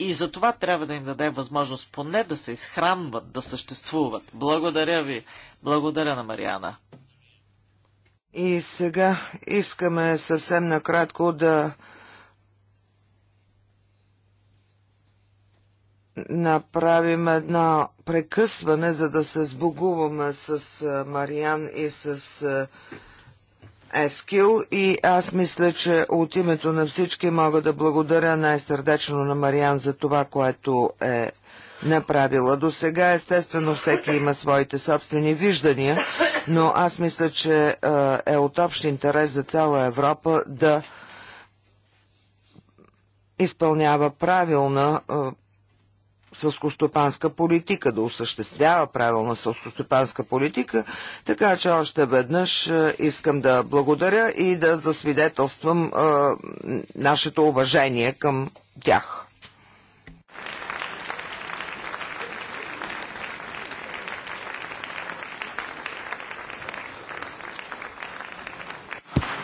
S1: И за това трябва да им дадем възможност поне да се изхранват, да съществуват. Благодаря ви. Благодаря на Мариана.
S4: И сега искаме съвсем накратко да направим едно прекъсване, за да се сбогуваме с Мариан и с Ескил и аз мисля, че от името на всички мога да благодаря най-сърдечно на Мариан за това, което е направила. До сега естествено всеки има своите собствени виждания, но аз мисля, че е от общ интерес за цяла Европа да изпълнява правилна сълскостопанска политика, да осъществява правилна сълскостопанска политика, така че още веднъж е, искам да благодаря и да засвидетелствам е, нашето уважение към тях.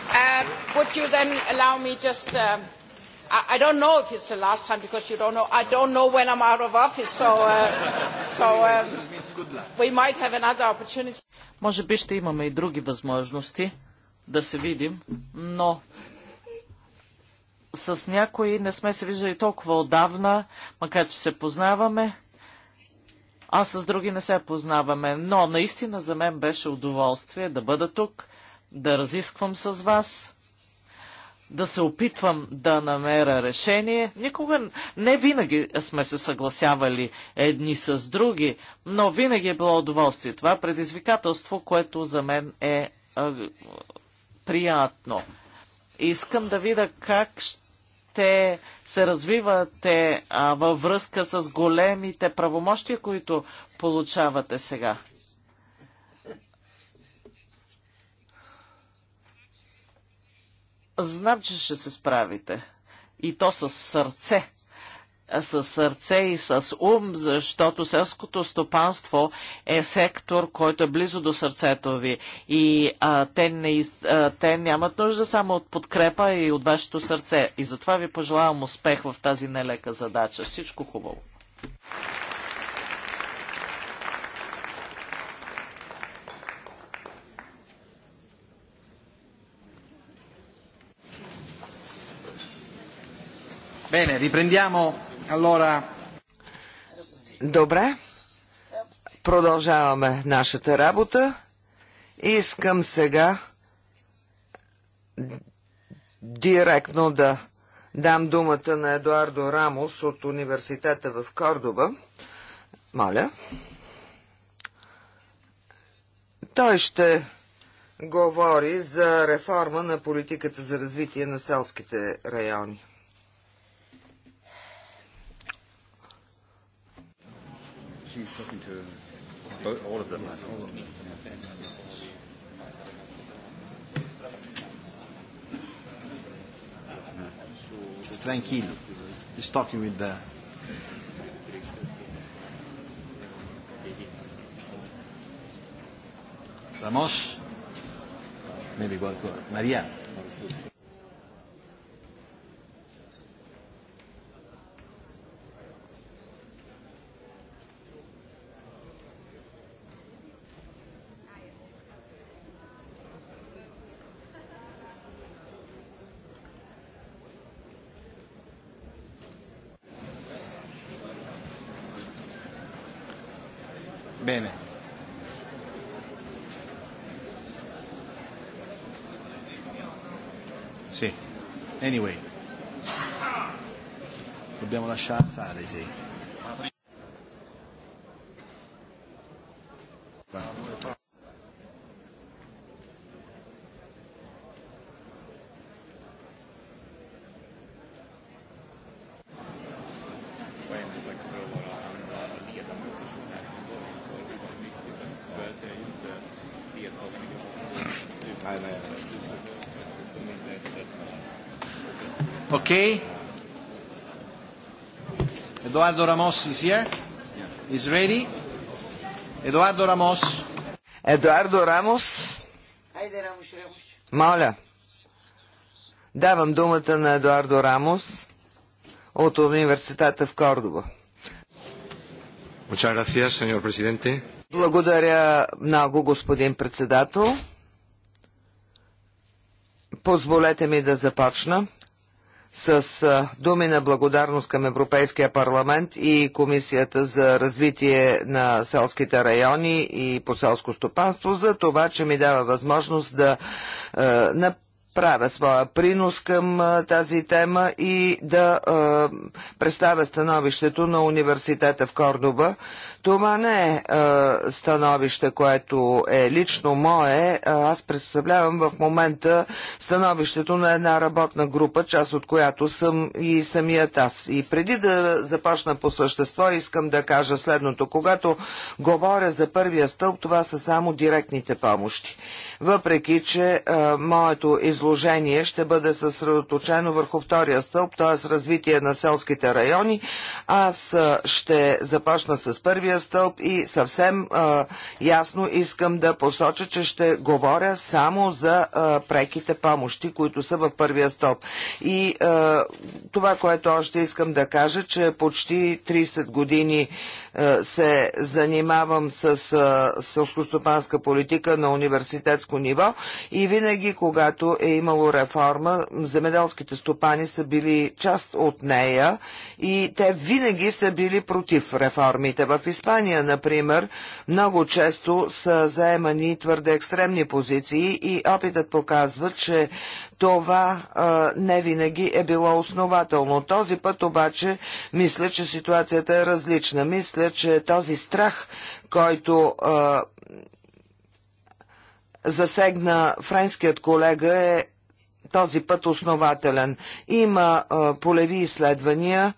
S5: Uh, would you then allow me just uh, I, I don't know if it's the last time because you don't know. I don't know when I'm out of office, so, uh, so um,
S2: we might have another opportunity.
S1: Може би ще имаме и други възможности да се видим, но с някои не сме се виждали толкова отдавна, макар че се познаваме, а с други не се познаваме. Но наистина за мен беше удоволствие да бъда тук, да разисквам с вас да се опитвам да намеря решение. Никога не винаги сме се съгласявали едни с други, но винаги е било удоволствие. Това е предизвикателство, което за мен е а, е, приятно. Искам да видя как ще се развивате а, във връзка с големите правомощия, които получавате сега. Знам, че ще се справите. И то с сърце. С сърце и с ум, защото селското стопанство е сектор, който е близо до сърцето ви. И а, те, не, а, те нямат нужда само от подкрепа и от вашето сърце. И затова ви пожелавам успех в тази нелека задача. Всичко хубаво!
S5: Bene,
S4: riprendiamo allora. Добре. Продължаваме нашата работа. Искам сега директно да дам думата на Едуардо Рамос от университета в Кордоба. Моля. Той ще говори за реформа на политиката за развитие на селските райони.
S5: she's talking to both, all of them. Yes, All of them. It's tranquilo. He's
S2: talking with the. Ramos? Maybe go,
S5: Maria? Maria? Sì. Anyway. Dobbiamo lasciare stare, sì.
S2: Okay. Eduardo Ramos is here. He's ready.
S4: Eduardo Ramos. Eduardo Ramos.
S3: Хайде, Рамош, Рамош.
S4: Моля. Давам думата на Едуардо Рамос от университета в Кордоба.
S2: Gracias,
S4: Благодаря много, господин председател. Позволете ми да започна с думи на благодарност към Европейския парламент и Комисията за развитие на селските райони и по селско стопанство за това, че ми дава възможност да е, правя своя принос към а, тази тема и да а, представя становището на университета в Кордоба. Това не е а, становище, което е лично мое. Аз представлявам в момента становището на една работна група, част от която съм и самият аз. И преди да започна по същество, искам да кажа следното. Когато говоря за първия стълб, това са само директните помощи въпреки че а, моето изложение ще бъде съсредоточено върху втория стълб, т.е. развитие на селските райони. Аз а, ще започна с първия стълб и съвсем а, ясно искам да посоча, че ще говоря само за преките помощи, които са в първия стълб. И това, което още искам да кажа, че почти 30 години е, се занимавам с е, селскостопанска политика на университетско ниво и винаги, когато е имало реформа, земеделските стопани са били част от нея и те винаги са били против реформите. В Испания, например, много често са заемани твърде екстремни позиции и опитът показва, че това а, не винаги е било основателно. Този път обаче мисля, че ситуацията е различна. Мисля, че този страх, който а, засегна френският колега е този път основателен. Има а, полеви изследвания,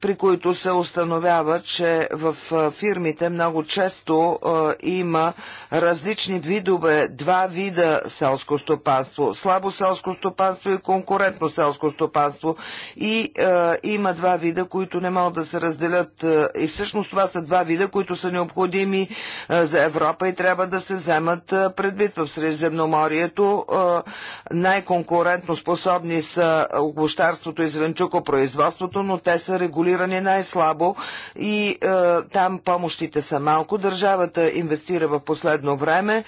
S4: при които се установява, че в фирмите много често а, има различни видове, два вида селско стопанство, слабо селско стопанство и конкурентно селско стопанство. И е, има два вида, които не могат да се разделят. Е, и всъщност това са два вида, които са необходими е, за Европа и трябва да се вземат е, предвид в Средиземноморието. Е, най-конкурентно способни са овощарството и зеленчукопроизводството, но те са регулирани най-слабо и е, там помощите са малко. Държавата инвестира в последно последно време.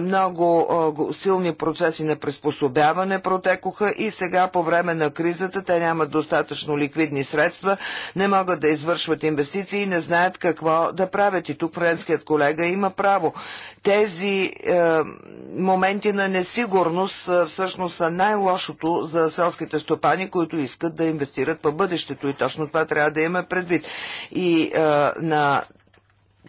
S4: Много силни процеси на приспособяване протекоха и сега по време на кризата те нямат достатъчно ликвидни средства, не могат да извършват инвестиции и не знаят какво да правят. И тук френският колега има право. Тези е, моменти на несигурност е, всъщност са най-лошото за селските стопани, които искат да инвестират в бъдещето. И точно това трябва да имаме предвид. И е, на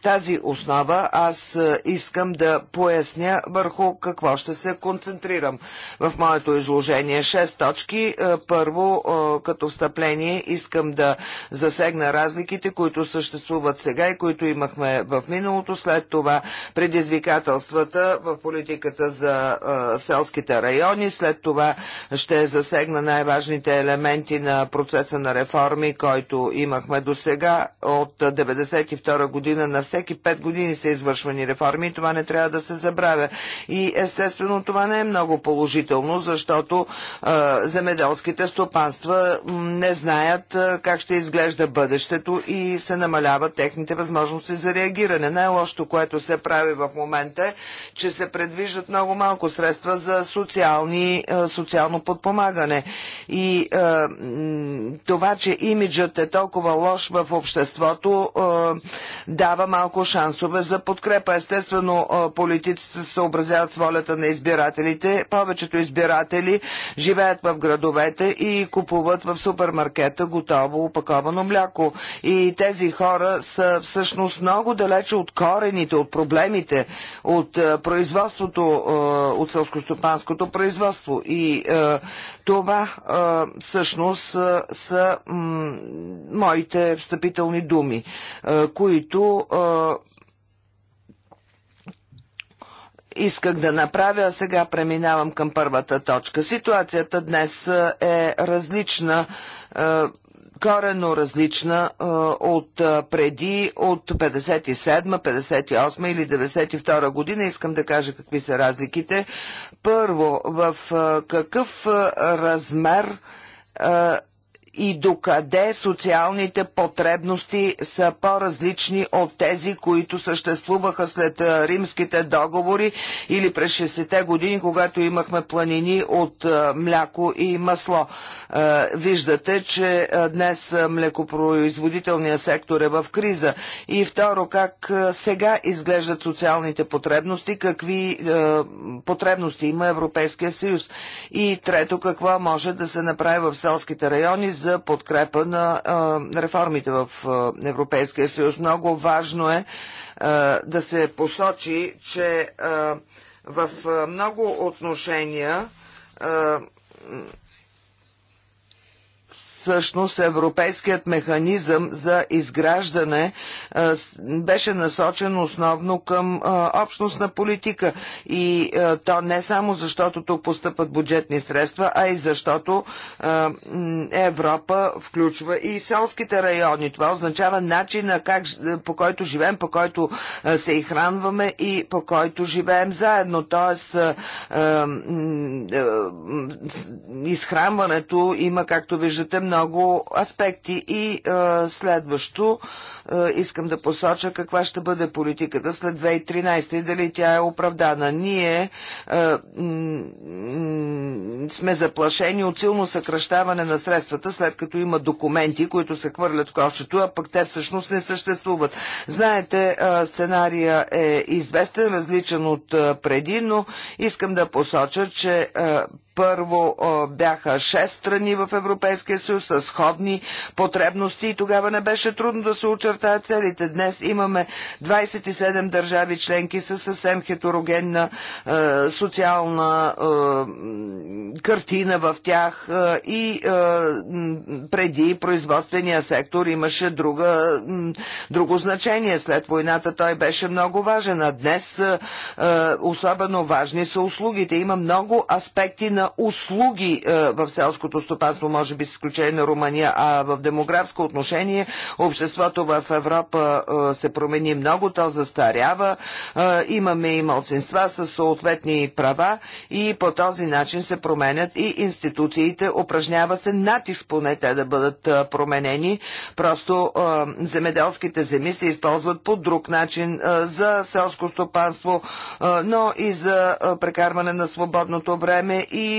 S4: тази основа аз е, искам да поясня върху какво ще се концентрирам в моето изложение. Шест точки. Е, първо, е, като встъпление, искам да засегна разликите, които съществуват сега и които имахме в миналото. След това предизвикателствата в политиката за селските райони. След това ще засегна най-важните елементи на процеса на реформи, който имахме до сега от 1992 година на всеки 5 години са извършвани реформи и това не трябва да се забравя. И естествено това не е много положително, защото а, земеделските стопанства не знаят а, как ще изглежда бъдещето и се намаляват техните възможности за реагиране. Най-лошото, което се прави в момента е, че се предвиждат много малко средства за социални, а, социално подпомагане. И а, това, че имиджът е толкова лош в обществото, а, дава малко по-малко шансове за подкрепа. Естествено, политиците се съобразяват с волята на избирателите. Повечето избиратели живеят в градовете и купуват в супермаркета готово опаковано мляко. И тези хора са всъщност много далече от корените, от проблемите, от производството, от селскостопанското производство. И това а, всъщност а, са м, моите встъпителни думи, а, които а, исках да направя, а сега преминавам към първата точка. Ситуацията днес е различна корено различна а, от а, преди, от 57, 58 или 92 година. Искам да кажа какви са разликите. Първо, в какъв размер и докъде социалните потребности са по-различни от тези, които съществуваха след римските договори или през 60-те години, когато имахме планини от мляко и масло. Виждате, че днес млекопроизводителният сектор е в криза. И второ, как сега изглеждат социалните потребности, какви потребности има Европейския съюз. И трето, какво може да се направи в селските райони, за подкрепа на реформите в Европейския съюз. Много важно е да се посочи, че в много отношения всъщност европейският механизъм за изграждане беше насочен основно към общностна политика. И то не само защото тук постъпват бюджетни средства, а и защото Европа включва и селските райони. Това означава начина как, по който живеем, по който се и хранваме и по който живеем заедно. Тоест изхранването има, както виждате, много много аспекти. И е, следващо е, искам да посоча каква ще бъде политиката след 2013 и дали тя е оправдана. Ние е, сме заплашени от силно съкръщаване на средствата, след като има документи, които се хвърлят кошето, а пък те всъщност не съществуват. Знаете, е, сценария е известен, различен от е, преди, но искам да посоча, че е, първо бяха 6 страни в Европейския съюз с сходни потребности и тогава не беше трудно да се очертаят целите. Днес имаме 27 държави членки с съвсем хетерогенна е, социална е, картина в тях е, и преди производствения сектор имаше друга, друго значение. След войната той беше много важен, а днес особено важни са услугите. Има много аспекти на на услуги е, в селското стопанство, може би с изключение на Румъния, а в демографско отношение обществото в Европа е, се промени много, то застарява, е, имаме и младсинства с съответни права и по този начин се променят и институциите, упражнява се натиск поне те да бъдат променени, просто земеделските земи се използват по друг начин за селско стопанство, но и за прекарване на свободното време и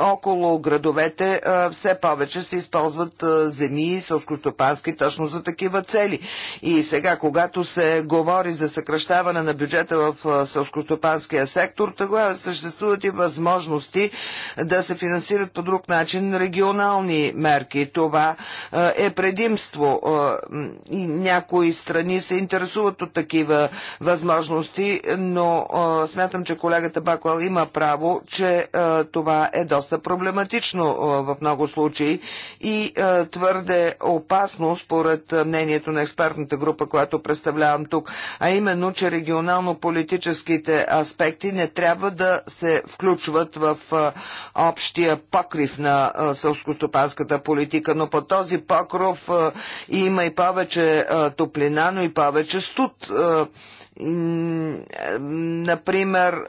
S4: около градовете все повече се използват земи сълскостопански точно за такива цели. И сега, когато се говори за съкръщаване на бюджета в сълскостопанския сектор, тогава съществуват и възможности да се финансират по друг начин регионални мерки. Това е предимство. И някои страни се интересуват от такива възможности, но смятам, че колегата Бакуал има право, че че а, е, това е доста проблематично а, е, в много случаи и а, е, твърде опасно според мнението на експертната група, която представлявам тук, а именно, че регионално-политическите аспекти не трябва да се включват в общия покрив на сълскостопанската политика, но по този покров има и повече топлина, но и повече студ. Например,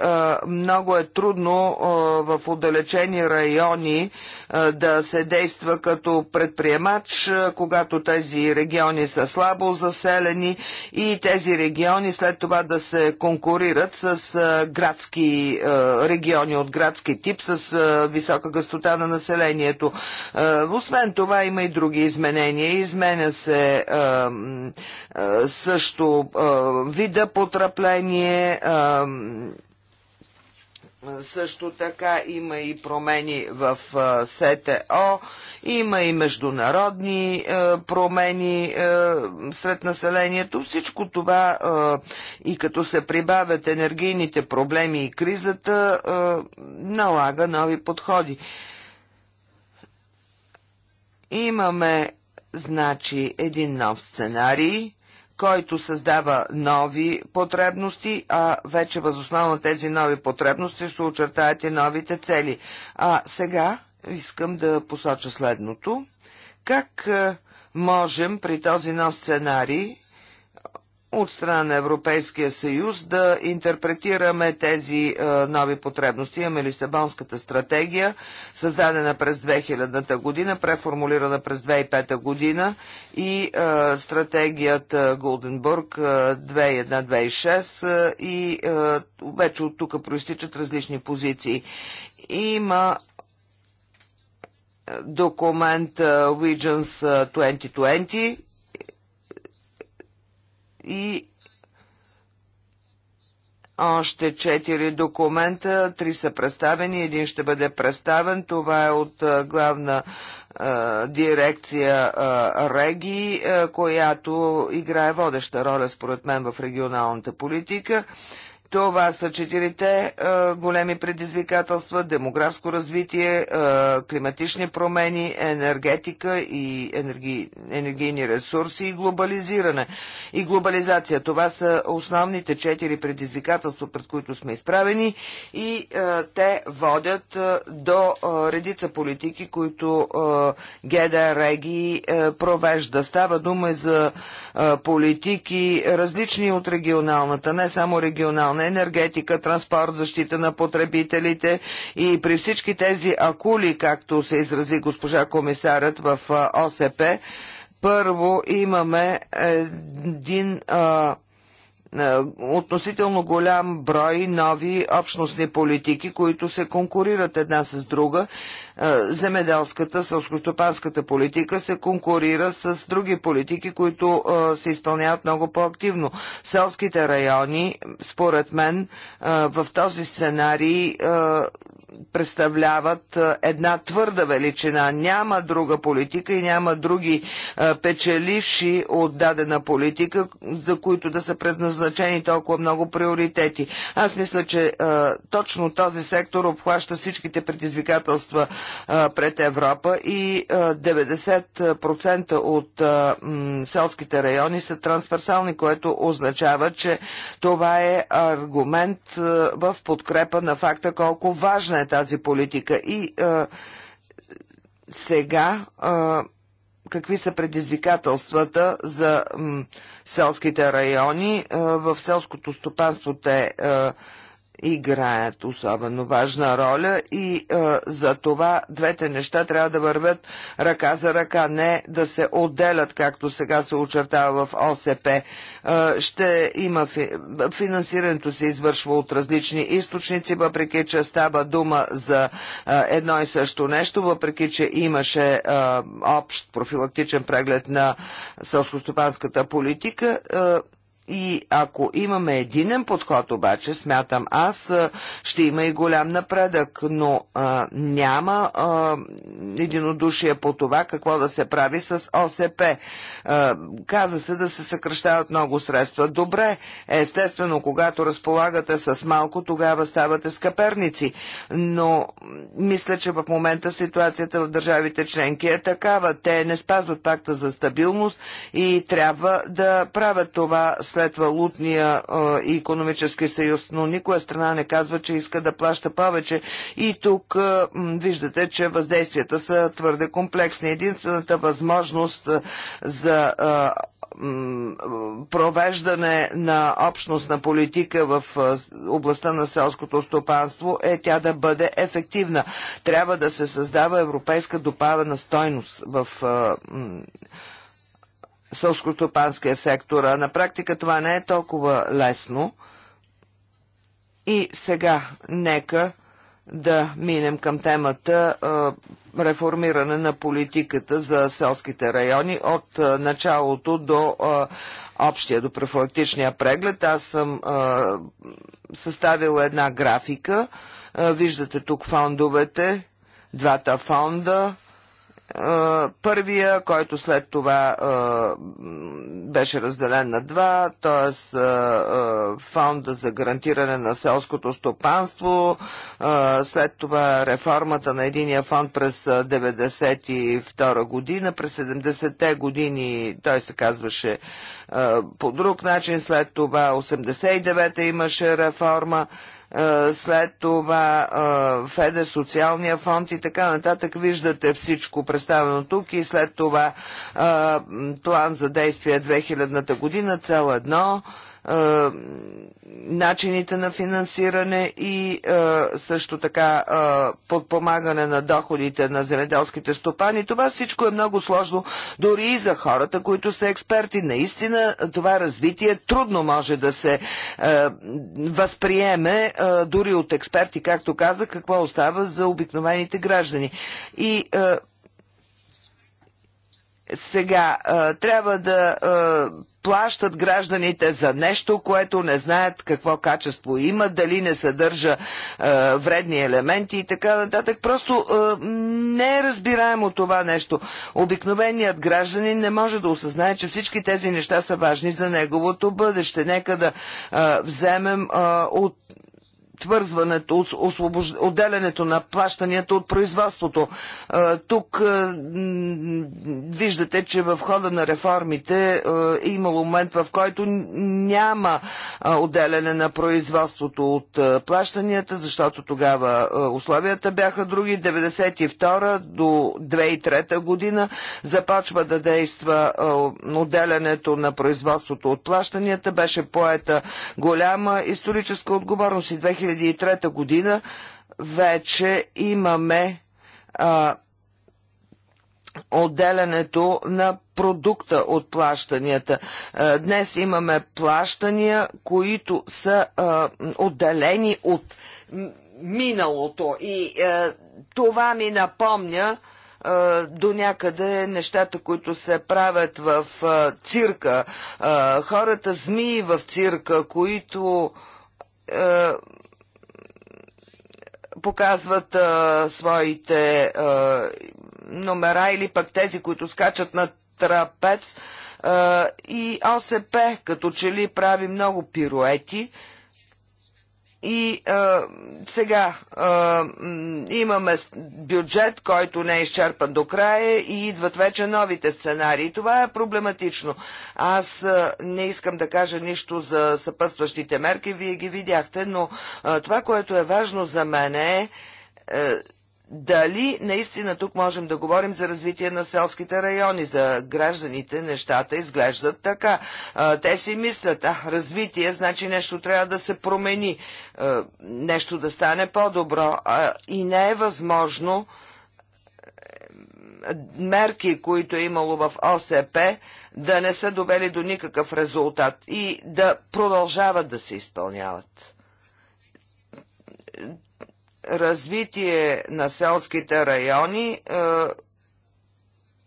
S4: много е трудно в отдалечени райони да се действа като предприемач, когато тези региони са слабо заселени и тези региони след това да се конкурират с градски региони от градски тип с висока гъстота на населението. Освен това има и други изменения. Изменя се също вида по потрепление. Също така има и промени в СТО, има и международни промени сред населението. Всичко това и като се прибавят енергийните проблеми и кризата, налага нови подходи. Имаме, значи, един нов сценарий който създава нови потребности, а вече възоснова на тези нови потребности ще очертаят и новите цели. А сега искам да посоча следното. Как можем при този нов сценарий от страна на Европейския съюз да интерпретираме тези е, нови потребности. Имаме Лисабонската стратегия, създадена през 2000-та година, преформулирана през 2005 година и е, стратегията Голденбург 2001-2006 е, и е, е, вече от тук проистичат различни позиции. Има документ Regions 2020, и още четири документа, три са представени, един ще бъде представен. Това е от главна дирекция Реги, която играе водеща роля според мен в регионалната политика. Това са четирите големи предизвикателства – демографско развитие, климатични промени, енергетика и енерги, енергийни ресурси и глобализиране. И глобализация – това са основните четири предизвикателства, пред които сме изправени и те водят до редица политики, които Геда Реги провежда. Става дума за политики различни от регионалната, не само регионална на енергетика, транспорт, защита на потребителите и при всички тези акули, както се изрази госпожа комисарът в ОСП, първо имаме един а, е, относително голям брой нови общностни политики, които се конкурират една с друга. Е, земеделската, сълскостопанската политика се конкурира с други политики, които е, се изпълняват много по-активно. Селските райони, според мен, в този сценарий представляват една твърда величина. Няма друга политика и няма други печеливши от дадена политика, за които да са предназначени толкова много приоритети. Аз мисля, че точно този сектор обхваща всичките предизвикателства пред Европа и 90% от селските райони са трансверсални, което означава, че това е аргумент в подкрепа на факта колко важна е е тази политика. И а, сега а, какви са предизвикателствата за м, селските райони. А, в селското стопанство те а, играят особено важна роля и а, е, за това двете неща трябва да вървят ръка за ръка, не да се отделят, както сега се очертава в ОСП. А, е, ще има фи... финансирането се извършва от различни източници, въпреки че става дума за а, е, едно и също нещо, въпреки че имаше а, общ профилактичен преглед на селскостопанската политика. А, и ако имаме единен подход обаче, смятам аз, ще има и голям напредък, но а, няма а, единодушие по това какво да се прави с ОСП. А, каза се да се съкръщават много средства. Добре, естествено, когато разполагате с малко, тогава ставате скъперници. Но мисля, че в момента ситуацията в държавите членки е такава. Те не спазват пакта за стабилност и трябва да правят това с след валутния и економически съюз, но никоя страна не казва, че иска да плаща повече. И тук виждате, че въздействията са твърде комплексни. Единствената възможност за провеждане на общностна политика в областта на селското стопанство е тя да бъде ефективна. Трябва да се създава европейска допавена стойност в сълскостопанския сектор. На практика това не е толкова лесно. И сега нека да минем към темата реформиране на политиката за селските райони от началото до общия, до профилактичния преглед. Аз съм съставила една графика. Виждате тук фондовете, двата фонда – първия, който след това беше разделен на два, т.е. фонда за гарантиране на селското стопанство, след това реформата на единия фонд през 1992 година, през 70-те години той се казваше по друг начин, след това 89-та имаше реформа, е, след това е, Феде, социалния фонд и така нататък. Виждате всичко представено тук и след това е, план за действие 2000-та година, цел едно – начините на финансиране и също така подпомагане на доходите на земеделските стопани. Това всичко е много сложно, дори и за хората, които са експерти. Наистина това развитие трудно може да се възприеме дори от експерти, както казах, какво остава за обикновените граждани. И сега трябва да плащат гражданите за нещо, което не знаят какво качество има, дали не съдържа вредни елементи и така нататък. Просто не е разбираемо това нещо. Обикновеният гражданин не може да осъзнае, че всички тези неща са важни за неговото бъдеще. Нека да вземем от отвързването, отделянето на плащанията от производството. Тук виждате, че в хода на реформите е имало момент, в който няма отделяне на производството от плащанията, защото тогава условията бяха други. 1992 до 2003 година започва да действа отделянето на производството от плащанията. Беше поета голяма историческа отговорност и 2000 2003 година вече имаме а, отделянето на продукта от плащанията. Днес имаме плащания, които са а, отделени от миналото и а, това ми напомня до някъде нещата, които се правят в цирка. Хората змии в цирка, които показват а, своите а, номера или пък тези, които скачат на трапец. А, и ОСП като че ли прави много пируети, а, и а, сега а, имаме бюджет, който не е изчерпан до края и идват вече новите сценарии. Това е проблематично. Аз а, не искам да кажа нищо за съпътстващите мерки, вие ги видяхте, но а, това, което е важно за мен е, е дали наистина тук можем да говорим за развитие на селските райони. За гражданите нещата изглеждат така. Те си мислят, а развитие значи нещо трябва да се промени, нещо да стане по-добро. И не е възможно мерки, които е имало в ОСП, да не са довели до никакъв резултат и да продължават да се изпълняват развитие на селските райони, е,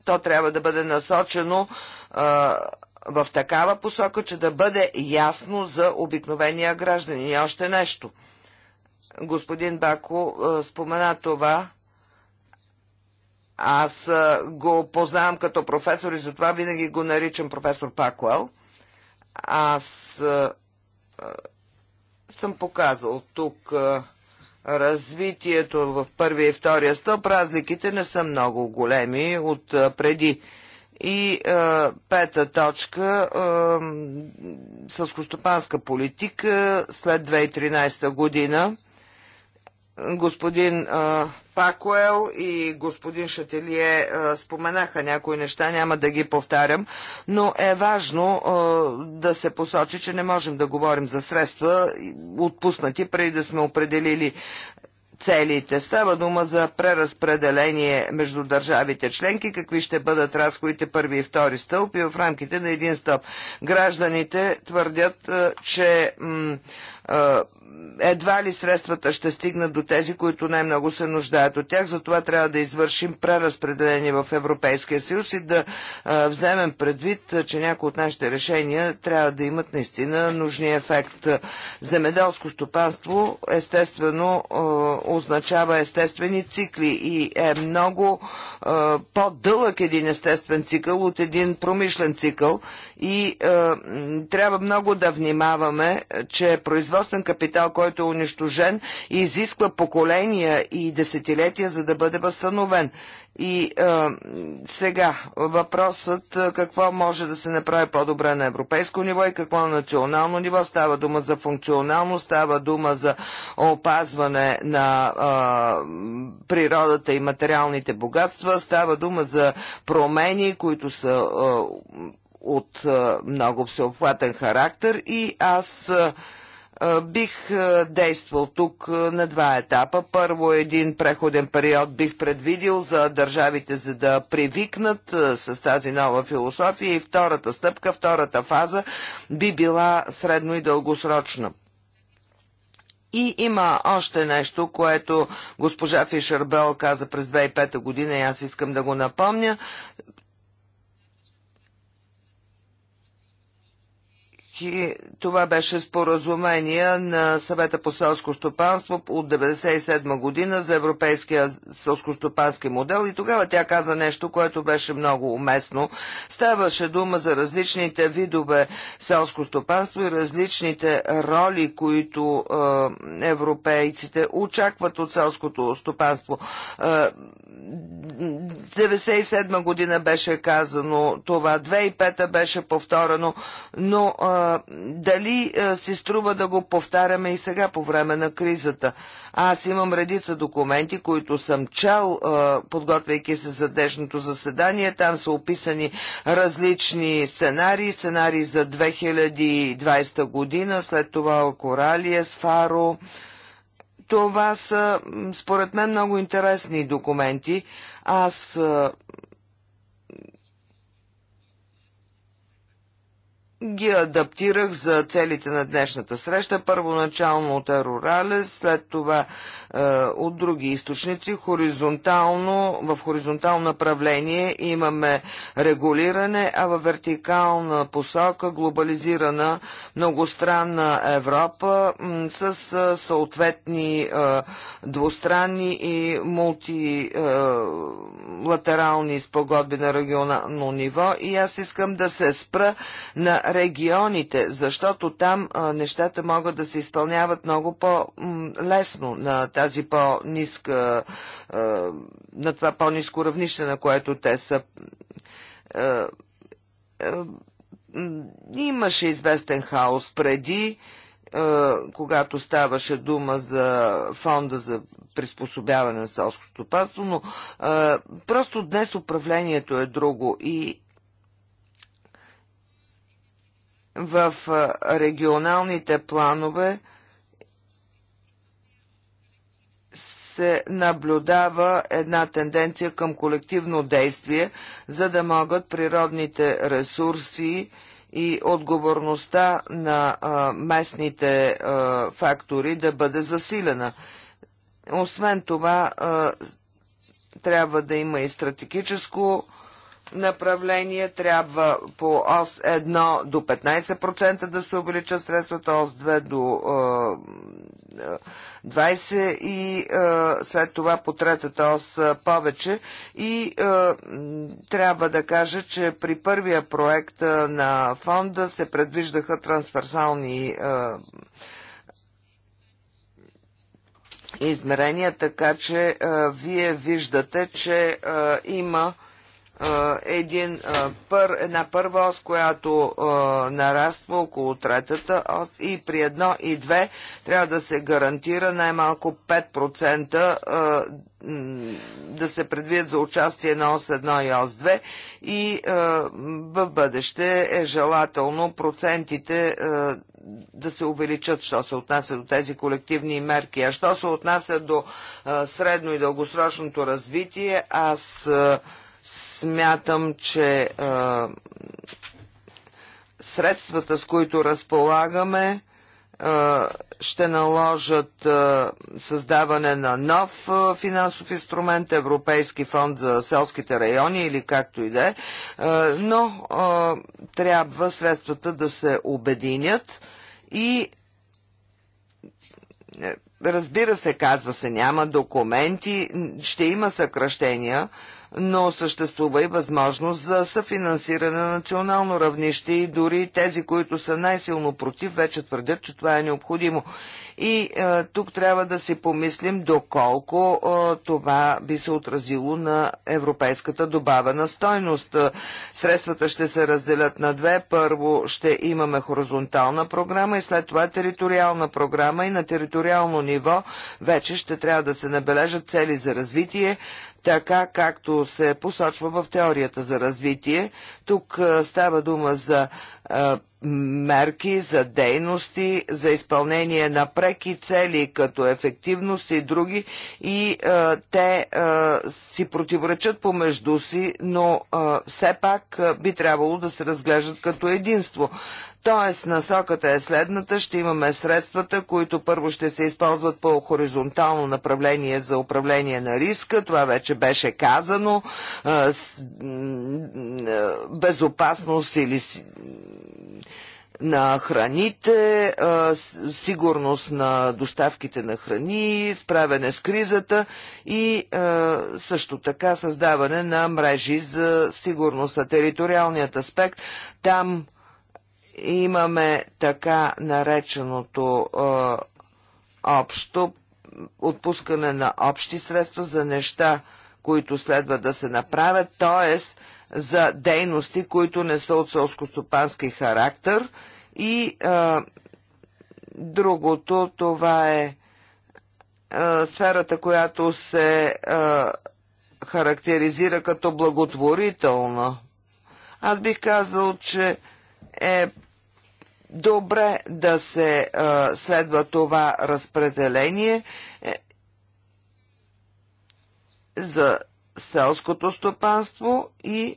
S4: то трябва да бъде насочено е, в такава посока, че да бъде ясно за обикновения граждан. И още нещо. Господин Бако е, спомена това. Аз го познавам като професор и затова винаги го наричам професор Пакуел. Аз съм показал тук развитието в първия и втория стоп, разликите не са много големи от преди. И е, пета точка е, съскостопанска политика след 2013 година. Господин е, Пакуел и господин Шателие е, споменаха някои неща, няма да ги повтарям, но е важно е, да се посочи, че не можем да говорим за средства отпуснати преди да сме определили целите. Става дума за преразпределение между държавите членки, какви ще бъдат разходите първи и втори стълб и в рамките на един стълб. Гражданите твърдят, е, че едва ли средствата ще стигнат до тези, които най-много се нуждаят от тях. Затова трябва да извършим преразпределение в Европейския съюз и да а, вземем предвид, че някои от нашите решения трябва да имат наистина нужния ефект. Земеделско стопанство естествено а, означава естествени цикли и е много по-дълъг един естествен цикъл от един промишлен цикъл и а, трябва много да внимаваме, че производствен капитал капитал, който е унищожен и изисква поколения и десетилетия, за да бъде възстановен. И а, сега въпросът какво може да се направи по-добре на европейско ниво и какво на национално ниво. Става дума за функционално, става дума за опазване на а, природата и материалните богатства, става дума за промени, които са а, от а, много всеобхватен характер и аз. А, бих действал тук на два етапа. Първо един преходен период бих предвидил за държавите, за да привикнат с тази нова философия и втората стъпка, втората фаза би била средно и дългосрочна. И има още нещо, което госпожа Фишербел каза през 2005 година и аз искам да го напомня. И това беше споразумение на съвета по селско стопанство от 1997 година за европейския селскостопански модел и тогава тя каза нещо, което беше много уместно. Ставаше дума за различните видове селско стопанство и различните роли, които е, европейците очакват от селското стопанство. Е, 97 година беше казано това, 2005 беше повторено, но а, дали а, си струва да го повтаряме и сега по време на кризата? Аз имам редица документи, които съм чел, подготвяйки се за днешното заседание. Там са описани различни сценарии, сценарии за 2020 година, след това Коралия, Сфаро, Фаро, това са, според мен, много интересни документи. Аз ги адаптирах за целите на днешната среща. Първоначално от Руралес, след това е, от други източници. Хоризонтално, в хоризонтално направление имаме регулиране, а в вертикална посока глобализирана многостранна Европа с е, съответни е, двустранни и мултилатерални спогодби на регионално ниво. И аз искам да се спра на регионите, защото там нещата могат да се изпълняват много по-лесно на тази тази по-ниска, на това по ниско равнище, на което те са имаше известен хаос преди, когато ставаше дума за фонда за приспособяване на селското стопанство, но просто днес управлението е друго и в регионалните планове се наблюдава една тенденция към колективно действие, за да могат природните ресурси и отговорността на а, местните а, фактори да бъде засилена. Освен това, а, трябва да има и стратегическо направление, трябва по ОС 1 до 15% да се увеличат средствата, ОС 2 до 20 и е, след това по третата ос повече. И е, трябва да кажа, че при първия проект на фонда се предвиждаха трансферсални е, измерения, така че вие виждате, че има един, пър, една първа ос, която нараства около третата ос и при едно и две трябва да се гарантира най-малко 5% да се предвидят за участие на ОС 1 и ОС 2 и в бъдеще е желателно процентите да се увеличат, що се отнася до тези колективни мерки. А що се отнася до средно и дългосрочното развитие, аз Смятам, че а, средствата, с които разполагаме, а, ще наложат а, създаване на нов а, финансов инструмент, Европейски фонд за селските райони или както и да е, но трябва средствата да се обединят и е, разбира се, казва се, няма документи, ще има съкръщения, но съществува и възможност за съфинансиране на национално равнище и дори тези, които са най-силно против, вече твърдят, че това е необходимо. И а, е, тук трябва да си помислим доколко а, е, това би се отразило на европейската добавена стойност. Е, средствата ще се разделят на две. Първо ще имаме хоризонтална програма и след това териториална програма и на териториално ниво вече ще трябва да се набележат цели за развитие, така както се посочва в теорията за развитие. Тук става дума за мерки за дейности, за изпълнение на преки цели, като ефективност и други, и а, те а, си противоречат помежду си, но а, все пак а, би трябвало да се разглеждат като единство. Тоест, насоката е следната, ще имаме средствата, които първо ще се използват по хоризонтално направление за управление на риска, това вече беше казано, безопасност или на храните, сигурност на доставките на храни, справяне с кризата и също така създаване на мрежи за сигурност на териториалният аспект. Там имаме така нареченото общо отпускане на общи средства за неща, които следва да се направят, т.е за дейности, които не са от селскостопански характер. И а, другото, това е а, сферата, която се а, характеризира като благотворителна. Аз бих казал, че е добре да се а, следва това разпределение, е, за селското стопанство и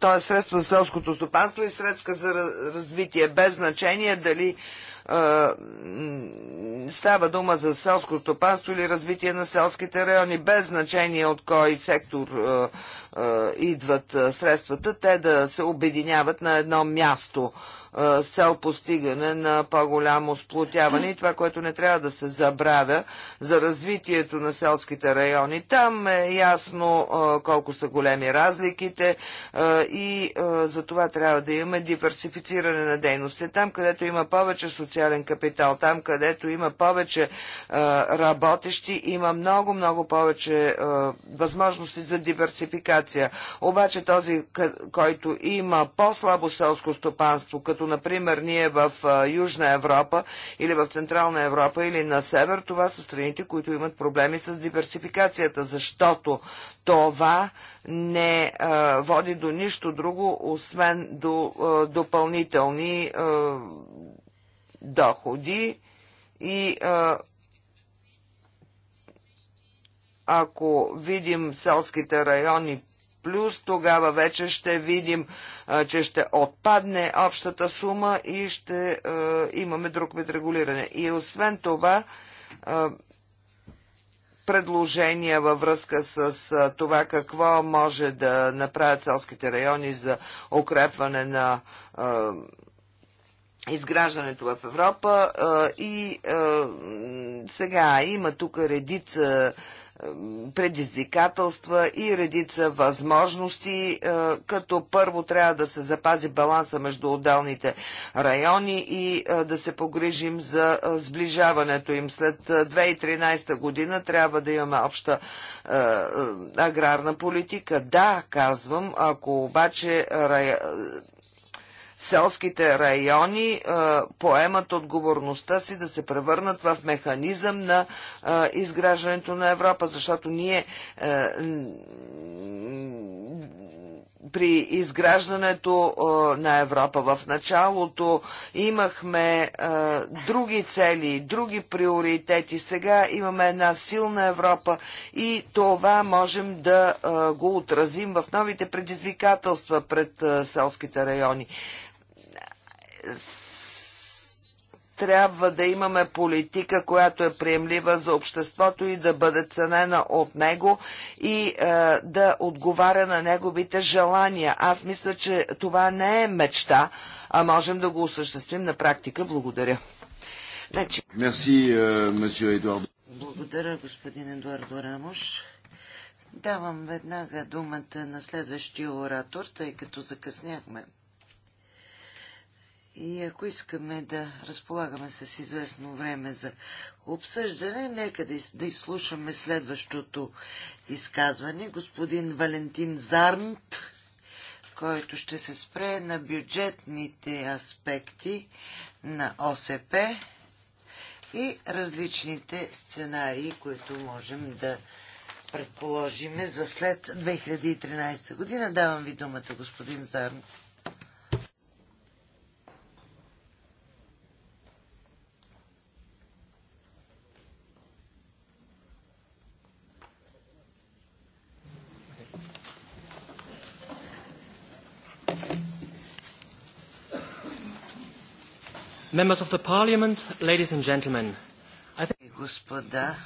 S4: т.е. средства за селското стопанство и средства за развитие, без значение дали става дума за селско стопанство или развитие на селските райони, без значение от кой сектор идват средствата, те да се обединяват на едно място – с цел постигане на по-голямо сплотяване и това, което не трябва да се забравя за развитието на селските райони. Там е ясно колко са големи разликите и за това трябва да имаме диверсифициране на дейности. Там, където има повече социален капитал, там, където има повече работещи, има много-много повече възможности за диверсификация. Обаче този, който има по-слабо селско стопанство, като като например ние в Южна Европа или в Централна Европа или на Север, това са страните, които имат проблеми с диверсификацията, защото това не а, води до нищо друго, освен до а, допълнителни а, доходи и а, ако видим селските райони плюс, тогава вече ще видим, че ще отпадне общата сума и ще имаме друг вид регулиране. И освен това, предложения във връзка с това какво може да направят селските райони за укрепване на изграждането в Европа. И сега има тук редица предизвикателства и редица възможности, е, като първо трябва да се запази баланса между отделните райони и е, да се погрижим за е, сближаването им. След 2013 година трябва да имаме обща аграрна политика. Да, казвам, ако обаче селските райони е, поемат отговорността си да се превърнат в механизъм на е, изграждането на Европа, защото ние е, при изграждането на Европа в началото имахме други цели, други приоритети. Сега имаме една силна Европа и това можем да го отразим в новите предизвикателства пред селските райони трябва да имаме политика, която е приемлива за обществото и да бъде ценена от него и е, да отговаря на неговите желания. Аз мисля, че това не е мечта, а можем да го осъществим на практика. Благодаря. Значи... Мерси, Едуардо.
S3: Благодаря, господин Едуардо Рамош. Давам веднага думата на следващия оратор, тъй като закъсняхме. И ако искаме да разполагаме с известно време за обсъждане, нека да, изслушаме следващото изказване. Господин Валентин Зарнт, който ще се спре на бюджетните аспекти на ОСП и различните сценарии, които можем да предположиме за след 2013 година. Давам ви думата, господин Зарнт.
S2: Members of the Parliament, ladies
S3: and gentlemen. I think... Господа,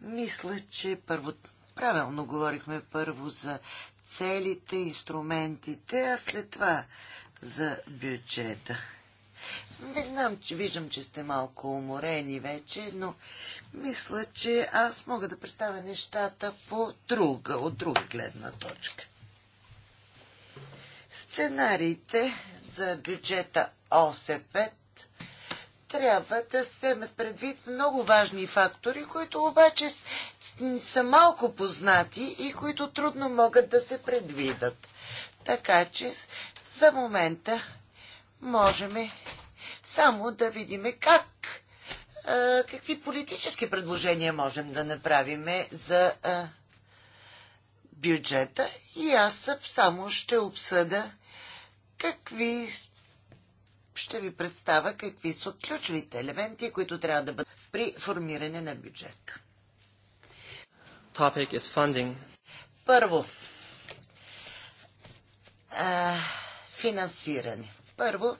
S3: мисля, че първо, правилно говорихме първо за целите, инструментите, а след това за бюджета. Не знам, че виждам, че сте малко уморени вече, но мисля, че аз мога да представя нещата по друга, от друга гледна точка. Сценариите за бюджета ОСП трябва да се имат предвид много важни фактори, които обаче са малко познати и които трудно могат да се предвидат. Така че за момента можем само да видим как, какви политически предложения можем да направим за бюджета и аз само ще обсъда какви ще ви представя какви са ключовите елементи, които трябва да бъдат при формиране на бюджета.
S2: Topic is funding.
S3: Първо, а, финансиране. Първо,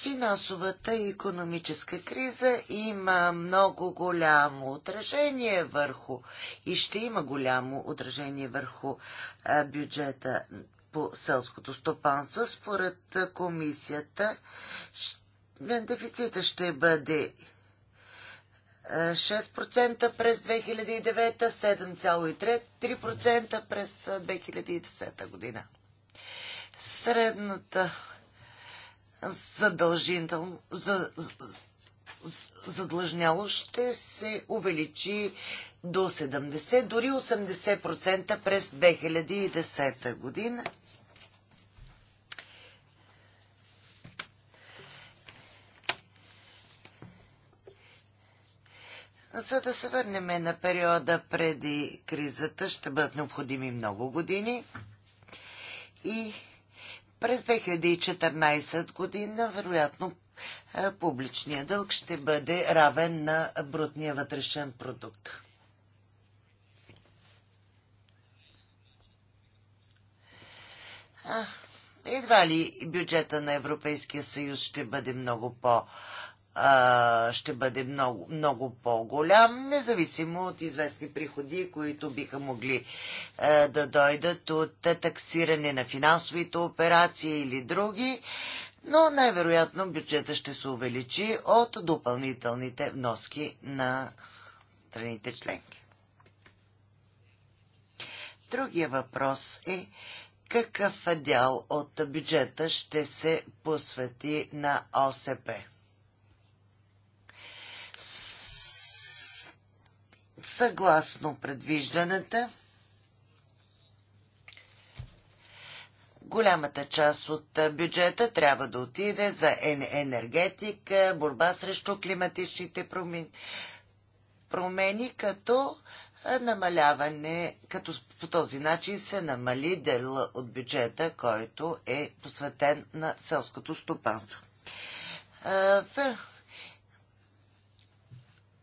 S3: финансовата и економическа криза има много голямо отражение върху и ще има голямо отражение върху а, бюджета по селското стопанство. Според комисията дефицита ще бъде 6% през 2009, 7,3% през 2010 година. Средната задължително, за, за, задлъжняло ще се увеличи до 70, дори 80% през 2010 година. За да се върнем на периода преди кризата, ще бъдат необходими много години. И през 2014 година, вероятно, е, публичния дълг ще бъде равен на брутния вътрешен продукт. едва ли бюджета на Европейския съюз ще бъде много по- ще бъде много, много по-голям, независимо от известни приходи, които биха могли е, да дойдат от таксиране на финансовите операции или други но най-вероятно бюджета ще се увеличи от допълнителните вноски на страните членки. Другия въпрос е какъв дял от бюджета ще се посвети на ОСП. Съгласно предвижданата, Голямата част от бюджета трябва да отиде за енергетика, борба срещу климатичните промени, промени като намаляване, като по този начин се намали дел от бюджета, който е посветен на селското стопанство.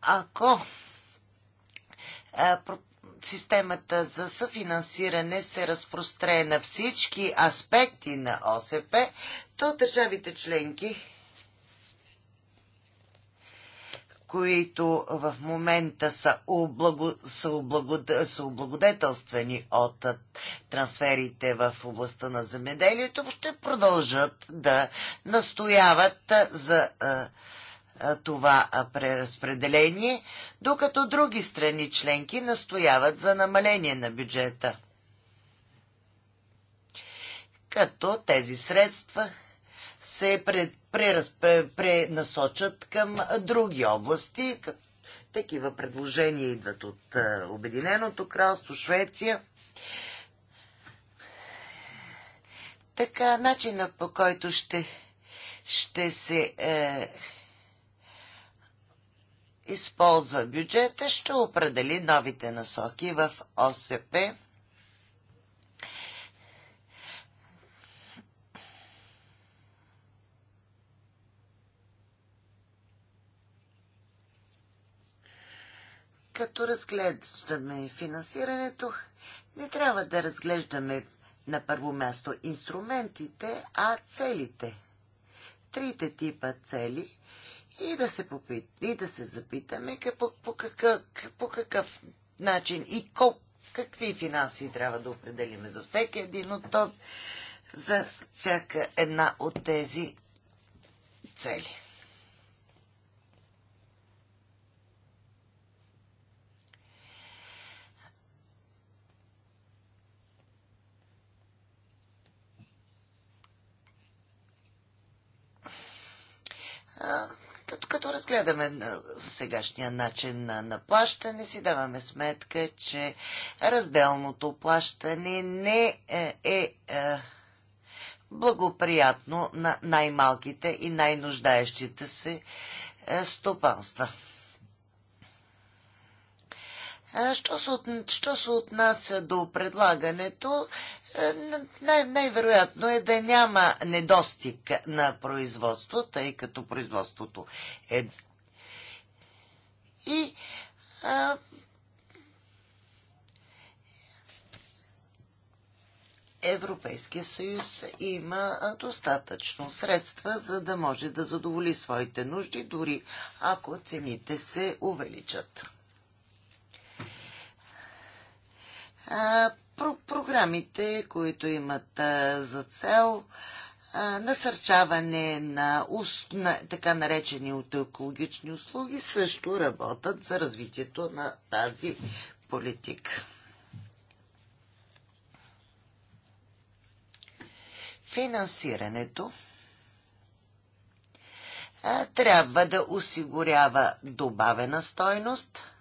S3: Ако системата за съфинансиране се разпростре на всички аспекти на ОСП, то държавите членки, които в момента са, облаго, са, облагод, са облагодетелствани от трансферите в областта на земеделието, ще продължат да настояват за. А, това преразпределение, докато други страни членки настояват за намаление на бюджета. Като тези средства се пренасочат към други области. Такива предложения идват от Обединеното кралство, Швеция. Така, начина по който ще, ще се е, използва бюджета, ще определи новите насоки в ОСП. Като разглеждаме финансирането, не трябва да разглеждаме на първо място инструментите, а целите. Трите типа цели и да се, попит, и да се запитаме по, по, какъв, по какъв начин и кол, какви финанси трябва да определиме за всеки един от този, за всяка една от тези цели. Uh като, като разгледаме сегашния начин на, на плащане, си даваме сметка, че разделното плащане не е, е, е благоприятно на най-малките и най-нуждаещите се е, стопанства. Що се, от, що се отнася до предлагането, е, най- най-вероятно е да няма недостиг на производство, тъй като производството е. И а, Европейския съюз има достатъчно средства, за да може да задоволи своите нужди, дори ако цените се увеличат про- програмите, които имат а, за цел а, насърчаване на, ус, на така наречени от екологични услуги, също работят за развитието на тази политика. Финансирането а, трябва да осигурява добавена стойност –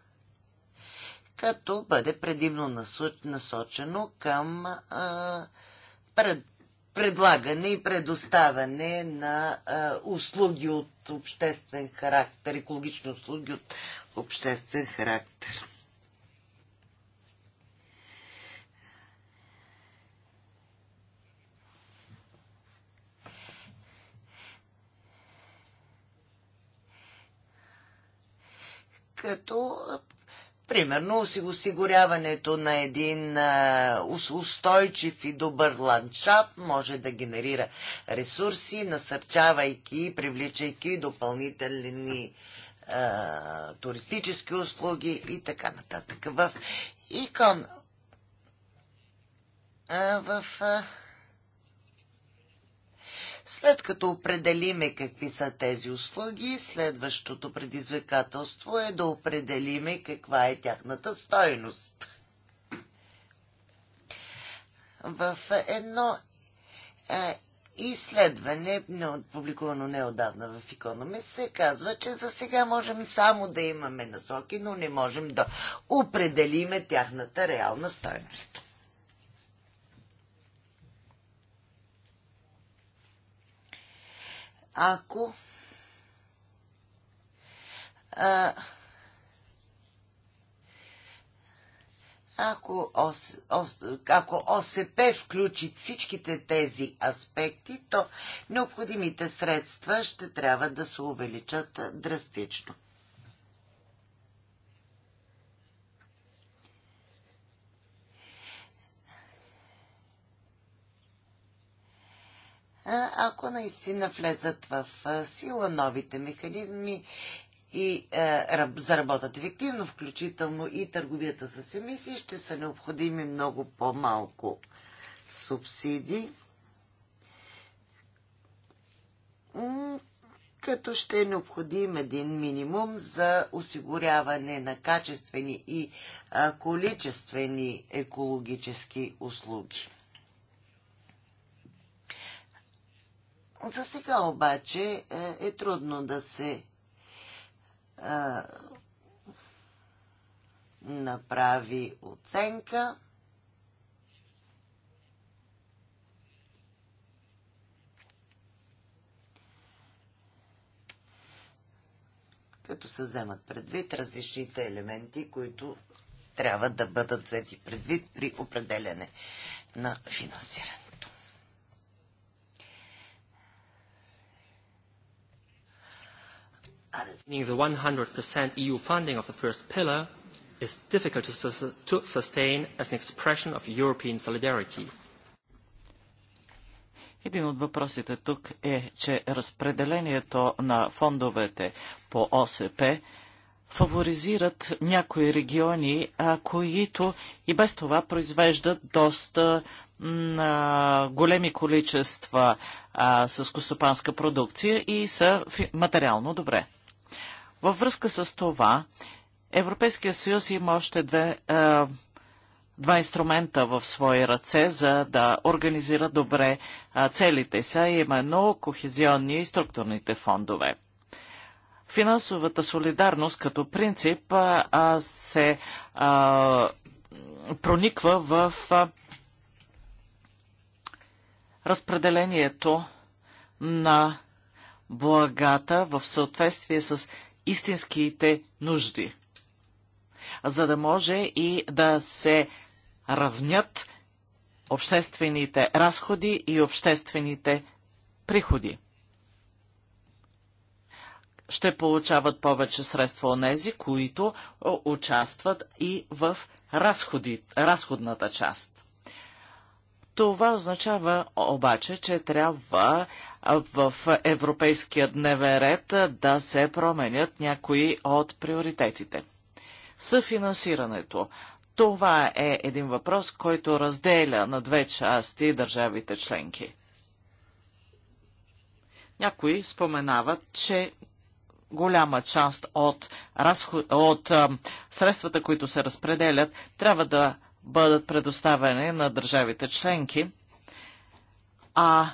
S3: като бъде предимно насочено към пред, предлагане и предоставяне на услуги от обществен характер, екологични услуги от обществен характер. като Примерно, осигуряването на един устойчив и добър ландшафт може да генерира ресурси, насърчавайки и привличайки допълнителни а, туристически услуги и така нататък. В икон а, в а, след като определиме какви са тези услуги, следващото предизвикателство е да определиме каква е тяхната стойност. В едно е, изследване, публикувано неодавна в Economist, се казва, че за сега можем само да имаме насоки, но не можем да определиме тяхната реална стойност. ако а, ако, ОС, ОС, ако ОСП включи всичките тези аспекти, то необходимите средства ще трябва да се увеличат драстично. ако наистина влезат в сила новите механизми и заработят ефективно, включително и търговията с емисии, ще са необходими много по-малко субсидии. Като ще е необходим един минимум за осигуряване на качествени и количествени екологически услуги. За сега обаче е, е трудно да се а, направи оценка. като се вземат предвид различните елементи, които трябва да бъдат взети предвид при определене на финансиране.
S2: Meaning the 100% EU funding of the first pillar is difficult to sustain as an expression of European solidarity. Един от
S1: въпросите тук е, че разпределението на фондовете по ОСП фаворизират някои региони, които и без това произвеждат доста големи количества а, съскостопанска продукция и са материално добре във връзка с това, Европейския съюз има още две, е, два инструмента в свои ръце, за да организира добре е, целите са, именно кохезионни и структурните фондове. Финансовата солидарност като принцип е, се е, прониква в е, разпределението на благата в съответствие с истинските нужди, за да може и да се равнят обществените разходи и обществените приходи. Ще получават повече средства тези, които участват и в разходи, разходната част. Това означава обаче, че трябва в европейския дневен ред да се променят някои от приоритетите. Съфинансирането. Това е един въпрос, който разделя на две части държавите членки. Някои споменават, че голяма част от, разход... от а, средствата, които се разпределят, трябва да бъдат предоставени на държавите членки, а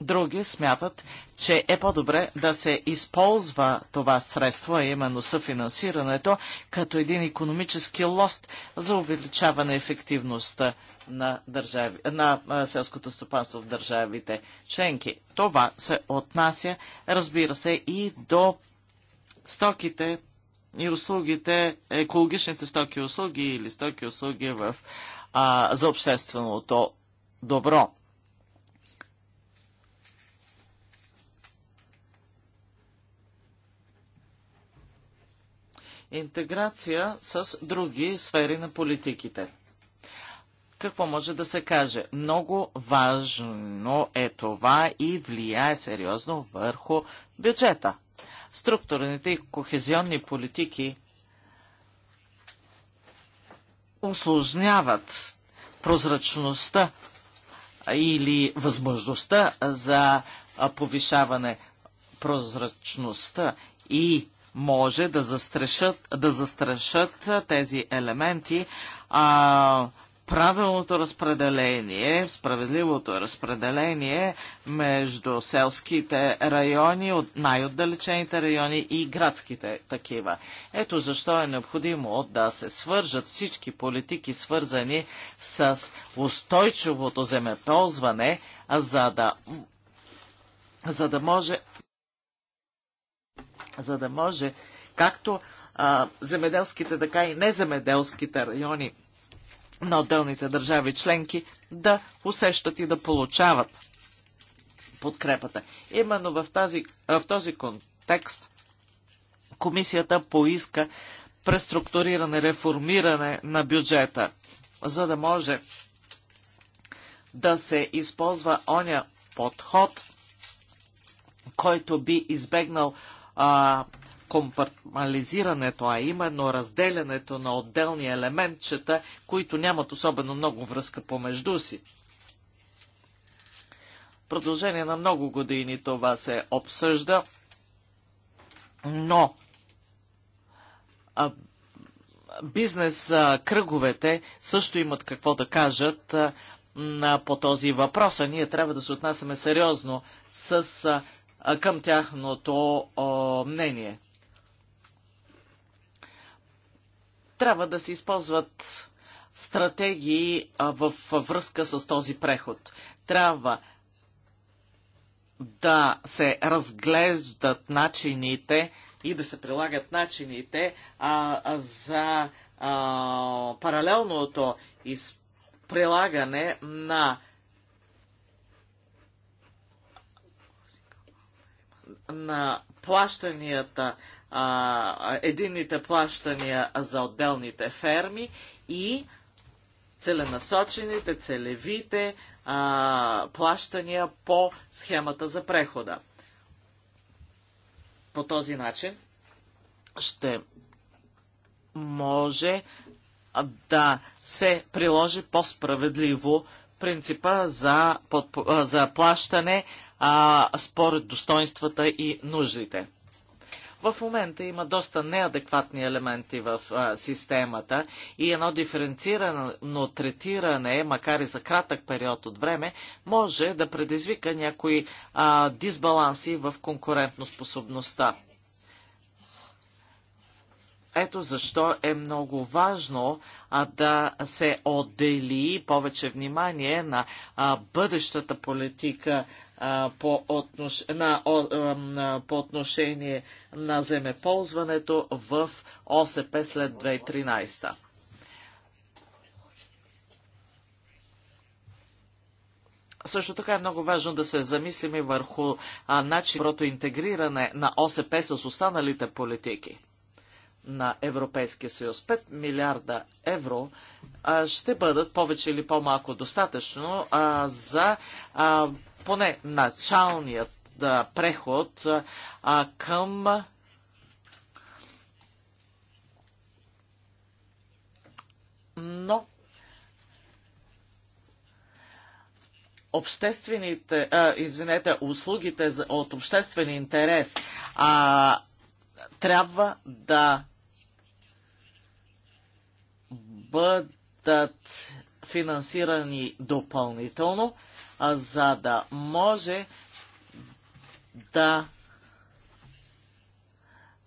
S1: Други смятат, че е по-добре да се използва това средство, а именно съфинансирането, като един економически лост за увеличаване ефективността на, държави, на селското стопанство в държавите членки. Това се отнася, разбира се, и до стоките и услугите, екологичните стоки и услуги или стоки и услуги в, а, за общественото добро. интеграция с други сфери на политиките. Какво може да се каже? Много важно е това и влияе сериозно върху бюджета. Структурните и кохезионни политики осложняват прозрачността или възможността за повишаване прозрачността и може да застрашат, да застрашат тези елементи, а правилното разпределение, справедливото разпределение между селските райони, от най-отдалечените райони и градските такива. Ето защо е необходимо да се свържат всички политики, свързани с устойчивото земеползване, за да за да може за да може както а, земеделските, така и неземеделските райони на отделните държави членки да усещат и да получават подкрепата. Именно в, тази, в този контекст комисията поиска преструктуриране, реформиране на бюджета, за да може да се използва оня подход, който би избегнал а, компартмализирането, а именно разделянето на отделни елементчета, които нямат особено много връзка помежду си. Продължение на много години това се обсъжда, но а, бизнес а, кръговете също имат какво да кажат а, по този въпрос, а ние трябва да се отнасяме сериозно с към тяхното мнение. Трябва да се използват стратегии в връзка с този преход. Трябва да се разглеждат начините и да се прилагат начините а, а, за а, паралелното прилагане на на плащанията, а, единните плащания за отделните ферми и целенасочените, целевите а, плащания по схемата за прехода. По този начин ще може да се приложи по-справедливо принципа за, за плащане а, според достоинствата и нуждите. В момента има доста неадекватни елементи в а, системата и едно диференцирано третиране, макар и за кратък период от време, може да предизвика някои а, дисбаланси в конкурентноспособността. Ето защо е много важно а, да се отдели повече внимание на а, бъдещата политика а, по, отнош... на, о, а, по отношение на земеползването в ОСП след 2013. Също така е много важно да се замислим и върху а, прото интегриране на ОСП с останалите политики на Европейския съюз. 5 милиарда евро а, ще бъдат повече или по-малко достатъчно а, за а, поне началният да, преход а, към но обществените, а, извинете, услугите за, от обществен интерес а, трябва да бъдат финансирани допълнително. А, за да може да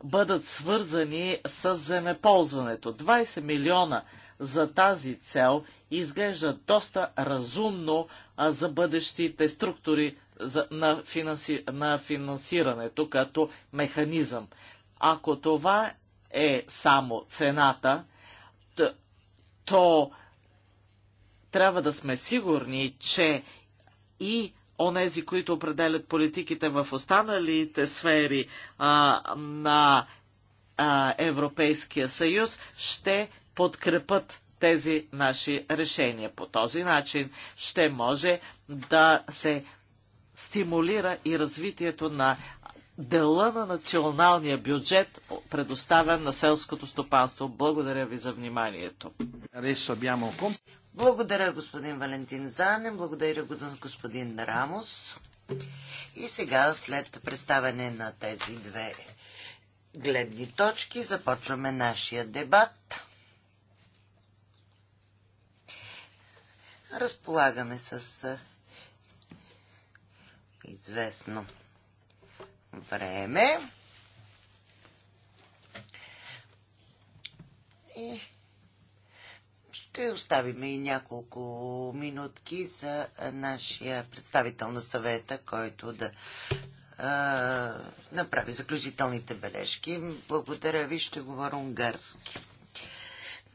S1: бъдат свързани с земеползването. 20 милиона за тази цел изглежда доста разумно за бъдещите структури на, финансирането като механизъм. Ако това е само цената, то трябва да сме сигурни, че и онези, които определят политиките в останалите сфери а, на а, Европейския съюз, ще подкрепят тези наши решения. По този начин ще може да се стимулира и развитието на дела на националния бюджет, предоставен на селското стопанство. Благодаря ви за вниманието.
S3: Благодаря, господин Валентин Занен. Благодаря, господин Рамос. И сега, след представяне на тези две гледни точки, започваме нашия дебат. Разполагаме с известно време. И ще оставим и няколко минутки за нашия представител на съвета, който да а, направи заключителните бележки. Благодаря ви, ще говоря унгарски.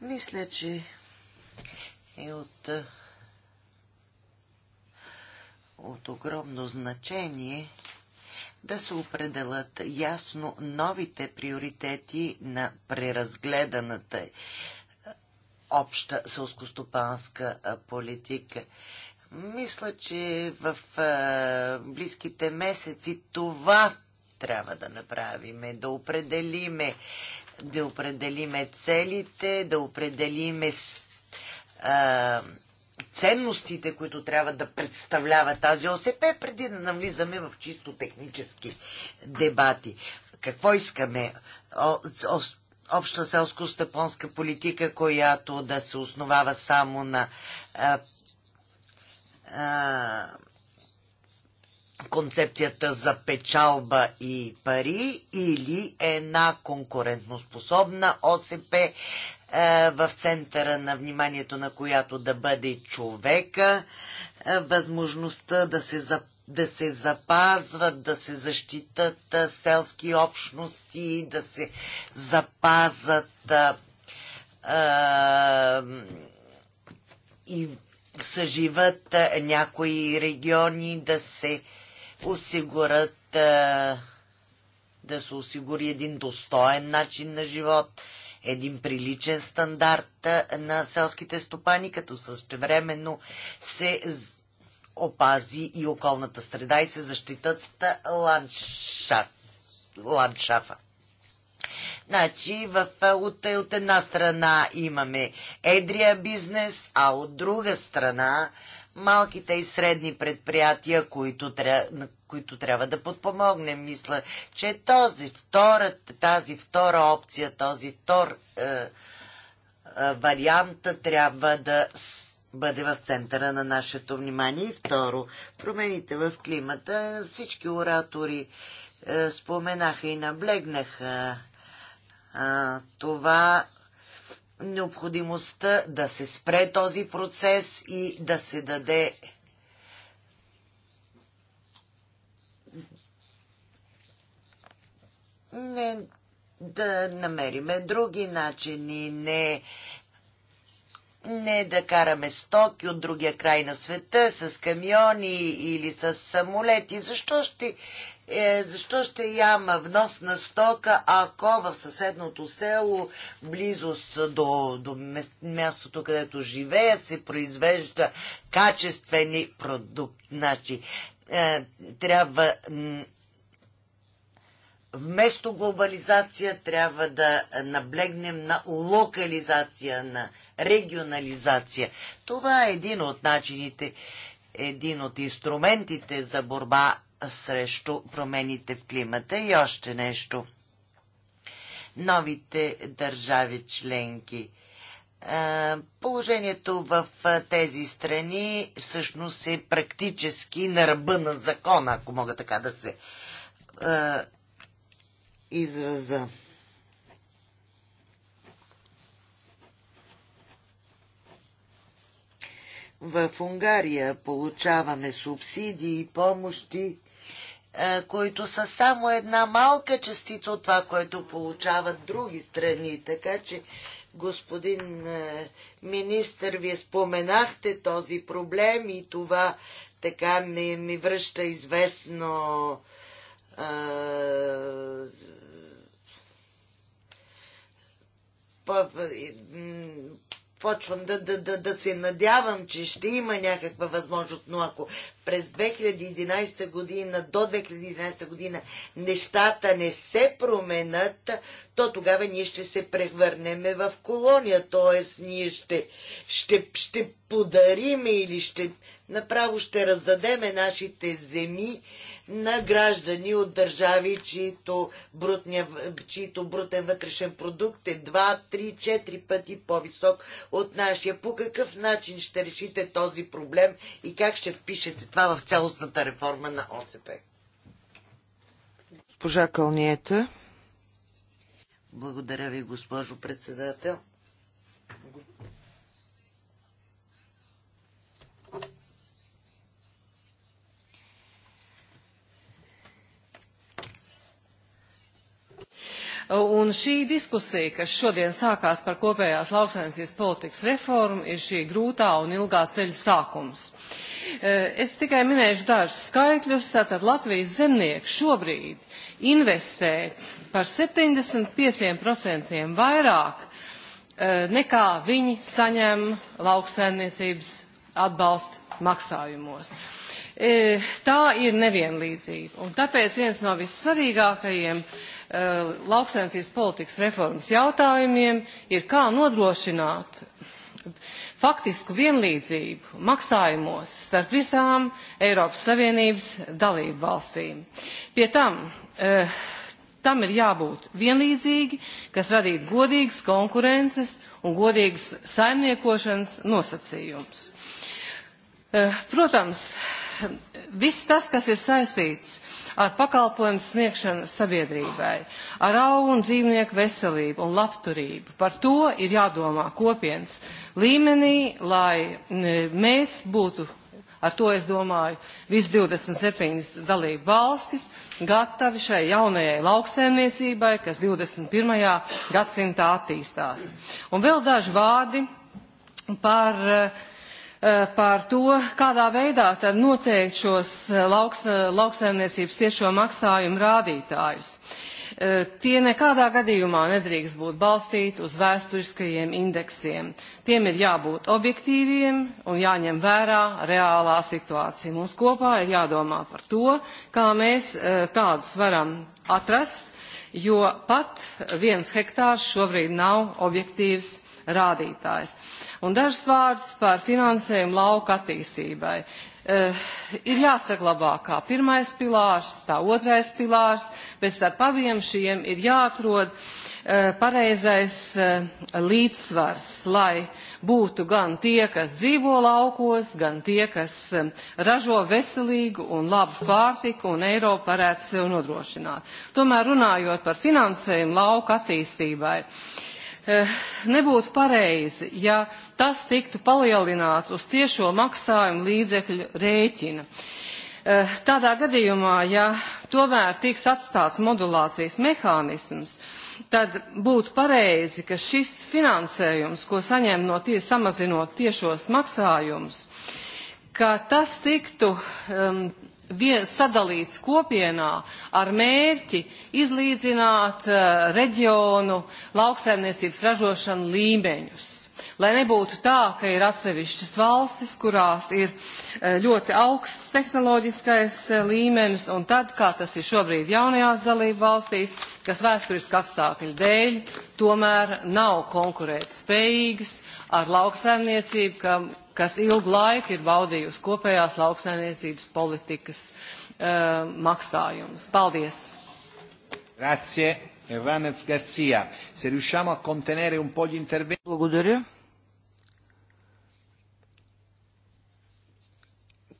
S3: Мисля, че е от, от огромно значение да се определят ясно новите приоритети на преразгледаната обща сълскостопанска политика. Мисля, че в близките месеци това трябва да направиме, да определиме, да определиме целите, да определиме а, ценностите, които трябва да представлява тази ОСП, преди да навлизаме в чисто технически дебати. Какво искаме? О, о, обща селско-степонска политика, която да се основава само на концепцията за печалба и пари или една конкурентноспособна ОСП в центъра на вниманието на която да бъде човека, възможността да се запази да се запазват, да се защитат селски общности, да се запазат а, а, и съживат а, някои региони, да се осигурят а, да се осигури един достоен начин на живот, един приличен стандарт на селските стопани, като същевременно се опази и околната среда и се защитат ландшафт, ландшафа. Значи, в, от, е, от една страна имаме едрия бизнес, а от друга страна малките и средни предприятия, които, тря, които трябва да подпомогнем. Мисля, че този втора, тази втора опция, този втор е, е, вариант трябва да бъде в центъра на нашето внимание. И второ, промените в климата. Всички оратори е, споменаха и наблегнаха е, това необходимостта да се спре този процес и да се даде не да намериме други начини, не не да караме стоки от другия край на света с камиони или с самолети. Защо ще, е, защо ще яма внос на стока, ако в съседното село, близост до, до мястото, където живея, се произвежда качествени продукт. Значи, е, трябва вместо глобализация трябва да наблегнем на локализация, на регионализация. Това е един от начините, един от инструментите за борба срещу промените в климата и още нещо. Новите държави членки. Положението в тези страни всъщност е практически на ръба на закона, ако мога така да се израза. В Унгария получаваме субсидии и помощи, е, които са само една малка частица от това, което получават други страни. Така че, господин е, министр, вие споменахте този проблем и това така ми, ми връща известно почвам да, да, да, да се надявам, че ще има някаква възможност, но ако през 2011 година, до 2011 година нещата не се променят, то тогава ние ще се превърнеме в колония, т.е. ние ще, ще, ще подариме или ще направо ще раздадеме нашите земи на граждани от държави, чието, брутния, чието брутен вътрешен продукт е 2, 3, 4 пъти по-висок от нашия. По какъв начин ще решите този проблем и как ще впишете това в цялостната реформа на ОСП?
S4: Госпожа Кълниета.
S3: Благодаря ви, госпожо председател.
S2: Un šī diskusija, kas šodien sākās par kopējās lauksainicijas politikas reformu, ir šī grūtā un ilgā ceļa sākums. Es tikai minēšu dažus skaitļus. Tātad Latvijas zemnieki šobrīd investē par 75% vairāk nekā viņi saņem lauksaimniecības atbalsta maksājumos. Tā ir nevienlīdzība. Un tāpēc viens no vissvarīgākajiem lauksaimniecības politikas reformas jautājumiem ir, kā nodrošināt faktisku vienlīdzību maksājumos starp visām Eiropas Savienības dalību valstīm. Pie tam tam ir jābūt vienlīdzīgi, kas radītu godīgas konkurences un godīgas saimniekošanas nosacījumus. Protams, viss tas, kas ir saistīts ar pakalpojumu sniegšanu sabiedrībai, ar augu un dzīvnieku veselību un labturību, par to ir jādomā kopienas līmenī, lai mēs būtu Ar to, es domāju, vis 27 dalību valstis gatavi šai jaunajai lauksēmniecībai, kas 21. gadsimtā attīstās. Un vēl daži vārdi par par to, kādā veidā tad noteikt šos lauks, lauksaimniecības tiešo maksājumu rādītājus tie nekādā gadījumā nedrīkst būt balstīti uz vēsturiskajiem indeksiem. Tiem ir jābūt objektīviem un jāņem vērā reālā situācija. Mums kopā ir jādomā par to, kā mēs tādas varam atrast, jo pat viens hektārs šobrīd nav objektīvs rādītājs. Un dažas vārds par finansējumu lauka attīstībai ir jāsaglabā kā pirmais pilārs, tā otrais pilārs, bet starp abiem šiem ir jāatrod pareizais līdzsvars, lai būtu gan tie, kas dzīvo laukos, gan tie, kas ražo veselīgu un labu pārtiku un Eiropu varētu sev nodrošināt. Tomēr runājot par finansējumu lauku attīstībai, uh, nebūtu pareizi, ja tas tiktu palielināts uz tiešo maksājumu līdzekļu rēķina. Tādā gadījumā, ja tomēr tiks atstāts modulācijas mehānisms, tad būtu pareizi, ka šis finansējums, ko saņem no tie, samazinot tiešos maksājumus, ka tas tiktu um, sadalīts kopienā ar mērķi izlīdzināt reģionu lauksaimniecības ražošanu līmeņus. Lai nebūtu tā, ka ir atsevišķas valstis, kurās ir ļoti augsts tehnoloģiskais līmenis, un tad, kā tas ir šobrīd jaunajās dalību valstīs, kas vēsturiski apstākļu dēļ tomēr nav konkurēt spējīgas ar lauksaimniecību, kas ilgu laiku ir baudījusi kopējās lauksainiecības politikas uh, maksājumus. Paldies! Grazie, Ervanets Garcia. Se riusciamo a contenere un po' gli interventi... Благодаря.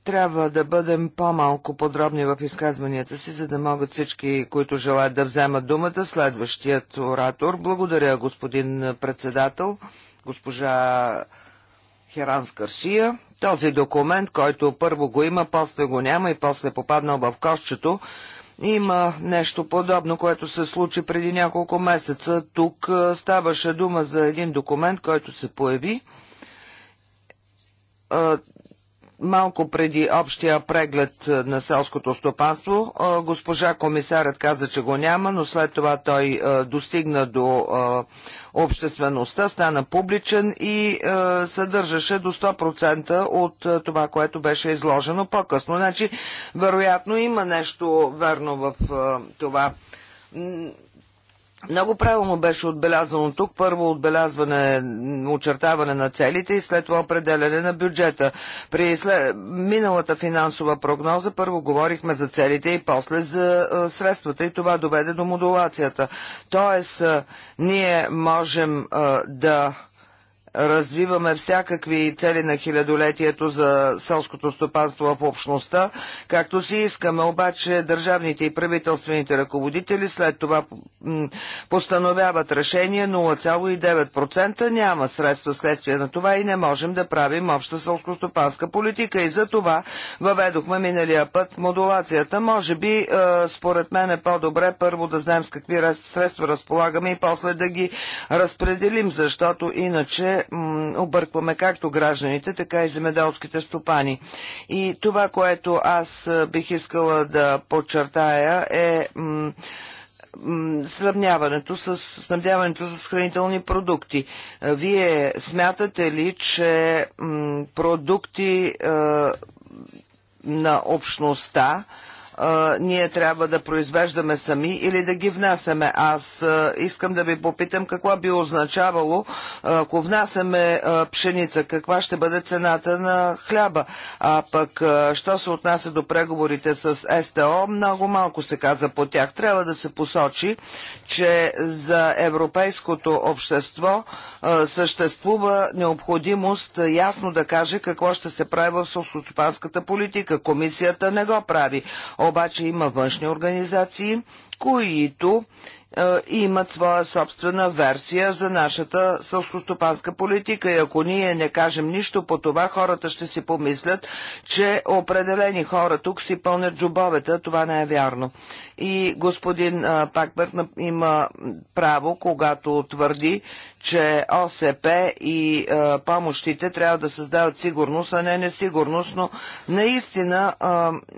S4: трябва да бъдем по-малко подробни в изказванията си, за да могат всички, които желаят да вземат думата, следващият оратор. Благодаря, господин председател, госпожа Херан Скаршия. Този документ, който първо го има, после го няма и после попаднал в кошчето, има нещо подобно, което се случи преди няколко месеца. Тук ставаше дума за един документ, който се появи Малко преди общия преглед е, на селското стопанство, е, госпожа комисарът каза, че го няма, но след това той е, достигна до обществеността, стана публичен и съдържаше до 100% от това, което беше изложено по-късно. Значи, вероятно има нещо верно в това много правилно беше отбелязано тук. Първо отбелязване, очертаване на целите и след това определяне на бюджета. При след... миналата финансова прогноза първо говорихме за целите и после за а, средствата и това доведе до модулацията. Тоест, а, ние можем а, да развиваме всякакви цели на хилядолетието за селското стопанство в общността, както си искаме, обаче държавните и правителствените ръководители след това постановяват решение 0,9% няма средства следствие на това и не можем да правим обща селско-стопанска политика и за това въведохме миналия път модулацията. Може би, е, според мен е по-добре първо да знаем с какви средства разполагаме и после да ги разпределим, защото иначе объркваме както гражданите, така и земеделските стопани. И това, което аз бих искала да подчертая е сравняването с, снабдяването с хранителни продукти. Вие смятате ли, че продукти на общността, а, ние трябва да произвеждаме сами или да ги внасяме. Аз а, искам да ви попитам какво би означавало, ако внасяме а, пшеница, каква ще бъде цената на хляба. А пък, а, що се отнася до преговорите с СТО, много малко се каза по тях. Трябва да се посочи, че за европейското общество а, съществува необходимост ясно да каже какво ще се прави в сълстопанската политика. Комисията не го прави. Обаче има външни организации, които и е, имат своя собствена версия за нашата сълскостопанска политика. И ако ние не кажем нищо по това, хората ще си помислят, че определени хора тук си пълнят джобовете. Това не е вярно. И господин е, Пакберт има право, когато твърди, че ОСП и е, помощите трябва да създават сигурност, а не несигурност, но наистина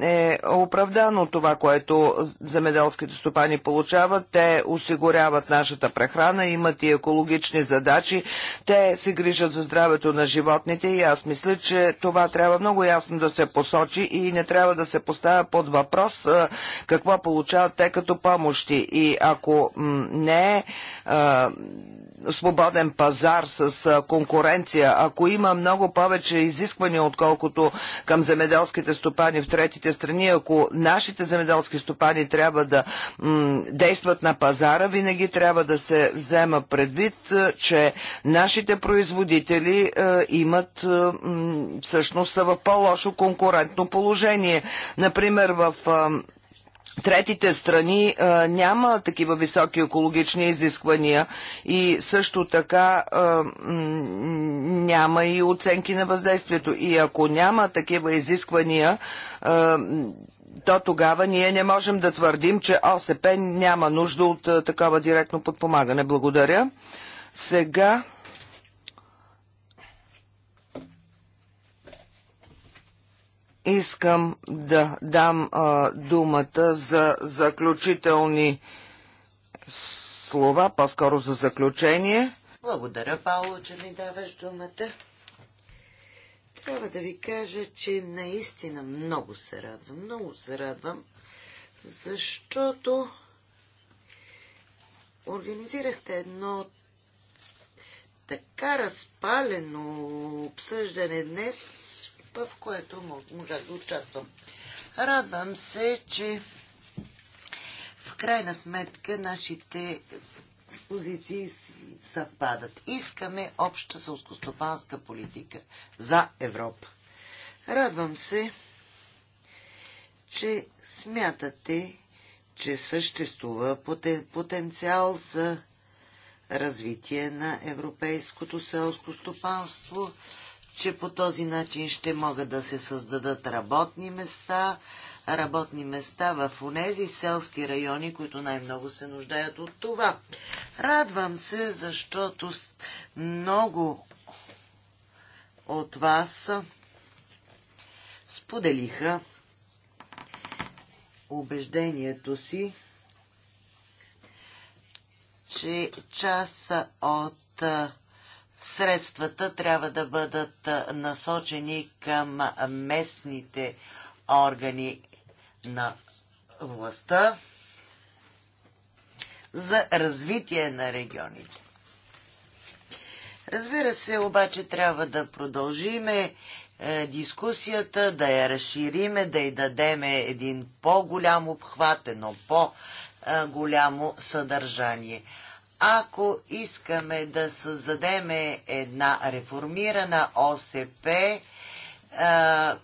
S4: е, е оправдано това, което земеделските стопани получават. Те осигуряват нашата прехрана, имат и екологични задачи, те се грижат за здравето на животните и аз мисля, че това трябва много ясно да се посочи и не трябва да се поставя под въпрос какво получават те като помощи. И ако не е свободен пазар с конкуренция, ако има много повече изисквания, отколкото към земеделските стопани в третите страни, ако нашите земеделски стопани трябва да действат на пазара, винаги трябва да се взема предвид, че нашите производители имат всъщност са в по-лошо конкурентно положение. Например, в третите страни а, няма такива високи екологични изисквания и също така а, няма и оценки на въздействието. И ако няма такива изисквания, а, то тогава ние не можем да твърдим, че ОСП няма нужда от а, такова директно подпомагане. Благодаря. Сега Искам да дам а, думата за заключителни слова, по-скоро за заключение.
S3: Благодаря, Пауло, че ми даваш думата. Трябва да ви кажа, че наистина много се радвам, много се радвам, защото организирахте едно така разпалено обсъждане днес в което може да участвам. Радвам се, че в крайна сметка нашите позиции съвпадат. Искаме обща сълскостопанска политика за Европа. Радвам се, че смятате, че съществува потенциал за развитие на европейското селско стопанство че по този начин ще могат да се създадат работни места, работни места в унези селски райони, които най-много се нуждаят от това. Радвам се, защото много от вас споделиха убеждението си, че част от средствата трябва да бъдат насочени към местните органи на властта за развитие на регионите. Разбира се, обаче трябва да продължиме е, дискусията, да я разшириме, да й дадеме един по-голям обхват, едно по-голямо е, съдържание. Ако искаме да създадеме една реформирана ОСП, а,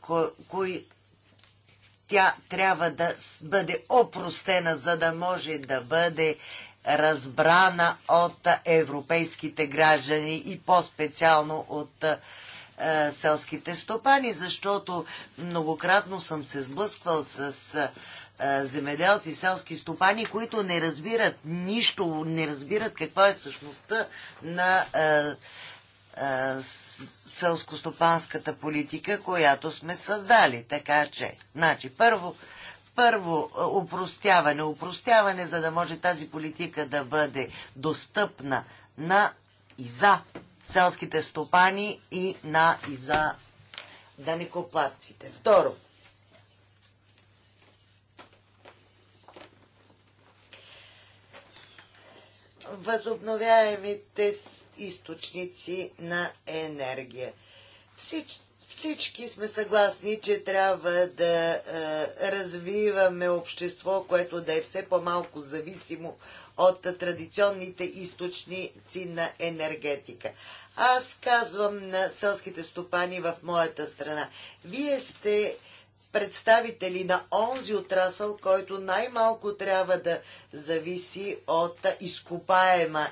S3: тя трябва да бъде опростена, за да може да бъде разбрана от европейските граждани и по-специално от селските стопани, защото многократно съм се сблъсквал с земеделци, селски стопани, които не разбират нищо, не разбират какво е същността на селскостопанската политика, която сме създали. Така че, значи, първо, първо упростяване, упростяване, за да може тази политика да бъде достъпна на и за селските стопани и на и за данекоплатците. Второ, възобновяемите източници на енергия. Всич, всички сме съгласни, че трябва да е, развиваме общество, което да е все по-малко зависимо от традиционните източници на енергетика. Аз казвам на селските стопани в моята страна. Вие сте представители на онзи отрасъл, който най-малко трябва да зависи от изкопаема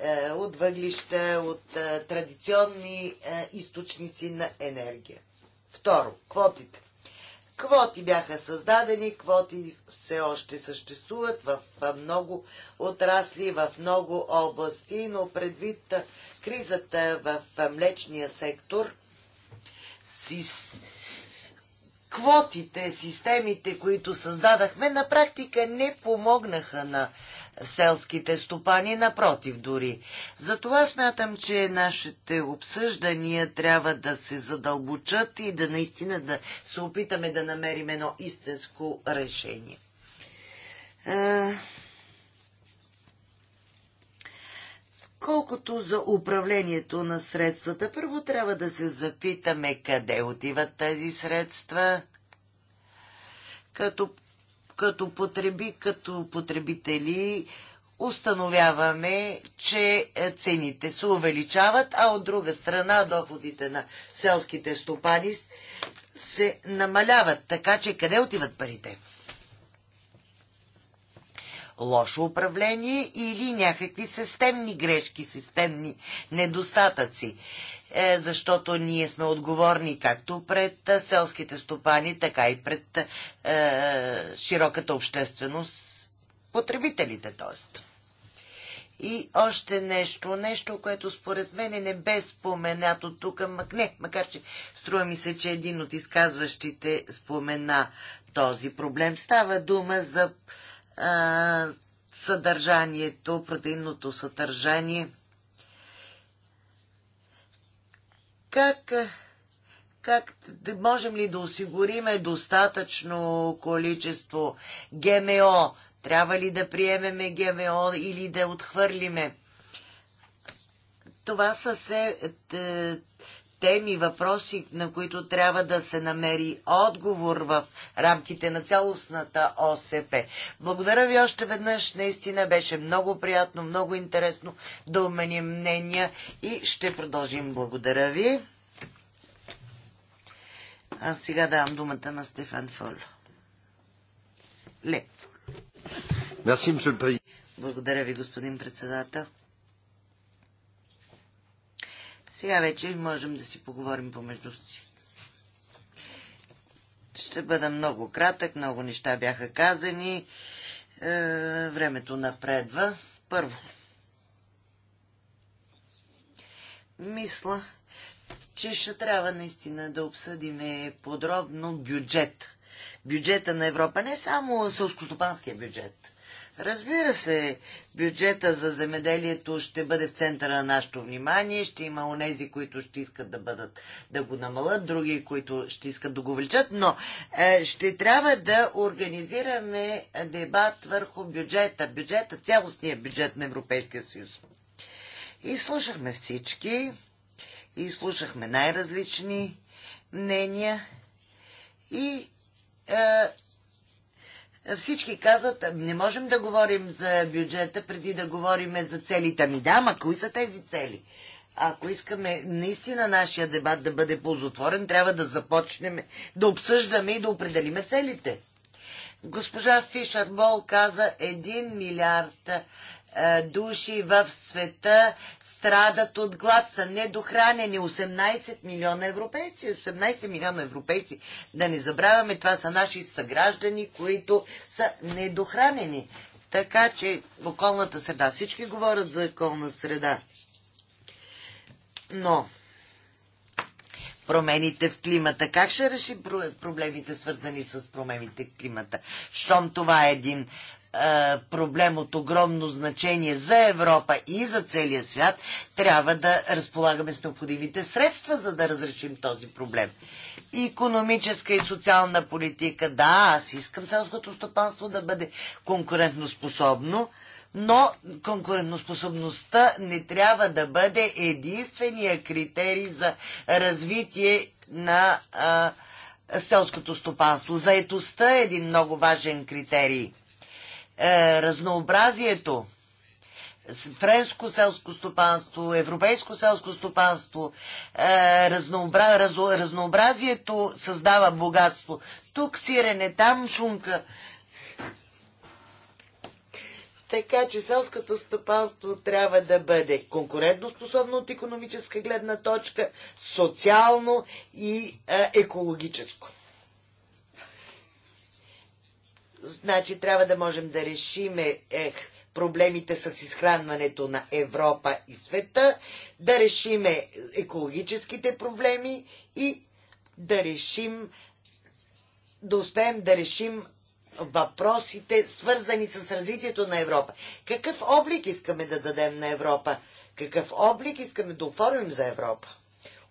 S3: е, от въглища, от е, традиционни е, източници на енергия. Второ, квотите. Квоти бяха създадени, квоти все още съществуват в много отрасли, в много области, но предвид кризата в млечния сектор, квотите, системите, които създадахме, на практика не помогнаха на селските стопани, напротив дори. Затова смятам, че нашите обсъждания трябва да се задълбочат и да наистина да се опитаме да намерим едно истинско решение. Колкото за управлението на средствата, първо трябва да се запитаме къде отиват тези средства. Като, като, потреби, като потребители установяваме, че е, цените се увеличават, а от друга страна доходите на селските стопани се намаляват. Така че къде отиват парите? лошо управление или някакви системни грешки, системни недостатъци. Е, защото ние сме отговорни както пред е, селските стопани, така и пред е, широката общественост, потребителите, т.е. И още нещо, нещо, което според мен не бе споменато тук, мак не, макар че струва ми се, че един от изказващите спомена този проблем. Става дума за а, съдържанието, протеинното съдържание. Как, как можем ли да осигуриме достатъчно количество ГМО? Трябва ли да приемеме ГМО или да отхвърлиме? Това са се теми, въпроси, на които трябва да се намери отговор в рамките на цялостната ОСП. Благодаря ви още веднъж. Наистина беше много приятно, много интересно да уменим мнения и ще продължим. Благодаря ви. А сега давам думата на Стефан Фол. Ле. Благодаря ви, господин председател. Сега вече можем да си поговорим помежду си. Ще бъда много кратък, много неща бяха казани. Е, времето напредва. Първо. Мисля, че ще трябва наистина да обсъдим подробно бюджет. Бюджета на Европа, не само сълскостопанския бюджет. Разбира се, бюджета за земеделието ще бъде в центъра на нашето внимание. Ще има онези, които ще искат да, бъдат, да го намалят, други, които ще искат да го увеличат, но е, ще трябва да организираме дебат върху бюджета, бюджета, цялостния бюджет на Европейския съюз. И слушахме всички, и слушахме най-различни мнения, и е, всички казват, ами не можем да говорим за бюджета преди да говорим за целите. Ами да, ма кои са тези цели? Ако искаме наистина нашия дебат да бъде ползотворен, трябва да започнем да обсъждаме и да определиме целите. Госпожа Фишербол каза 1 милиард е, души в света страдат от глад, са недохранени. 18 милиона европейци, 18 милиона европейци. Да не забравяме, това са наши съграждани, които са недохранени. Така че околната среда, всички говорят за околна среда. Но промените в климата. Как ще реши проблемите, свързани с промените в климата? Щом това е един е, проблем от огромно значение за Европа и за целия свят, трябва да разполагаме с необходимите средства, за да разрешим този проблем. Економическа и социална политика, да, аз искам селското стопанство да бъде конкурентноспособно, но конкурентноспособността не трябва да бъде единствения критерий за развитие на а, селското стопанство. Заетостта е един много важен критерий – е, разнообразието, френско селско стопанство, европейско селско стопанство, е, разнообра... раз... разнообразието създава богатство. Тук сирене, там шунка. Така че селското стопанство трябва да бъде конкурентоспособно от економическа гледна точка, социално и е, екологическо. Значи трябва да можем да решиме ех, проблемите с изхранването на Европа и света, да решиме екологическите проблеми и да решим, да успеем да решим въпросите, свързани с развитието на Европа. Какъв облик искаме да дадем на Европа? Какъв облик искаме да оформим за Европа?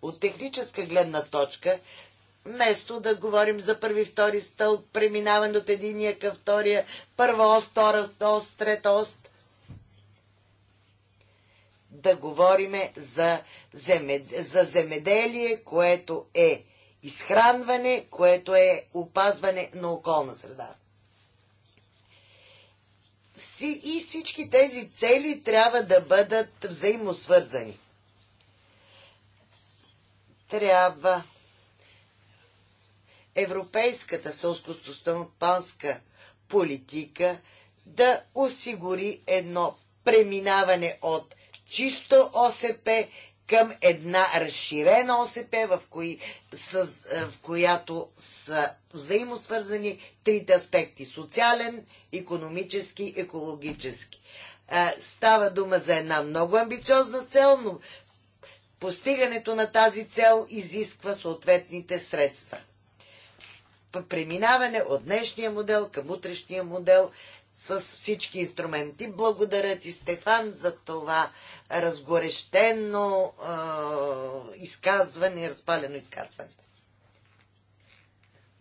S3: От техническа гледна точка вместо да говорим за първи, втори стълб, преминаване от единия към втория, първа ост, втора ост, трета ост, да говориме за, земед... за земеделие, което е изхранване, което е опазване на околна среда. И всички тези цели трябва да бъдат взаимосвързани. Трябва европейската сълскостопанска политика да осигури едно преминаване от чисто ОСП към една разширена ОСП, в, кои, с, е, в която са взаимосвързани трите аспекти социален, економически, екологически. Е, става дума за една много амбициозна цел, но постигането на тази цел изисква съответните средства преминаване от днешния модел към утрешния модел с всички инструменти. Благодаря ти, Стефан, за това разгорещено е, изказване, разпалено изказване.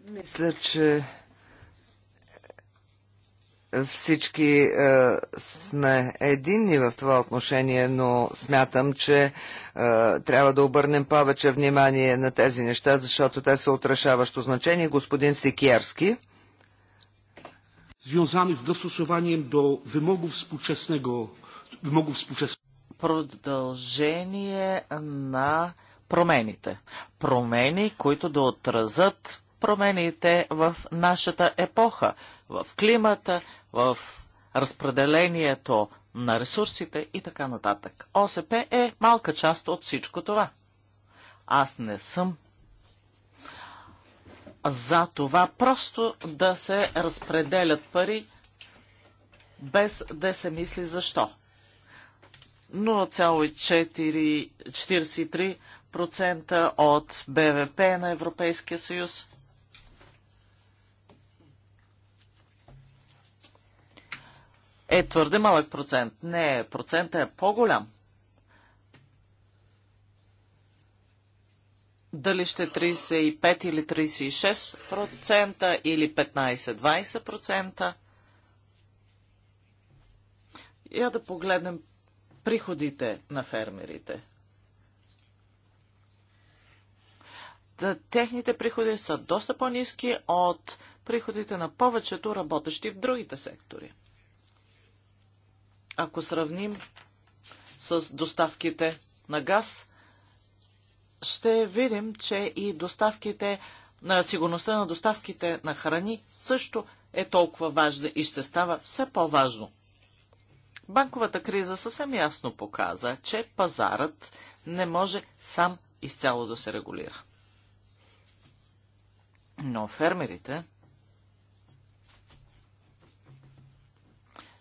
S4: Мисля, че всички е, сме единни в това отношение, но смятам, че е, трябва да обърнем повече внимание на тези неща, защото те са отрешаващо значение. Господин Секиерски. Związanych z dostosowaniem do wymogów współczesnego, wymogów współczesnego.
S1: Продължение на промените. Промени, които да отразят промените в нашата епоха в климата, в разпределението на ресурсите и така нататък. ОСП е малка част от всичко това. Аз не съм за това просто да се разпределят пари без да се мисли защо. 0,43% от БВП на Европейския съюз е твърде малък процент. Не, процентът е по-голям. Дали ще 35 е или 36% или 15-20%. Я да погледнем приходите на фермерите. Техните приходи са доста по-низки от приходите на повечето работещи в другите сектори ако сравним с доставките на газ, ще видим, че и доставките на сигурността на доставките на храни също е толкова важна и ще става все по-важно. Банковата криза съвсем ясно показа, че пазарът не може сам изцяло да се регулира. Но фермерите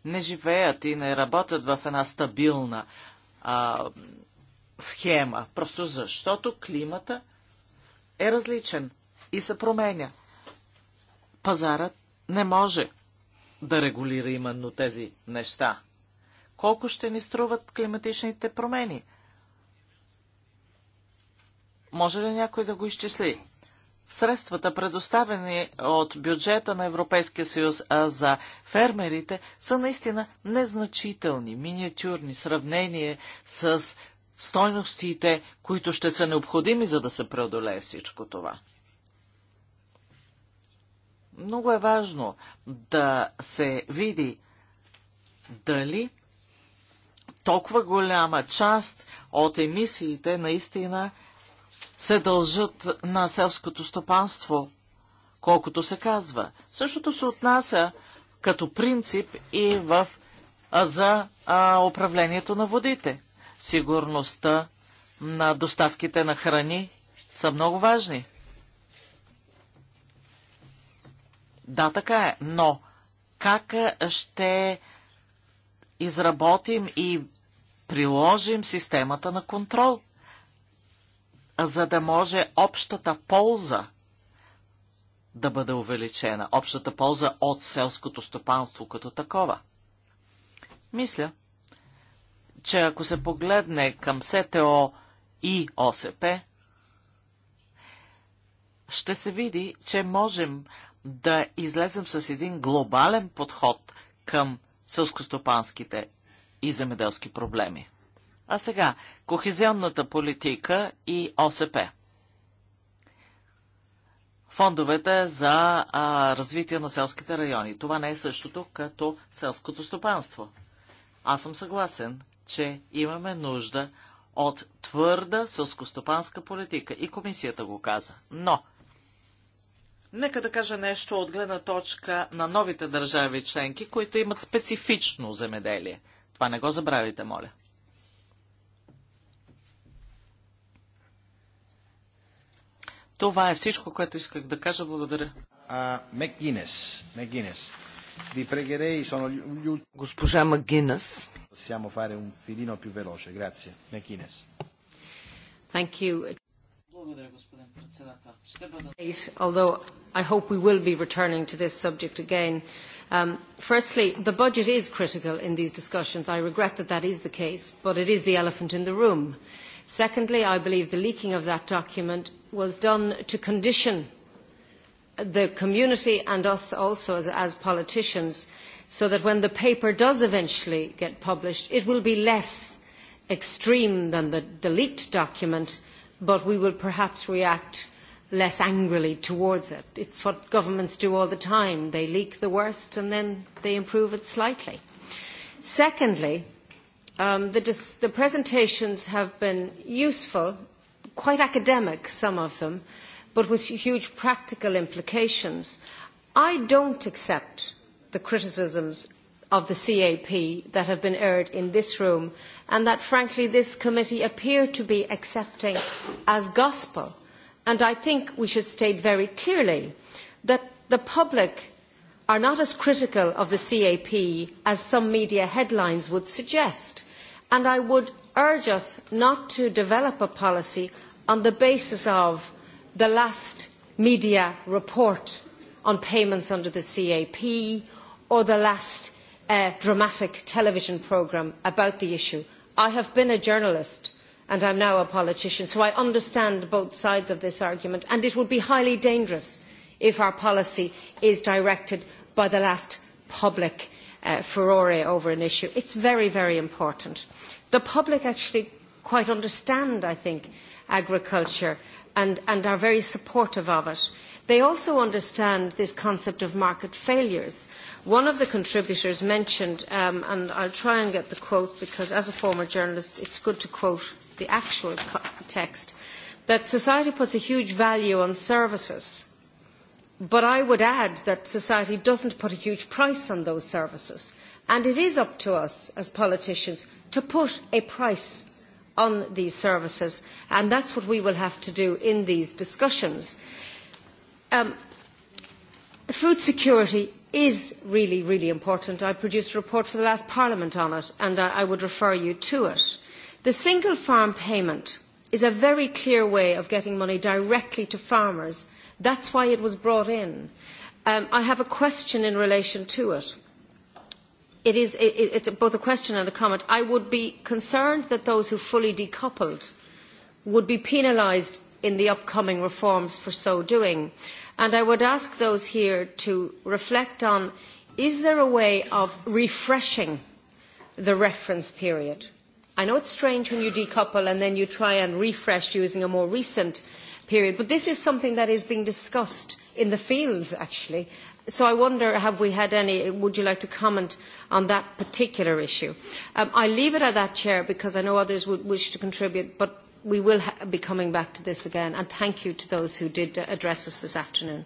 S1: не живеят и не работят в една стабилна а, схема. Просто защото климата е различен и се променя. Пазарът не може да регулира именно тези неща. Колко ще ни струват климатичните промени? Може ли някой да го изчисли? средствата, предоставени от бюджета на Европейския съюз а за фермерите, са наистина незначителни, миниатюрни, сравнение с стойностите, които ще са необходими, за да се преодолее всичко това. Много е важно да се види дали толкова голяма част от емисиите наистина – се дължат на селското стопанство, колкото се казва. Същото се отнася като принцип и в, а, за а, управлението на водите. Сигурността на доставките на храни са много важни. Да, така е, но как ще изработим и приложим системата на контрол? за да може общата полза да бъде увеличена, общата полза от селското стопанство като такова. Мисля, че ако се погледне към СТО и ОСП, ще се види, че можем да излезем с един глобален подход към сълскостопанските и земеделски проблеми. А сега, кохезионната политика и ОСП. Фондовете за а, развитие на селските райони. Това не е същото като селското стопанство. Аз съм съгласен, че имаме нужда от твърда селскостопанска политика. И комисията го каза. Но, нека да кажа нещо от гледна точка на новите държави членки, които имат специфично земеделие. Това не го забравяйте, моля. Това е всичко, което исках да кажа. Благодаря. Макгинес. Макгинес.
S5: Ви прегерей, sono
S4: Госпожа Макгинес. Possiamo fare un filino più veloce. Grazie.
S5: Макгинес. Thank you. Although I hope we will be returning to this subject again. Um, firstly, the budget is critical in these discussions. I regret that that is the case, but it is the elephant in the room. Secondly, I believe the leaking of that document was done to condition the community and us also as, as politicians so that when the paper does eventually get published, it will be less extreme than the, the leaked document, but we will perhaps react less angrily towards it. It's what governments do all the time. They leak the worst and then they improve it slightly. Secondly, the, presentations have been useful quite academic, some of them, but with huge practical implications. I don't accept the criticisms of the CAP that have been aired in this room and that, frankly, this committee appear to be accepting as gospel. And I think we should state very clearly that the public are not as critical of the CAP as some media headlines would suggest. And I would urge us not to develop a policy on the basis of the last media report on payments under the CAP or the last dramatic television programme about the issue. I have been a journalist and I am now a politician, so I understand both sides of this argument, and it would be highly dangerous if our policy is directed by the last public furore over an issue. It is very, very important. The public actually quite understand, I think, agriculture and, and are very supportive of it. They also understand this concept of market failures. One of the contributors mentioned, um, and I'll try and get the quote because as a former journalist it's good to quote the actual text, that society puts a huge value on services. But I would add that society doesn't put a huge price on those services. And it is up to us as politicians to put a price on these services, and that is what we will have to do in these discussions. food security is really, really important. I produced a report for the last Parliament on it, and I, I would refer you to it. The single farm payment is a very clear way of getting money directly to farmers. That is why it was brought in. I have a question in relation to it it is it, it's both a question and a comment. I would be concerned that those who fully decoupled would be penalised in the upcoming reforms for so doing. And I would ask those here to reflect on, is there a way of refreshing the reference period? I know it's strange when you decouple and then you try and refresh using a more recent period, but this is something that is being discussed in the fields, actually, so I wonder, have we had any, would you like to comment on that particular issue? Um, I leave it at that, Chair, because I know others would wish to contribute, but we will be coming back to this again, and thank you to those who did address us this afternoon.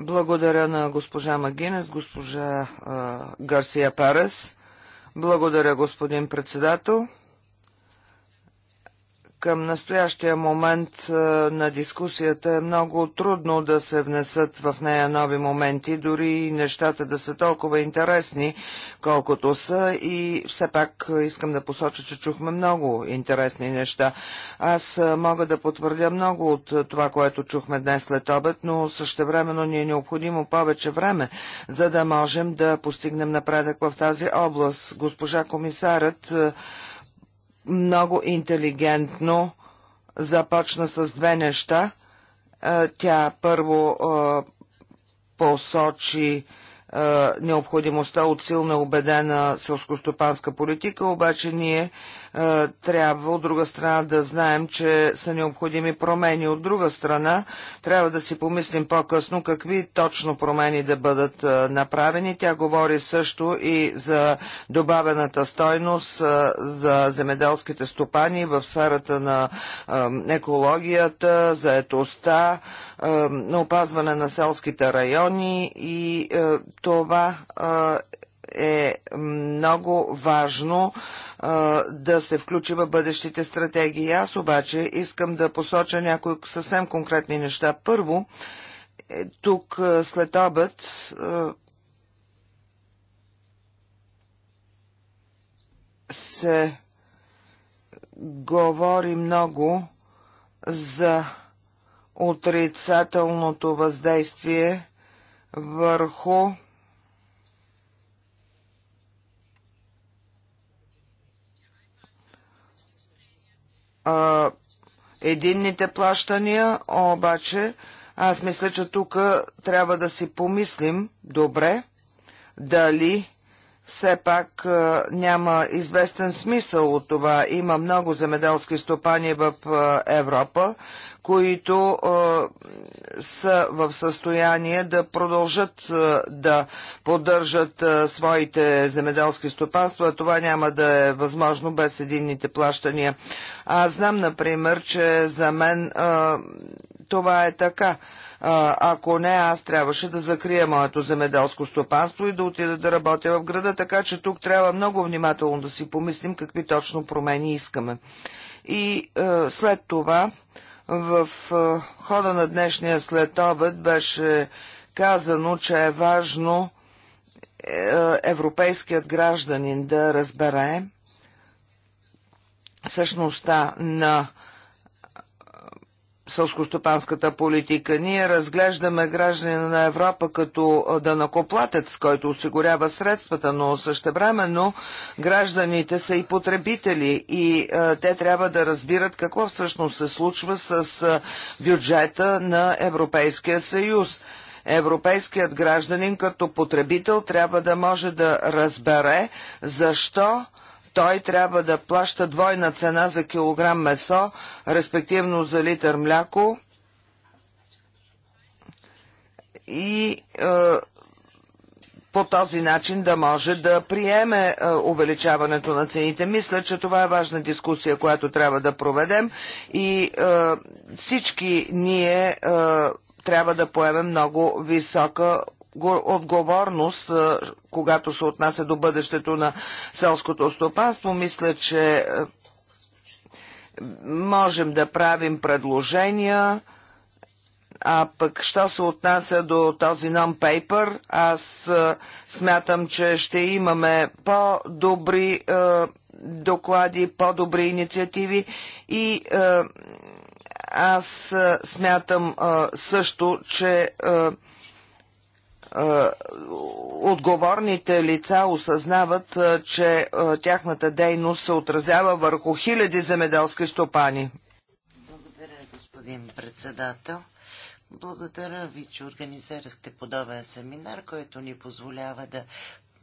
S4: Благодаря на госпожа Магинес, госпожа Гарсия Благодаря, господин председател към настоящия момент е, на дискусията е много трудно да се внесат в нея нови моменти, дори нещата да са толкова интересни, колкото са и все пак е, искам да посоча, че чухме много интересни неща. Аз е, мога да потвърдя много от това, което чухме днес след обед, но същевременно ни е необходимо повече време, за да можем да постигнем напредък в тази област. Госпожа комисарът много интелигентно започна с две неща. Е, тя първо е, посочи е, необходимостта от силна убедена селскостопанска политика, обаче ние е, трябва от друга страна да знаем, че са необходими промени. От друга страна трябва да си помислим по-късно какви точно промени да бъдат е, направени. Тя говори също и за добавената стойност е, за земеделските стопани в сферата на екологията, за етоста, на опазване на селските райони и това е е много важно да се включи в бъдещите стратегии. Аз обаче искам да посоча някои съвсем конкретни неща. Първо, е, тук след обед се говори много за отрицателното въздействие върху а, единните плащания, обаче аз мисля, че тук трябва да си помислим добре дали все пак а, няма известен смисъл от това. Има много земеделски стопани в а, Европа, които а, са в състояние да продължат а, да поддържат а, своите земеделски стопанства. Това няма да е възможно без единните плащания. Аз знам, например, че за мен това е така. Ако не, аз трябваше да закрия моето земеделско стопанство и да отида да работя в града, така че тук трябва много внимателно да си помислим какви точно промени искаме. И е, след това в хода на днешния следобед беше казано, че е важно е, европейският гражданин да разбере същността на сълскостопанската политика. Ние разглеждаме гражданина на Европа като дънакоплатец, който осигурява средствата, но същевременно гражданите са и потребители и а, те трябва да разбират какво всъщност се случва с а, бюджета на Европейския съюз. Европейският гражданин като потребител трябва да може да разбере защо той трябва да плаща двойна цена за килограм месо, респективно за литър мляко и е, по този начин да може да приеме е, увеличаването на цените. Мисля, че това е важна дискусия, която трябва да проведем и е, всички ние е, трябва да поемем много висока отговорност, когато се отнася до бъдещето на селското стопанство. Мисля, че можем да правим предложения, а пък, що се отнася до този non-paper, аз смятам, че ще имаме по-добри доклади, по-добри инициативи и аз смятам също, че е, е, отговорните лица осъзнават, е, че е, тяхната дейност се отразява върху хиляди земеделски стопани.
S3: Благодаря, господин председател. Благодаря ви, че организирахте подобен семинар, който ни позволява да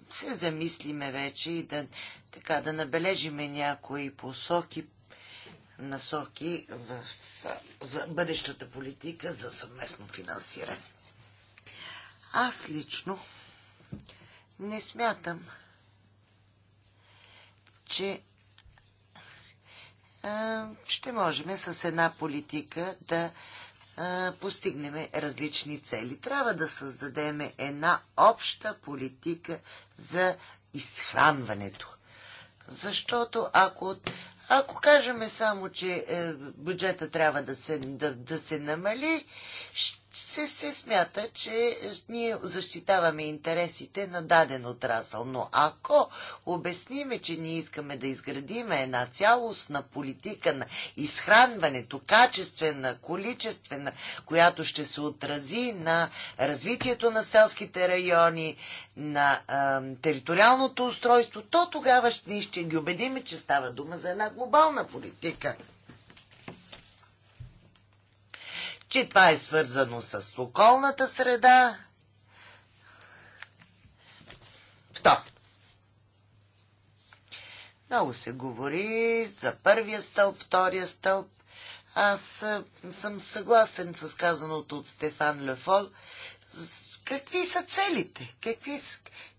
S3: се замислиме вече и да, така, да набележиме някои посоки, насоки в, за бъдещата политика за съвместно финансиране. Аз лично не смятам, че ще можем с една политика да постигнем различни цели. Трябва да създадем една обща политика за изхранването. Защото ако, ако кажем само, че е, бюджета трябва да се, да, да се намали, ще се, се смята, че ние защитаваме интересите на даден отрасъл. Но ако обясниме, че ние искаме да изградиме една цялостна политика на изхранването, качествена, количествена, която ще се отрази на развитието на селските райони, на е, териториалното устройство, то тогава ние ще ги убедиме, че става дума за една глобална политика. че това е свързано с околната среда. Второ. Много се говори за първия стълб, втория стълб. Аз съм съгласен с казаното от Стефан Лефол. Какви са целите? Какви,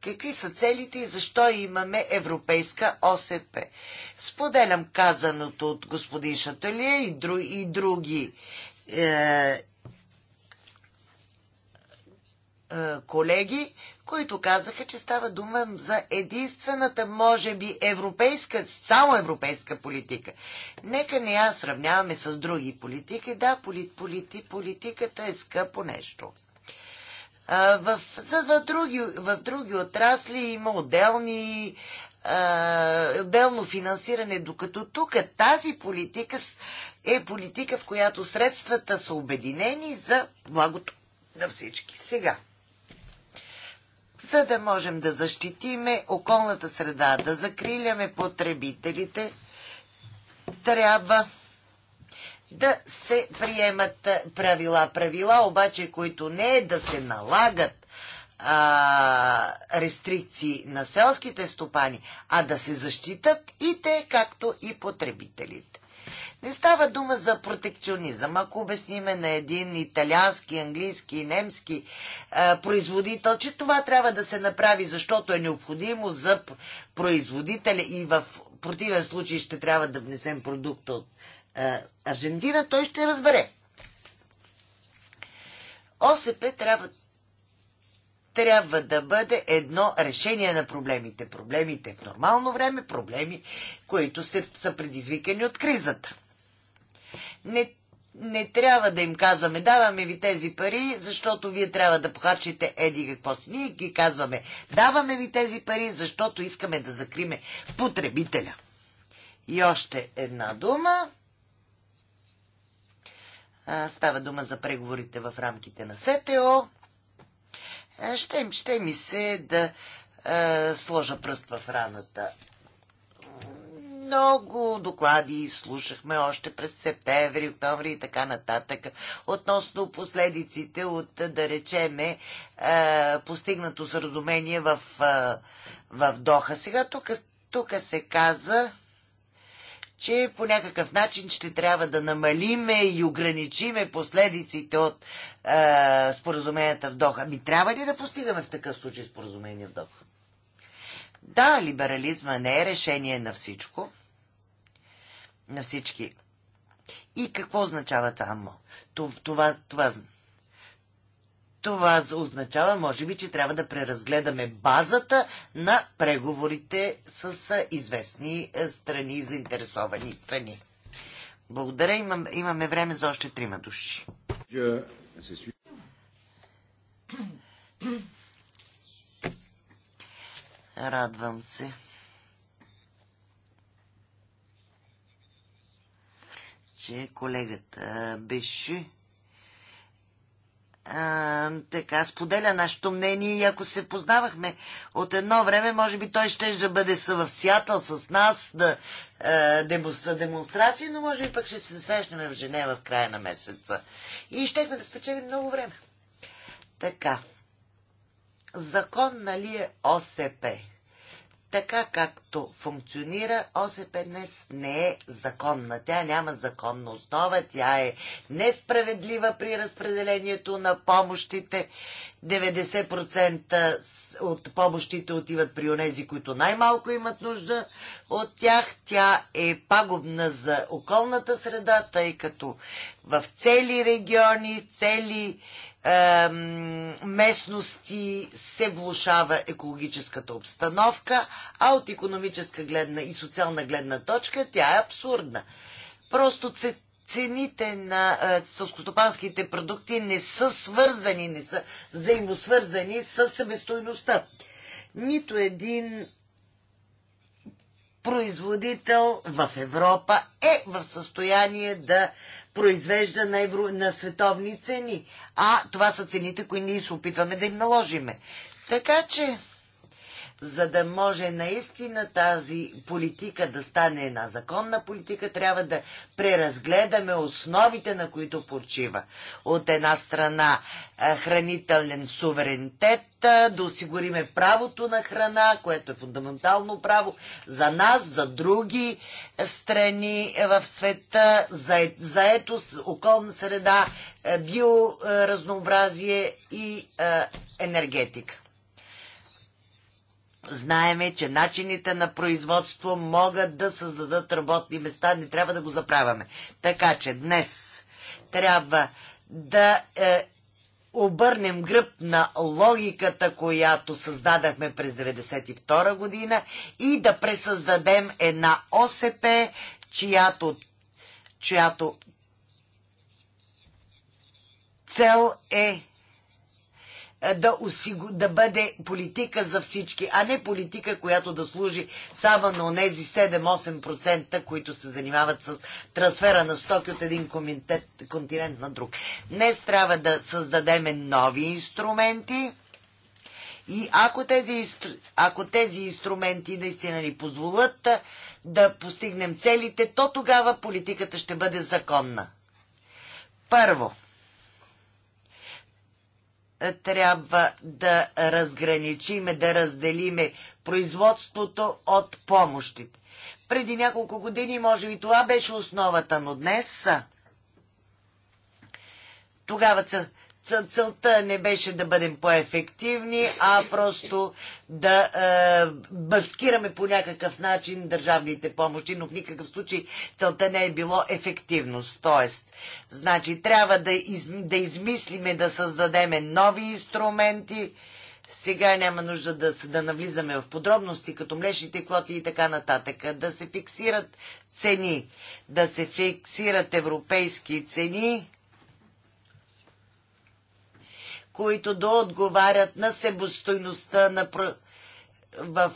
S3: какви са целите и защо имаме Европейска ОСП? Споделям казаното от господин Шателия и, дру, и други е, е, колеги, които казаха, че става дума за единствената, може би, европейска, само европейска политика. Нека не я сравняваме с други политики. Да, полит, полит, политиката е скъпо нещо. А, в, в, други, в други отрасли има отделни а, отделно финансиране, докато тук тази политика е политика, в която средствата са обединени за благото на всички. Сега, за да можем да защитиме околната среда, да закриляме потребителите, трябва да се приемат правила. Правила обаче, които не е да се налагат а, рестрикции на селските стопани, а да се защитат и те, както и потребителите. Не става дума за протекционизъм. Ако обясниме на един италиански, английски, немски а, производител, че това трябва да се направи, защото е необходимо за производителя и в противен случай ще трябва да внесем продукта от а, Аржентина, той ще разбере. ОСП трябва, трябва да бъде едно решение на проблемите. Проблемите в нормално време, проблеми, които се, са предизвикани от кризата. Не, не трябва да им казваме, даваме ви тези пари, защото вие трябва да похарчите еди какво си. Ние ги казваме, даваме ви тези пари, защото искаме да закриме потребителя. И още една дума. Става дума за преговорите в рамките на СТО. Ще, ще ми се да сложа пръст в раната много доклади слушахме още през септември, октомври и така нататък относно последиците от, да речеме, е, постигнато заразумение в, е, в Доха. Сега тук, тук се каза, че по някакъв начин ще трябва да намалиме и ограничиме последиците от е, споразуменията в Доха. Ми трябва ли да постигаме в такъв случай споразумение в Доха? Да, либерализма не е решение на всичко на всички. И какво означава тамо? Това, това, това, това означава, може би, че трябва да преразгледаме базата на преговорите с известни страни заинтересовани страни. Благодаря. Имам, имаме време за още трима души. Радвам се. че колегата беше а, така споделя нашето мнение и ако се познавахме от едно време, може би той ще да бъде в Сиатъл с нас да а, демонстрации, но може би пък ще се срещнем в Женева в края на месеца. И щехме да спечелим много време. Така. Закон, нали е ОСП? така както функционира, ОСП днес не е законна. Тя няма законна основа, тя е несправедлива при разпределението на помощите. 90% от помощите отиват при онези, които най-малко имат нужда от тях. Тя е пагубна за околната среда, тъй като в цели региони, цели местности се влушава екологическата обстановка, а от економическа гледна и социална гледна точка тя е абсурдна. Просто цените на е, сълскостопанските продукти не са свързани, не са взаимосвързани с себестойността. Нито един производител в Европа е в състояние да произвежда на, евро, на световни цени. А това са цените, които ние се опитваме да им наложиме. Така че за да може наистина тази политика да стане една законна политика, трябва да преразгледаме основите, на които почива. От една страна е, хранителен суверенитет, е, да осигуриме правото на храна, което е фундаментално право за нас, за други е, страни в света, за, за с околна среда, биоразнообразие и енергетика. Знаеме, че начините на производство могат да създадат работни места, не трябва да го заправяме. Така че днес трябва да е, обърнем гръб на логиката, която създадахме през 1992 година и да пресъздадем една ОСП, чиято, чиято цел е да, осигу... да бъде политика за всички, а не политика, която да служи само на тези 7-8%, които се занимават с трансфера на стоки от един комитет, континент на друг. Днес трябва да създадем нови инструменти и ако тези, ако тези инструменти наистина ни позволят да постигнем целите, то тогава политиката ще бъде законна. Първо, трябва да разграничиме, да разделиме производството от помощите. Преди няколко години, може би, това беше основата, но днес са. Тогава целта не беше да бъдем по-ефективни, а просто да е, баскираме по някакъв начин държавните помощи, но в никакъв случай целта не е било ефективност. Тоест, значи трябва да, из, да измислиме, да създадеме нови инструменти. Сега няма нужда да, да навлизаме в подробности, като млечните квоти и така нататък. Да се фиксират цени, да се фиксират европейски цени които да отговарят на себостойността на, в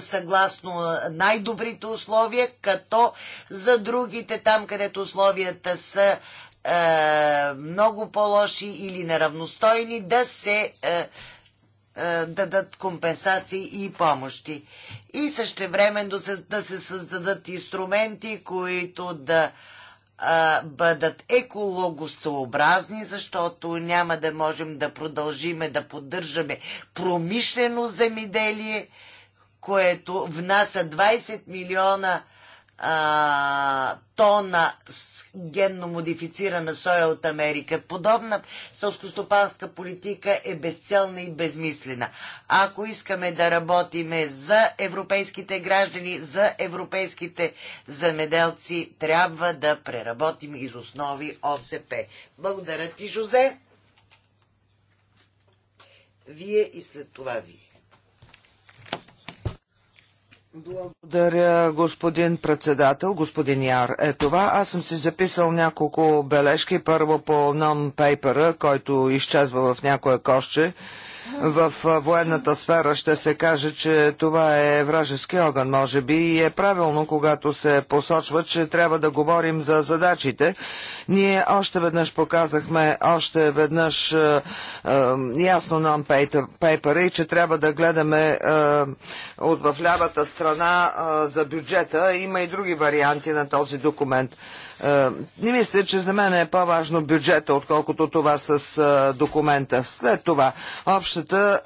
S3: съгласно най-добрите условия, като за другите там, където условията са а... много по-лоши или неравностойни, да се а... дадат компенсации и помощи. И същевременно да се създадат инструменти, които да а бъдат екологосъобразни, защото няма да можем да продължиме да поддържаме промишлено земеделие, което внася 20 милиона а, тона генно модифицирана соя от Америка. Подобна сълскостопанска политика е безцелна и безмислена. Ако искаме да работиме за европейските граждани, за европейските замеделци, трябва да преработим из основи ОСП. Благодаря ти, Жозе. Вие и след това вие.
S4: Благодаря, господин председател, господин Яр. Е това, аз съм си записал няколко бележки, първо по нон-пейпера, който изчезва в някоя кошче в военната сфера ще се каже, че това е вражески огън, може би, и е правилно, когато се посочва, че трябва да говорим за задачите. Ние още веднъж показахме, още веднъж е, е, ясно нам пейпера и че трябва да гледаме е, от в лявата страна за бюджета. Има и други варианти на този документ. Е, не мисля, че за мен е по-важно бюджета, отколкото това с е, документа. След това, общата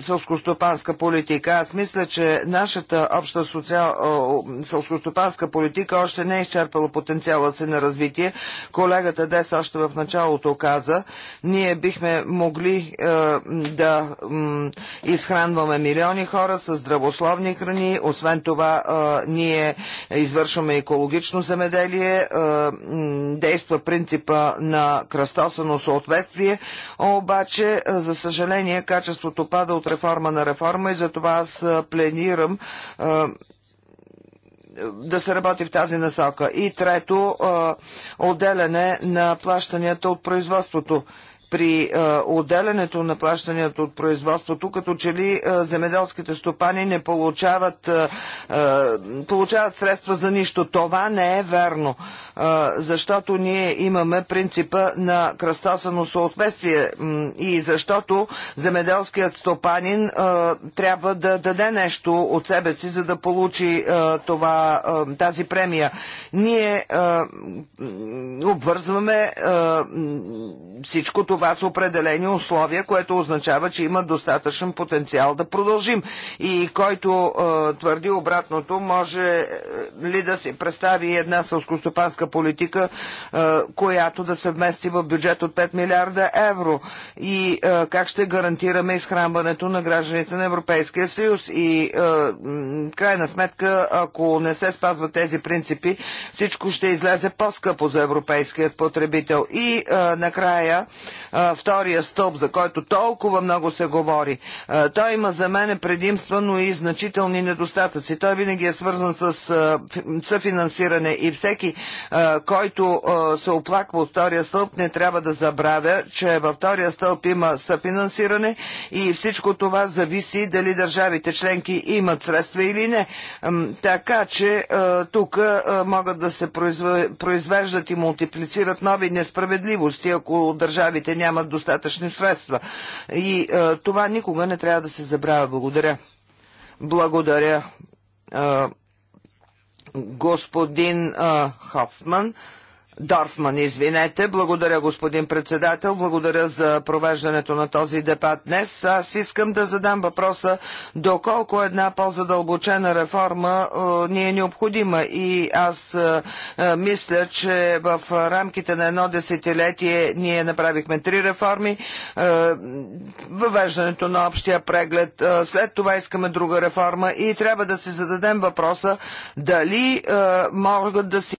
S4: сълскостопанска политика. Аз мисля, че нашата обща социал... сълскостопанска политика още не е изчерпала потенциала си на развитие. Колегата Дес още в началото каза, ние бихме могли е, да е, изхранваме милиони хора с здравословни храни. Освен това, е, ние извършваме екологично земеделие, е, действа принципа на кръстосано съответствие, обаче, е, за съжаление, качеството пада от от реформа на реформа и затова аз пленирам да се работи в тази насока. И трето, отделяне на плащанията от производството при отделянето на плащанията от производството, като че ли земеделските стопани не получават, получават средства за нищо. Това не е верно защото ние имаме принципа на кръстосано съответствие и защото земеделският стопанин трябва да даде нещо от себе си, за да получи това, тази премия. Ние обвързваме всичко това с определени условия, което означава, че има достатъчен потенциал да продължим. И който твърди обратното, може ли да се представи една сълскостопанска търговска политика, е, която да се вмести в бюджет от 5 милиарда евро и е, как ще гарантираме изхранването на гражданите на Европейския съюз. И е, крайна сметка, ако не се спазват тези принципи, всичко ще излезе по-скъпо за европейският потребител. И накрая, втория стълб, за който толкова много се говори, той има за мен предимства, но и значителни недостатъци. Той винаги е свързан с съфинансиране и всеки който се оплаква от втория стълб, не трябва да забравя, че във втория стълб има съфинансиране и всичко това зависи дали държавите членки имат средства или не. Така че тук могат да се произвеждат и мултиплицират нови несправедливости, ако държавите нямат достатъчни средства. И това никога не трябва да се забравя. Благодаря. Благодаря господин а, Хофман. Дорфман, извинете. Благодаря, господин председател. Благодаря за провеждането на този дебат днес. Аз искам да задам въпроса доколко една по-задълбочена реформа е, ни е необходима. И аз е, е мисля, че в рамките на едно десетилетие ние направихме три реформи. Е, въвеждането на общия преглед. Е, след това искаме друга реформа и трябва да си зададем въпроса дали могат да
S5: си